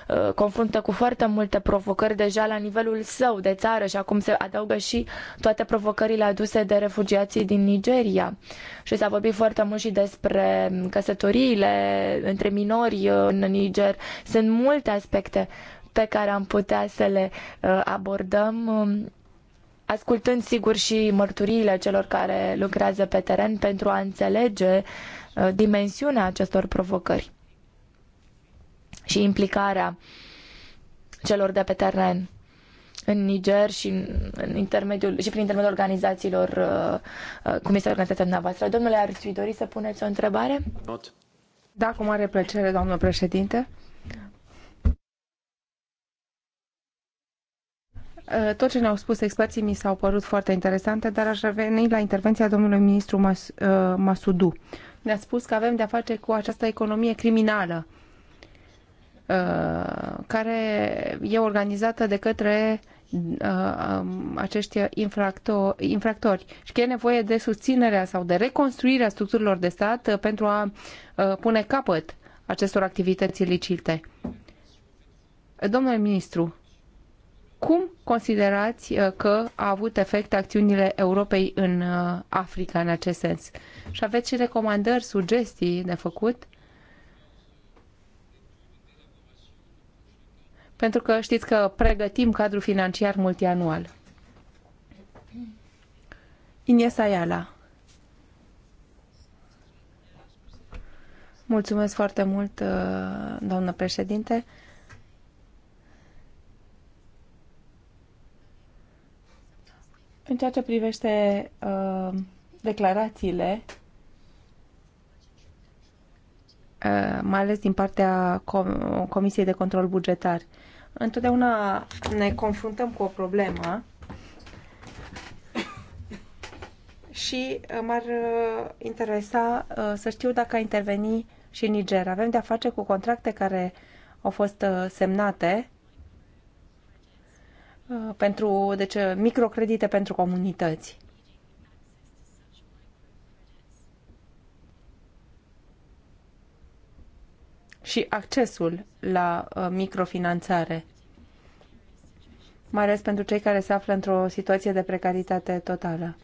Uh, confruntă cu foarte multe provocări deja la nivelul său de țară și acum se adaugă și toate provocările aduse de refugiații din Nigeria. Și s-a vorbit foarte mult și despre căsătoriile între minori în Niger. Sunt multe aspecte pe care am putea să le uh, abordăm um, ascultând sigur și mărturiile celor care lucrează pe teren pentru a înțelege uh, dimensiunea acestor provocări și implicarea celor de pe teren în Niger și, în intermediul, și prin intermediul organizațiilor uh, uh, cum este organizația dumneavoastră. Domnule, ar fi dori să puneți o întrebare? Not. Da, cu mare plăcere, doamnă președinte. Uh, tot ce ne-au spus experții mi s-au părut foarte interesante, dar aș reveni la intervenția domnului ministru Mas- Masudu. Ne-a spus că avem de-a face cu această economie criminală Uh, care e organizată de către uh, um, acești infractori și că e nevoie de susținerea sau de reconstruirea structurilor de stat uh, pentru a pune capăt acestor activități ilicite. Domnule ministru, cum considerați că a avut efect acțiunile Europei în Africa în acest sens? Și aveți și recomandări, sugestii de făcut? pentru că știți că pregătim cadrul financiar multianual. Ines Ayala. Mulțumesc foarte mult, uh, doamnă președinte. În ceea ce privește uh, declarațiile, uh, mai ales din partea Com Comisiei de Control Bugetar, uh, Întotdeauna ne confruntăm cu o problemă și uh, m-ar uh, interesa uh, să știu dacă a interveni și Niger. Avem de-a face cu contracte care au fost semnate pentru, deci, microcredite pentru comunități. și accesul la uh, microfinanțare, mai ales pentru cei care se află într-o situație de precaritate totală.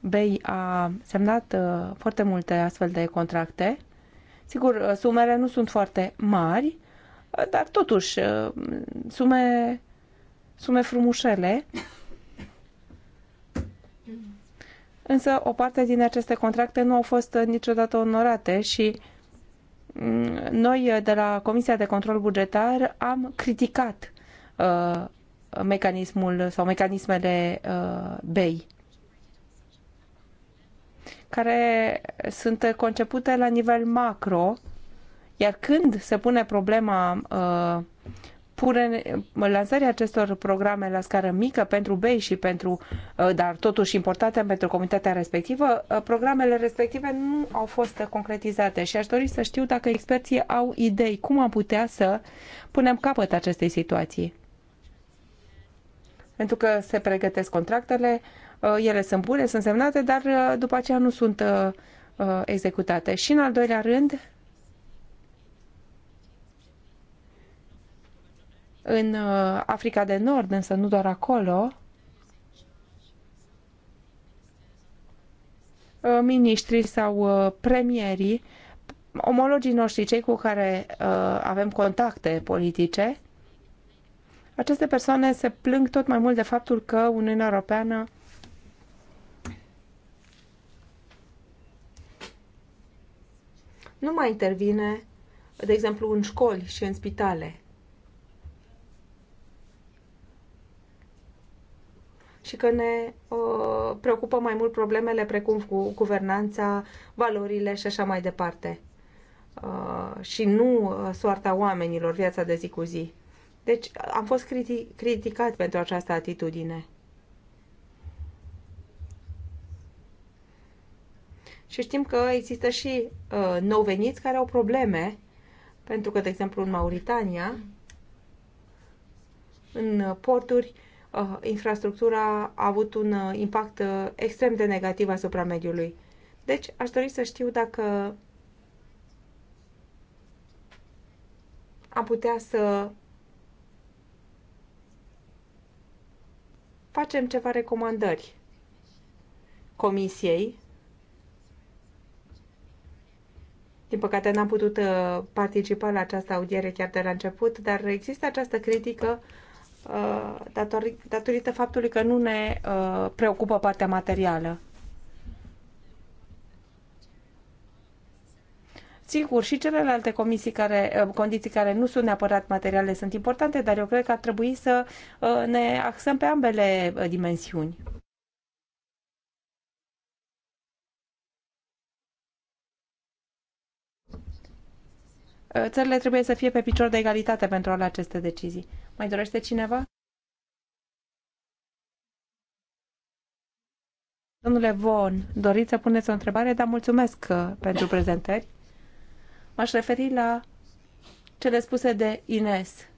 BEI a semnat uh, foarte multe astfel de contracte. Sigur, uh, sumele nu sunt foarte mari, dar totuși sume, sume frumușele. Însă o parte din aceste contracte nu au fost niciodată onorate și uh, noi de la Comisia de Control Bugetar am criticat uh, mecanismul sau mecanismele uh, BEI care sunt concepute la nivel macro, iar când se pune problema uh, pune, lansarea acestor programe la scară mică pentru bei și pentru, uh, dar totuși importante pentru comunitatea respectivă, uh, programele respective nu au fost concretizate și aș dori să știu dacă experții au idei cum am putea să punem capăt acestei situații. Pentru că se pregătesc contractele, uh, ele sunt bune, sunt semnate, dar după aceea nu sunt executate. Și în al doilea rând, În uh, Africa de Nord, însă nu doar acolo, uh, ministrii sau uh, premierii, omologii noștri, cei cu care avem contacte politice, aceste persoane se plâng tot mai mult de faptul că Uniunea Europeană nu mai intervine, de exemplu, în școli și în spitale. și că ne uh, preocupă mai mult problemele precum cu guvernanța, valorile și așa mai departe. Uh, și nu uh, soarta oamenilor, viața de zi cu zi. Deci am fost criti- criticat pentru această atitudine. Și știm că există și uh, nou veniți care au probleme, pentru că, de exemplu, în Mauritania, în uh, porturi, uh, Uh, infrastructura a avut un uh, impact uh, extrem de negativ asupra mediului. Deci, aș dori să știu dacă am putea să facem ceva recomandări comisiei. Din păcate n-am putut participa la această audiere chiar de la început, dar există această critică Uh, datorită faptului că nu ne uh, preocupă partea materială. Sigur, și celelalte comisii care, uh, condiții care nu sunt neapărat materiale sunt importante, dar eu cred că ar trebui să ne axăm pe ambele dimensiuni. Uh, țările trebuie să fie pe picior de egalitate pentru a lua aceste decizii. Mai dorește cineva? Domnule Von, doriți să puneți o întrebare, dar mulțumesc uh, pentru prezentări. M-aș referi la cele spuse de Ines.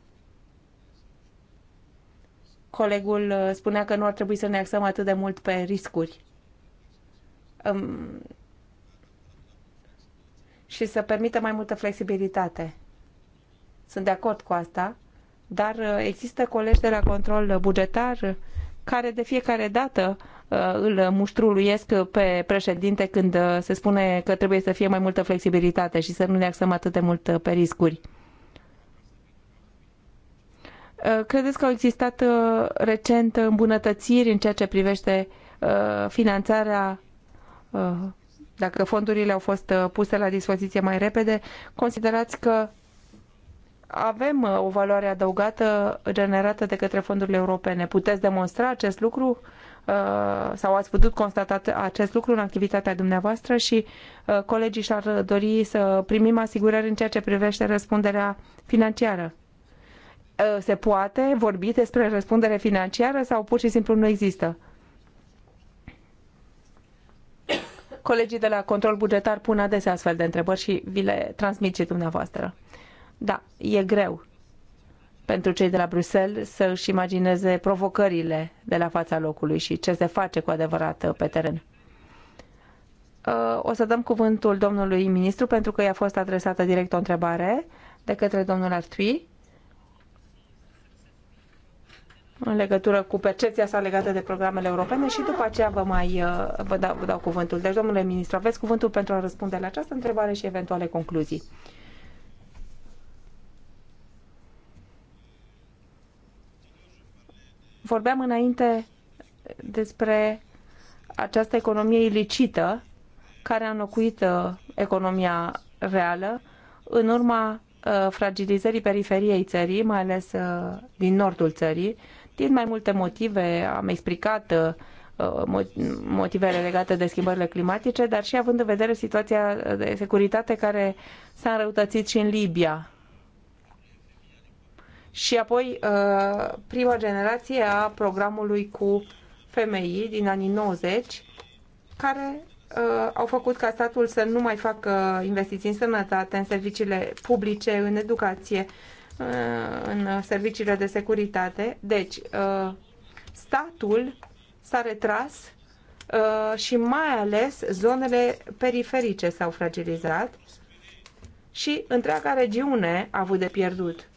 Colegul uh, spunea că nu ar trebui să ne axăm atât de mult pe riscuri um, și să permită mai multă flexibilitate. Sunt de acord cu asta, dar uh, există colegi de la control bugetar care de fiecare dată uh, îl muștruluiesc pe președinte când uh, se spune că trebuie să fie mai multă flexibilitate și să nu ne axăm atât de mult pe riscuri. Credeți că au existat recent îmbunătățiri în ceea ce privește finanțarea dacă fondurile au fost uh, puse la dispoziție mai repede, considerați că avem uh, o valoare adăugată generată de către fondurile europene. Puteți demonstra acest lucru uh, sau ați putut constata acest lucru în activitatea dumneavoastră și colegii și-ar dori să primim asigurări în ceea ce privește răspunderea financiară. Se poate vorbi despre răspundere financiară sau pur și simplu nu există? Colegii de la control bugetar pun adesea astfel de întrebări și vi le transmit și dumneavoastră. Da, e greu pentru cei de la Bruxelles să își imagineze provocările de la fața locului și ce se face cu adevărat uh, pe teren. Uh, o să dăm cuvântul domnului ministru pentru că i-a fost adresată direct o întrebare de către domnul Artui în legătură cu percepția sa legată de programele europene și după aceea vă mai uh, vă dau, vă dau cuvântul. Deci, domnule ministru, aveți cuvântul pentru a răspunde la această întrebare și eventuale concluzii. Vorbeam înainte despre această economie ilicită care a înlocuit uh, economia reală în urma uh, fragilizării periferiei țării, mai ales din nordul țării, din mai multe motive am explicat uh, motivele legate de schimbările climatice, dar și având în vedere situația de securitate care s-a înrăutățit și în Libia. Și apoi uh, prima generație a programului cu femei din anii 90, care uh, au făcut ca statul să nu mai facă investiții în sănătate, în serviciile publice, în educație, Uh, în serviciile de securitate. Deci, uh, statul s-a retras uh, și mai ales zonele periferice s-au fragilizat și întreaga regiune a avut de pierdut.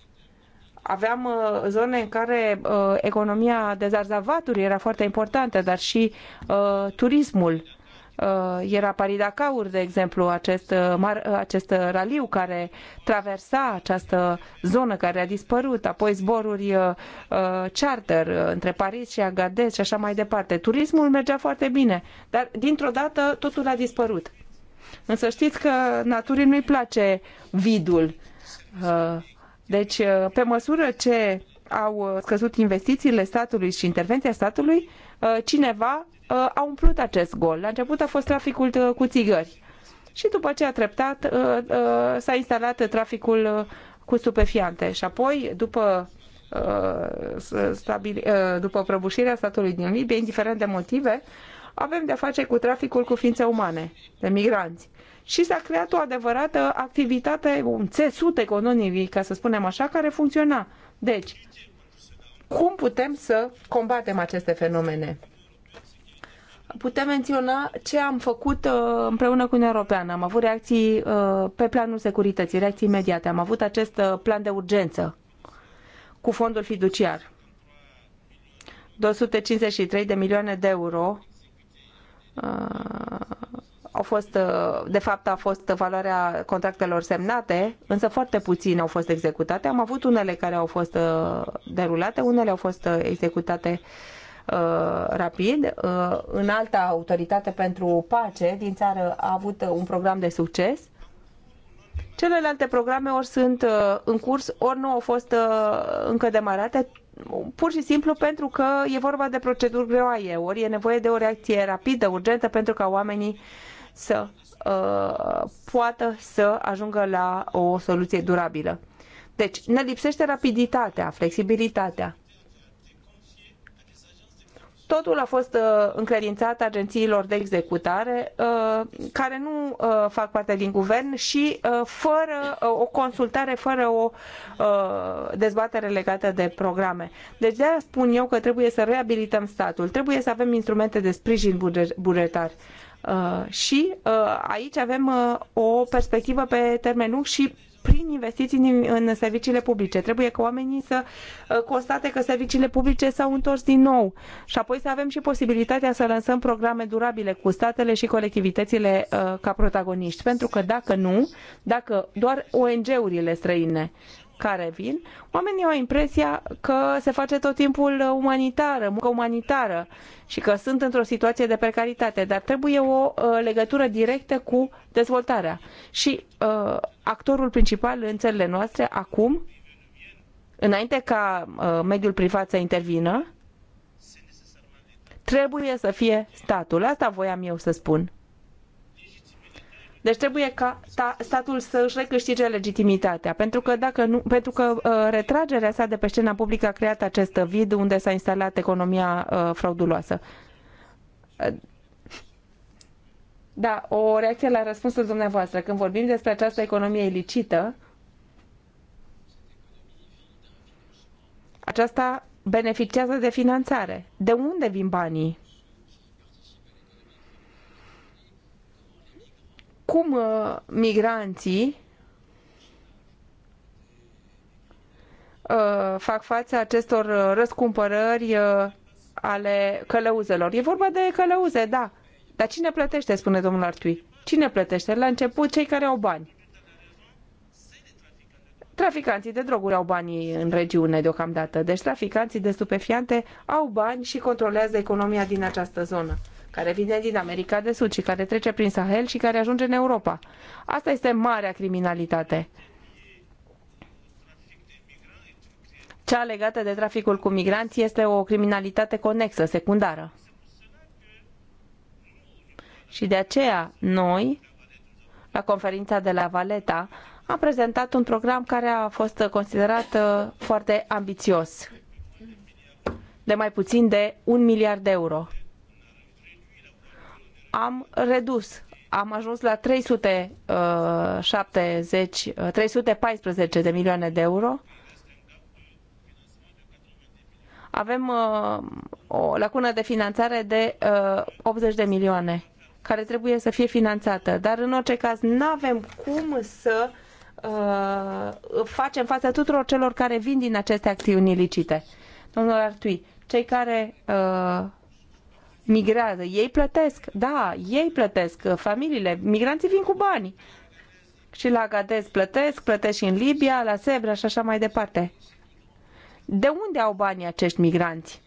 Aveam zone în care economia de zarzavaturi era foarte importantă, dar și turismul Uh, era Paridacaur, de exemplu, acest, uh, uh, acest raliu care traversa această zonă care a dispărut, apoi zboruri charter între Paris și Agadez și așa mai departe. Turismul mergea foarte bine, dar dintr-o dată totul a dispărut. Însă știți că naturii nu-i place vidul. Deci, pe măsură ce au scăzut investițiile statului și intervenția statului, Uh, cineva uh, a umplut acest gol. La început a fost traficul uh, cu țigări și după ce a treptat s-a instalat traficul cu stupefiante și apoi după stabili, după prăbușirea statului din Libia, indiferent de motive, avem de-a face cu traficul cu ființe umane, de migranți. Și s-a creat o adevărată activitate, un țesut economic, ca să spunem așa, care funcționa. Deci, cum putem să combatem aceste fenomene? putem menționa ce am făcut uh, împreună cu Uniunea Europeană. Am avut reacții uh, pe planul securității, reacții imediate. Am avut acest uh, plan de urgență cu fondul fiduciar. 253 de milioane de euro au fost, uh, de fapt a fost valoarea contractelor semnate, însă foarte puține au fost executate. Am avut unele care au fost uh, derulate, unele au fost uh, executate rapid. În alta autoritate pentru pace din țară a avut un program de succes. Celelalte programe ori sunt în curs, ori nu au fost încă demarate, pur și simplu pentru că e vorba de proceduri greoaie, ori e nevoie de o reacție rapidă, urgentă, pentru ca oamenii uh, să uh, poată să ajungă la o soluție durabilă. Deci ne lipsește rapiditatea, flexibilitatea. Totul a fost uh, încredințat agențiilor de executare uh, care nu uh, fac parte din guvern și uh, fără uh, o consultare, fără o uh, dezbatere legată de programe. Deci de aia spun eu că trebuie să reabilităm statul, trebuie să avem instrumente de sprijin bugetar. Uh, și uh, aici avem uh, o perspectivă pe termen lung și prin investiții în serviciile publice. Trebuie ca oamenii să constate că serviciile publice s-au întors din nou și apoi să avem și posibilitatea să lansăm programe durabile cu statele și colectivitățile ca protagoniști. Pentru că dacă nu, dacă doar ONG-urile străine care vin, oamenii au impresia că se face tot timpul umanitară, muncă umanitară și că sunt într-o situație de precaritate, dar trebuie o uh, legătură directă cu dezvoltarea. Și uh, actorul principal în țările noastre acum, înainte ca uh, mediul privat să intervină, trebuie să fie statul. Asta voiam eu să spun. Deci trebuie ca statul să își recâștige legitimitatea, pentru că, dacă nu, pentru că uh, retragerea sa de pe scena publică a creat acest vid unde s-a instalat economia uh, frauduloasă. Uh, da, o reacție la răspunsul dumneavoastră. Când vorbim despre această economie ilicită, aceasta beneficiază de finanțare. De unde vin banii? cum uh, migranții uh, fac față acestor uh, răscumpărări ale călăuzelor. E vorba de călăuze, da. Dar cine plătește, spune domnul Artui? Cine plătește? La început, cei care au bani. Traficanții de droguri au banii în regiune deocamdată, deci traficanții de stupefiante au bani și controlează economia din această zonă care vine din America de Sud și care trece prin Sahel și care ajunge în Europa. Asta este marea criminalitate. Cea legată de traficul cu migranți este o criminalitate conexă, secundară. Și de aceea noi, la conferința de la Valeta, am prezentat un program care a fost considerat uh, foarte ambițios, de mai puțin de un miliard de euro am redus am ajuns la 370, 314 uh, uh, de milioane de euro. Avem uh, o lacună de finanțare de uh, 80 de milioane care trebuie să fie finanțată, dar în orice caz nu avem cum să uh, facem față tuturor celor care vin din aceste acțiuni ilicite. Domnul Artui, cei care uh, migrează. Ei plătesc, da, ei plătesc, familiile, migranții vin cu bani. Și la Gadez plătesc, plătesc și în Libia, la Sebra și așa mai departe. De unde au banii acești migranți?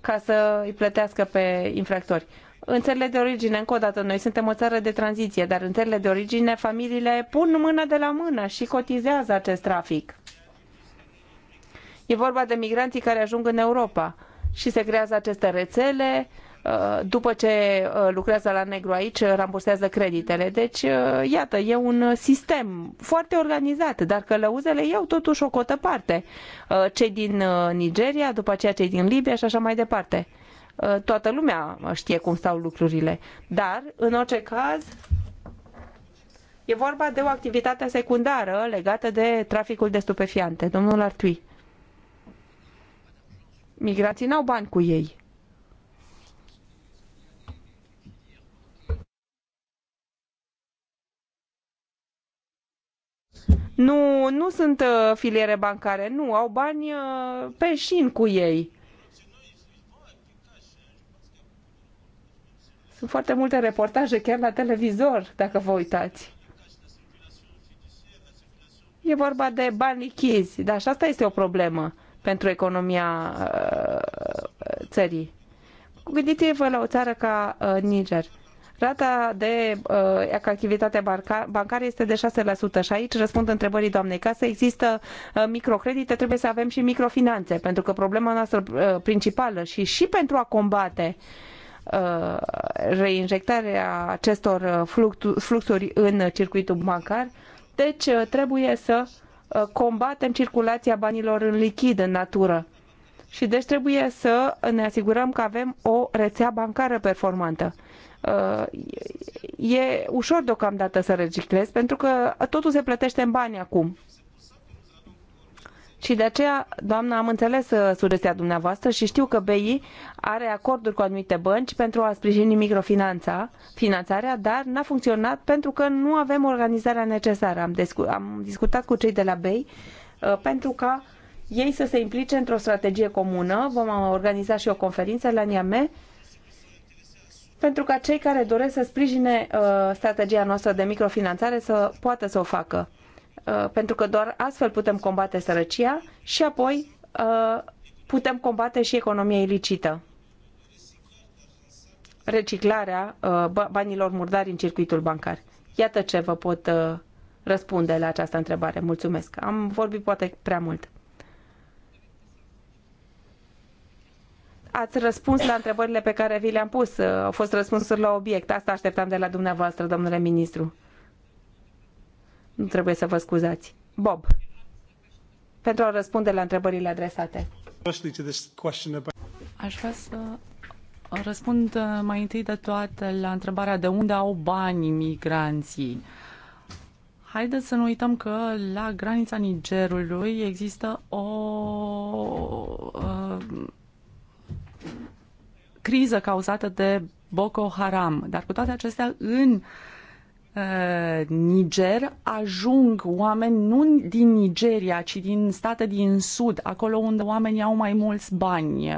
Ca să îi plătească pe infractori. În țările de origine, încă o dată, noi suntem o țară de tranziție, dar în țările de origine familiile pun mână de la mână și cotizează acest trafic. E vorba de migranții care ajung în Europa și se creează aceste rețele. Uh, după ce uh, lucrează la negru aici, rambursează creditele. Deci, uh, iată, e un sistem foarte organizat, dar călăuzele iau totuși o cotă parte. Cei din Nigeria, după aceea cei din Libia și așa mai departe. Toată lumea știe cum stau lucrurile. Dar, în orice caz, e vorba de o activitate secundară legată de traficul de stupefiante. Domnul Artui. Migrații n-au bani cu ei. Nu, nu sunt uh, filiere bancare, nu, au bani uh, pe șin cu ei. Sunt foarte multe reportaje chiar la televizor, dacă vă uitați. E vorba de bani lichizi, dar și asta este o problemă pentru economia uh, țării. Gândiți-vă la o țară ca uh, Niger. Rata de uh, activitate bancară este de 6% și aici răspund întrebării doamnei. Ca să există uh, microcredite, trebuie să avem și microfinanțe, pentru că problema noastră uh, principală și și pentru a combate uh, reinjectarea acestor uh, fluxuri în circuitul bancar, deci trebuie să uh, Uh, combatem circulația banilor în lichid, în natură. Și deci trebuie să ne asigurăm că avem o rețea bancară performantă. Uh, e ușor deocamdată să reciclezi, pentru că totul se plătește în bani acum. Și de aceea, doamna, am înțeles uh, sugestia dumneavoastră și știu că BI are acorduri cu anumite bănci pentru a sprijini microfinanța, finanțarea, dar n-a funcționat pentru că nu avem organizarea necesară. Am, discu- am discutat cu cei de la BEI uh, pentru ca ei să se implice într-o strategie comună. Vom organiza și o conferință la NIAME pentru ca cei care doresc să sprijine uh, strategia noastră de microfinanțare să poată să o facă. Uh, pentru că doar astfel putem combate sărăcia și apoi uh, putem combate și economia ilicită reciclarea uh, banilor murdari în circuitul bancar? Iată ce vă pot uh, răspunde la această întrebare. Mulțumesc. Am vorbit poate prea mult. Ați răspuns la întrebările pe care vi le-am pus. Uh, au fost răspunsuri la obiect. Asta așteptam de la dumneavoastră, domnule ministru. Nu trebuie să vă scuzați. Bob, pentru a răspunde la întrebările adresate. Aș vrea să răspund uh, mai întâi de toate la întrebarea de unde au bani migranții. Haideți să nu uităm că la granița Nigerului există o uh, criză cauzată de Boko Haram. Dar cu toate acestea, în uh, Uh, Niger ajung oameni nu din Nigeria, ci din state din sud, acolo unde oamenii au mai mulți bani,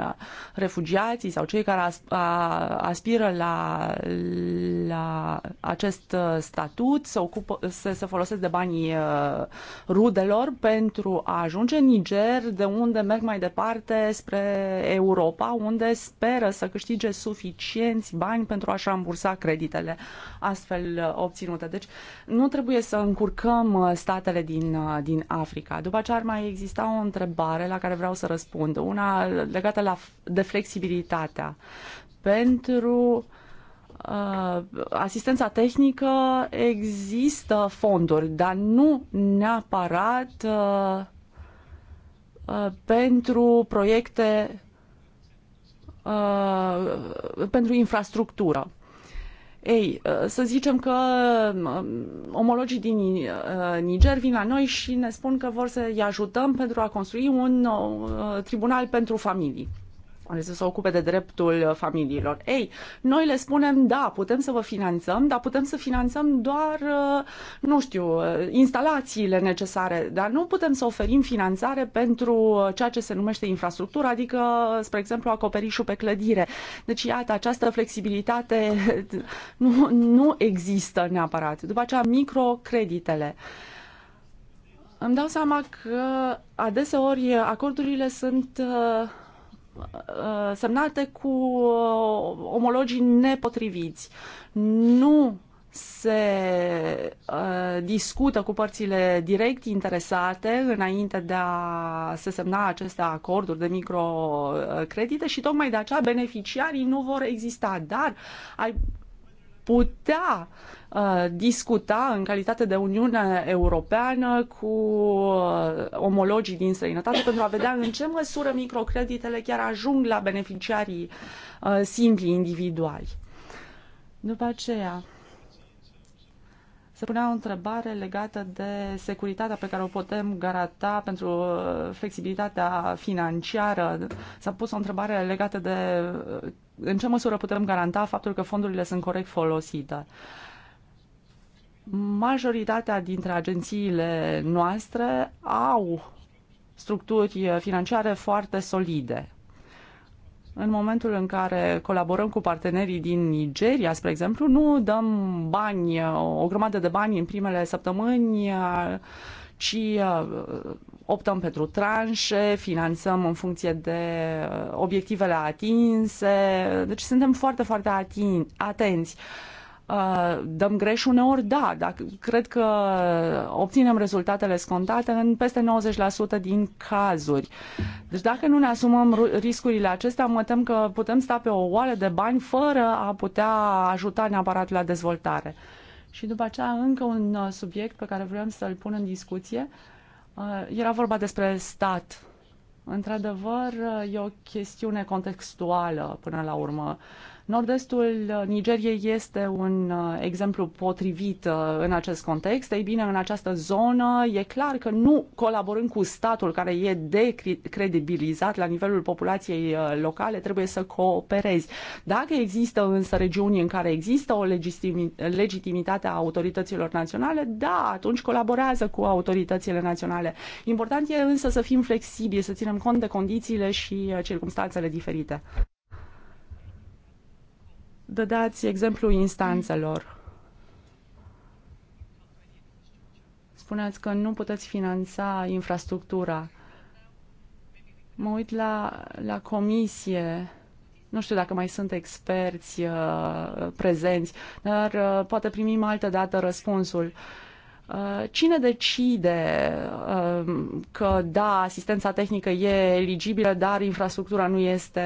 refugiații sau cei care aspiră la, la acest uh, statut, se, ocupă, se, se folosesc de banii uh, rudelor pentru a ajunge în Niger, de unde merg mai departe spre Europa, unde speră să câștige suficienți bani pentru a-și rambursa creditele astfel obțin susținută. Deci nu trebuie să încurcăm uh, statele din, uh, din Africa. După aceea ar mai exista o întrebare la care vreau să răspund. Una legată la, de flexibilitatea. Pentru uh, asistența tehnică există fonduri, dar nu neapărat uh, uh, pentru proiecte uh, pentru infrastructură. Ei, uh, să zicem că um, omologii din uh, Niger vin la noi și ne spun că vor să-i ajutăm pentru a construi un uh, tribunal pentru familii care să se ocupe de dreptul uh, familiilor. Ei, noi le spunem, da, putem să vă finanțăm, dar putem să finanțăm doar, uh, nu știu, uh, instalațiile necesare, dar nu putem să oferim finanțare pentru ceea ce se numește infrastructură, adică, spre exemplu, acoperișul pe clădire. Deci, iată, această flexibilitate <laughs> nu, nu există neapărat. După aceea, microcreditele. Îmi dau seama că adeseori acordurile sunt uh, Uh, semnate cu uh, omologii nepotriviți. Nu se uh, discută cu părțile direct interesate înainte de a se semna aceste acorduri de microcredite și tocmai de aceea beneficiarii nu vor exista, dar ai, putea uh, discuta în calitate de Uniune Europeană cu uh, omologii din străinătate pentru a vedea în ce măsură microcreditele chiar ajung la beneficiarii uh, simpli, individuali. După aceea, se punea o întrebare legată de securitatea pe care o putem garanta pentru uh, flexibilitatea financiară. S-a pus o întrebare legată de uh, în ce măsură putem garanta faptul că fondurile sunt corect folosite. Majoritatea dintre agențiile noastre au structuri financiare foarte solide. În momentul în care colaborăm cu partenerii din Nigeria, spre exemplu, nu dăm bani, o grămadă de bani în primele săptămâni, ci optăm pentru tranșe, finanțăm în funcție de uh, obiectivele atinse, deci suntem foarte, foarte atin- atenți. Uh, dăm greș uneori, da, dar cred că obținem rezultatele scontate în peste 90% din cazuri. Deci dacă nu ne asumăm riscurile acestea, mă tem că putem sta pe o oală de bani fără a putea ajuta neapărat la dezvoltare. Și după aceea încă un uh, subiect pe care vreau să-l pun în discuție. Uh, Uh, era vorba despre stat. Într-adevăr, uh, e o chestiune contextuală până la urmă. Nord-estul uh, Nigeriei este un uh, exemplu potrivit uh, în acest context. Ei bine, în această zonă e clar că nu colaborând cu statul care e decredibilizat la nivelul populației locale, trebuie să cooperezi. Dacă există însă regiuni în care există o legitimitate a autorităților naționale, da, atunci colaborează cu autoritățile naționale. Important e însă să fim flexibili, să ținem cont de condițiile și circumstanțele diferite dădeați exemplu instanțelor. Spuneați că nu puteți finanța infrastructura. Mă uit la, la comisie. Nu știu dacă mai sunt experți uh, prezenți, dar uh, poate primim altă dată răspunsul. Uh, Uh, cine decide uh, că, da, asistența tehnică e eligibilă, dar infrastructura nu este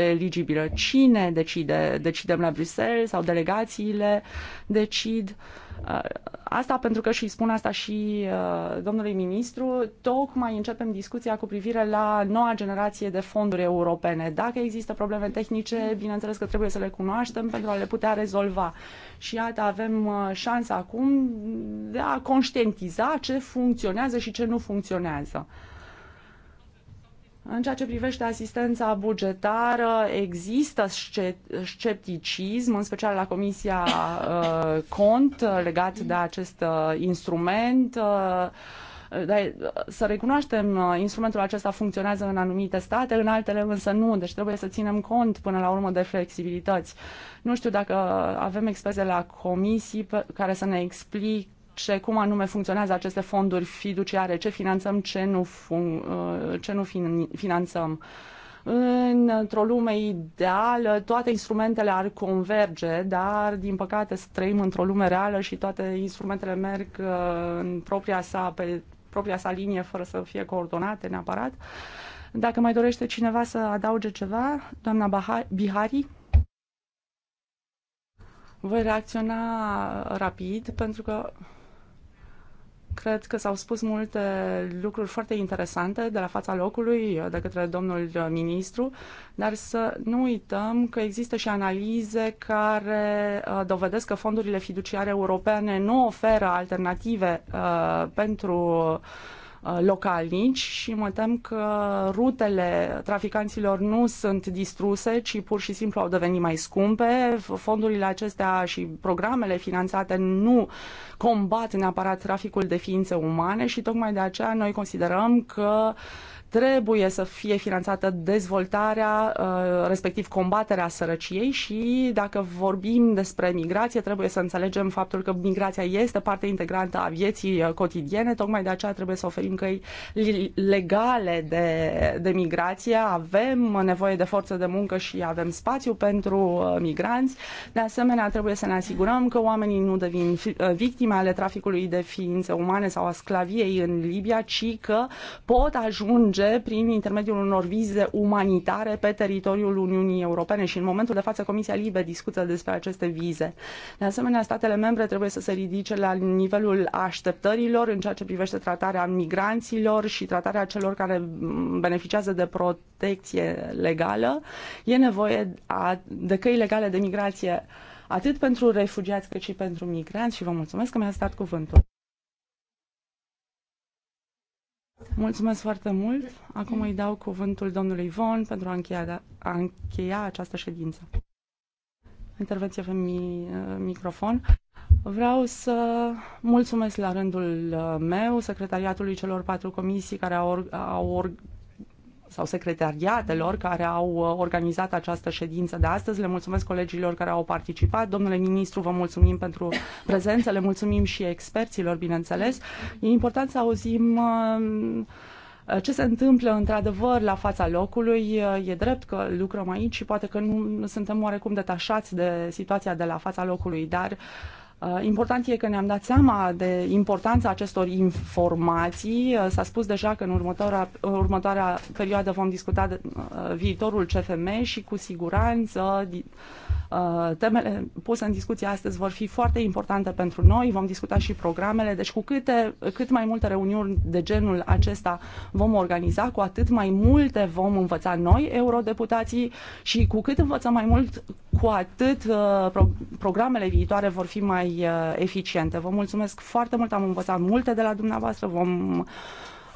eligibilă? Cine decide? Decidem la Bruxelles sau delegațiile decid? Uh, asta pentru că și spun asta și uh, domnului ministru, tocmai începem discuția cu privire la noua generație de fonduri europene. Dacă există probleme tehnice, bineînțeles că trebuie să le cunoaștem pentru a le putea rezolva. Și iată, avem uh, șansa acum de a conștientiza ce funcționează și ce nu funcționează. În ceea ce privește asistența bugetară, există scepticism, în special la Comisia uh, Cont, legat de acest uh, instrument. Uh, dar să recunoaștem, instrumentul acesta funcționează în anumite state, în altele însă nu, deci trebuie să ținem cont până la urmă de flexibilități. Nu știu dacă avem experte la comisii care să ne explic ce, cum anume funcționează aceste fonduri fiduciare, ce finanțăm, ce nu, fun- uh, ce nu fin- finanțăm. Într-o lume ideală, toate instrumentele ar converge, dar, din păcate, trăim într-o lume reală și toate instrumentele merg uh, în propria sa, pe propria sa linie, fără să fie coordonate neapărat. Dacă mai dorește cineva să adauge ceva, doamna Bahari, Bihari? Voi reacționa rapid pentru că Cred că s-au spus multe lucruri foarte interesante de la fața locului de către domnul uh, ministru, dar să nu uităm că există și analize care uh, dovedesc că fondurile fiduciare europene nu oferă alternative uh, pentru Uh, localnici și mă tem că rutele traficanților nu sunt distruse, ci pur și simplu au devenit mai scumpe. Fondurile acestea și programele finanțate nu combat neapărat traficul de ființe umane și tocmai de aceea noi considerăm că uh, trebuie să fie finanțată dezvoltarea, uh, respectiv combaterea sărăciei și dacă vorbim despre migrație, trebuie să înțelegem faptul că migrația este parte integrantă a vieții uh, cotidiene, tocmai de aceea trebuie să oferim căi legale de, de migrație, avem nevoie de forță de muncă și avem spațiu pentru uh, migranți, de asemenea trebuie să ne asigurăm că oamenii nu devin victime ale traficului de ființe umane sau a sclaviei în Libia, ci că pot ajunge merge prin intermediul unor vize umanitare pe teritoriul Uniunii Europene și în momentul de față Comisia Libe discută despre aceste vize. De asemenea, statele membre trebuie să se ridice la nivelul așteptărilor în ceea ce privește tratarea migranților și tratarea celor care beneficiază de protecție legală. E nevoie de căi legale de migrație atât pentru refugiați cât și pentru migranți și vă mulțumesc că mi ați dat cuvântul. Mulțumesc foarte mult. Acum îi dau cuvântul domnului Von pentru a încheia, da- a încheia această ședință. Intervenție pe mi, uh, microfon. Vreau să mulțumesc la rândul uh, meu secretariatului celor patru comisii care au, au sau secretariatelor care au uh, organizat această ședință de astăzi. Le mulțumesc colegilor care au participat. Domnule ministru, vă mulțumim pentru prezență, le mulțumim și experților, bineînțeles. E important să auzim uh, ce se întâmplă într-adevăr la fața locului. Uh, e drept că lucrăm aici și poate că nu suntem oarecum detașați de situația de la fața locului, dar uh, Uh, important e că ne-am dat seama de importanța acestor informații. Uh, s-a spus deja că în următoarea, următoarea perioadă vom discuta de, uh, viitorul CFM și cu siguranță temele puse în discuție astăzi vor fi foarte importante pentru noi. Vom discuta și programele, deci cu câte, cât mai multe reuniuni de genul acesta vom organiza, cu atât mai multe vom învăța noi, eurodeputații, și cu cât învățăm mai mult, cu atât uh, pro, programele viitoare vor fi mai mai uh, eficiente. Vă mulțumesc foarte mult, am învățat multe de la dumneavoastră, vom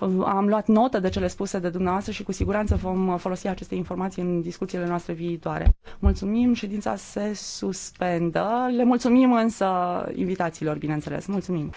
uh, am luat notă de cele spuse de dumneavoastră și cu siguranță vom uh, folosi aceste informații în discuțiile noastre viitoare. Mulțumim, ședința se suspendă. Le mulțumim însă invitațiilor, bineînțeles. Mulțumim!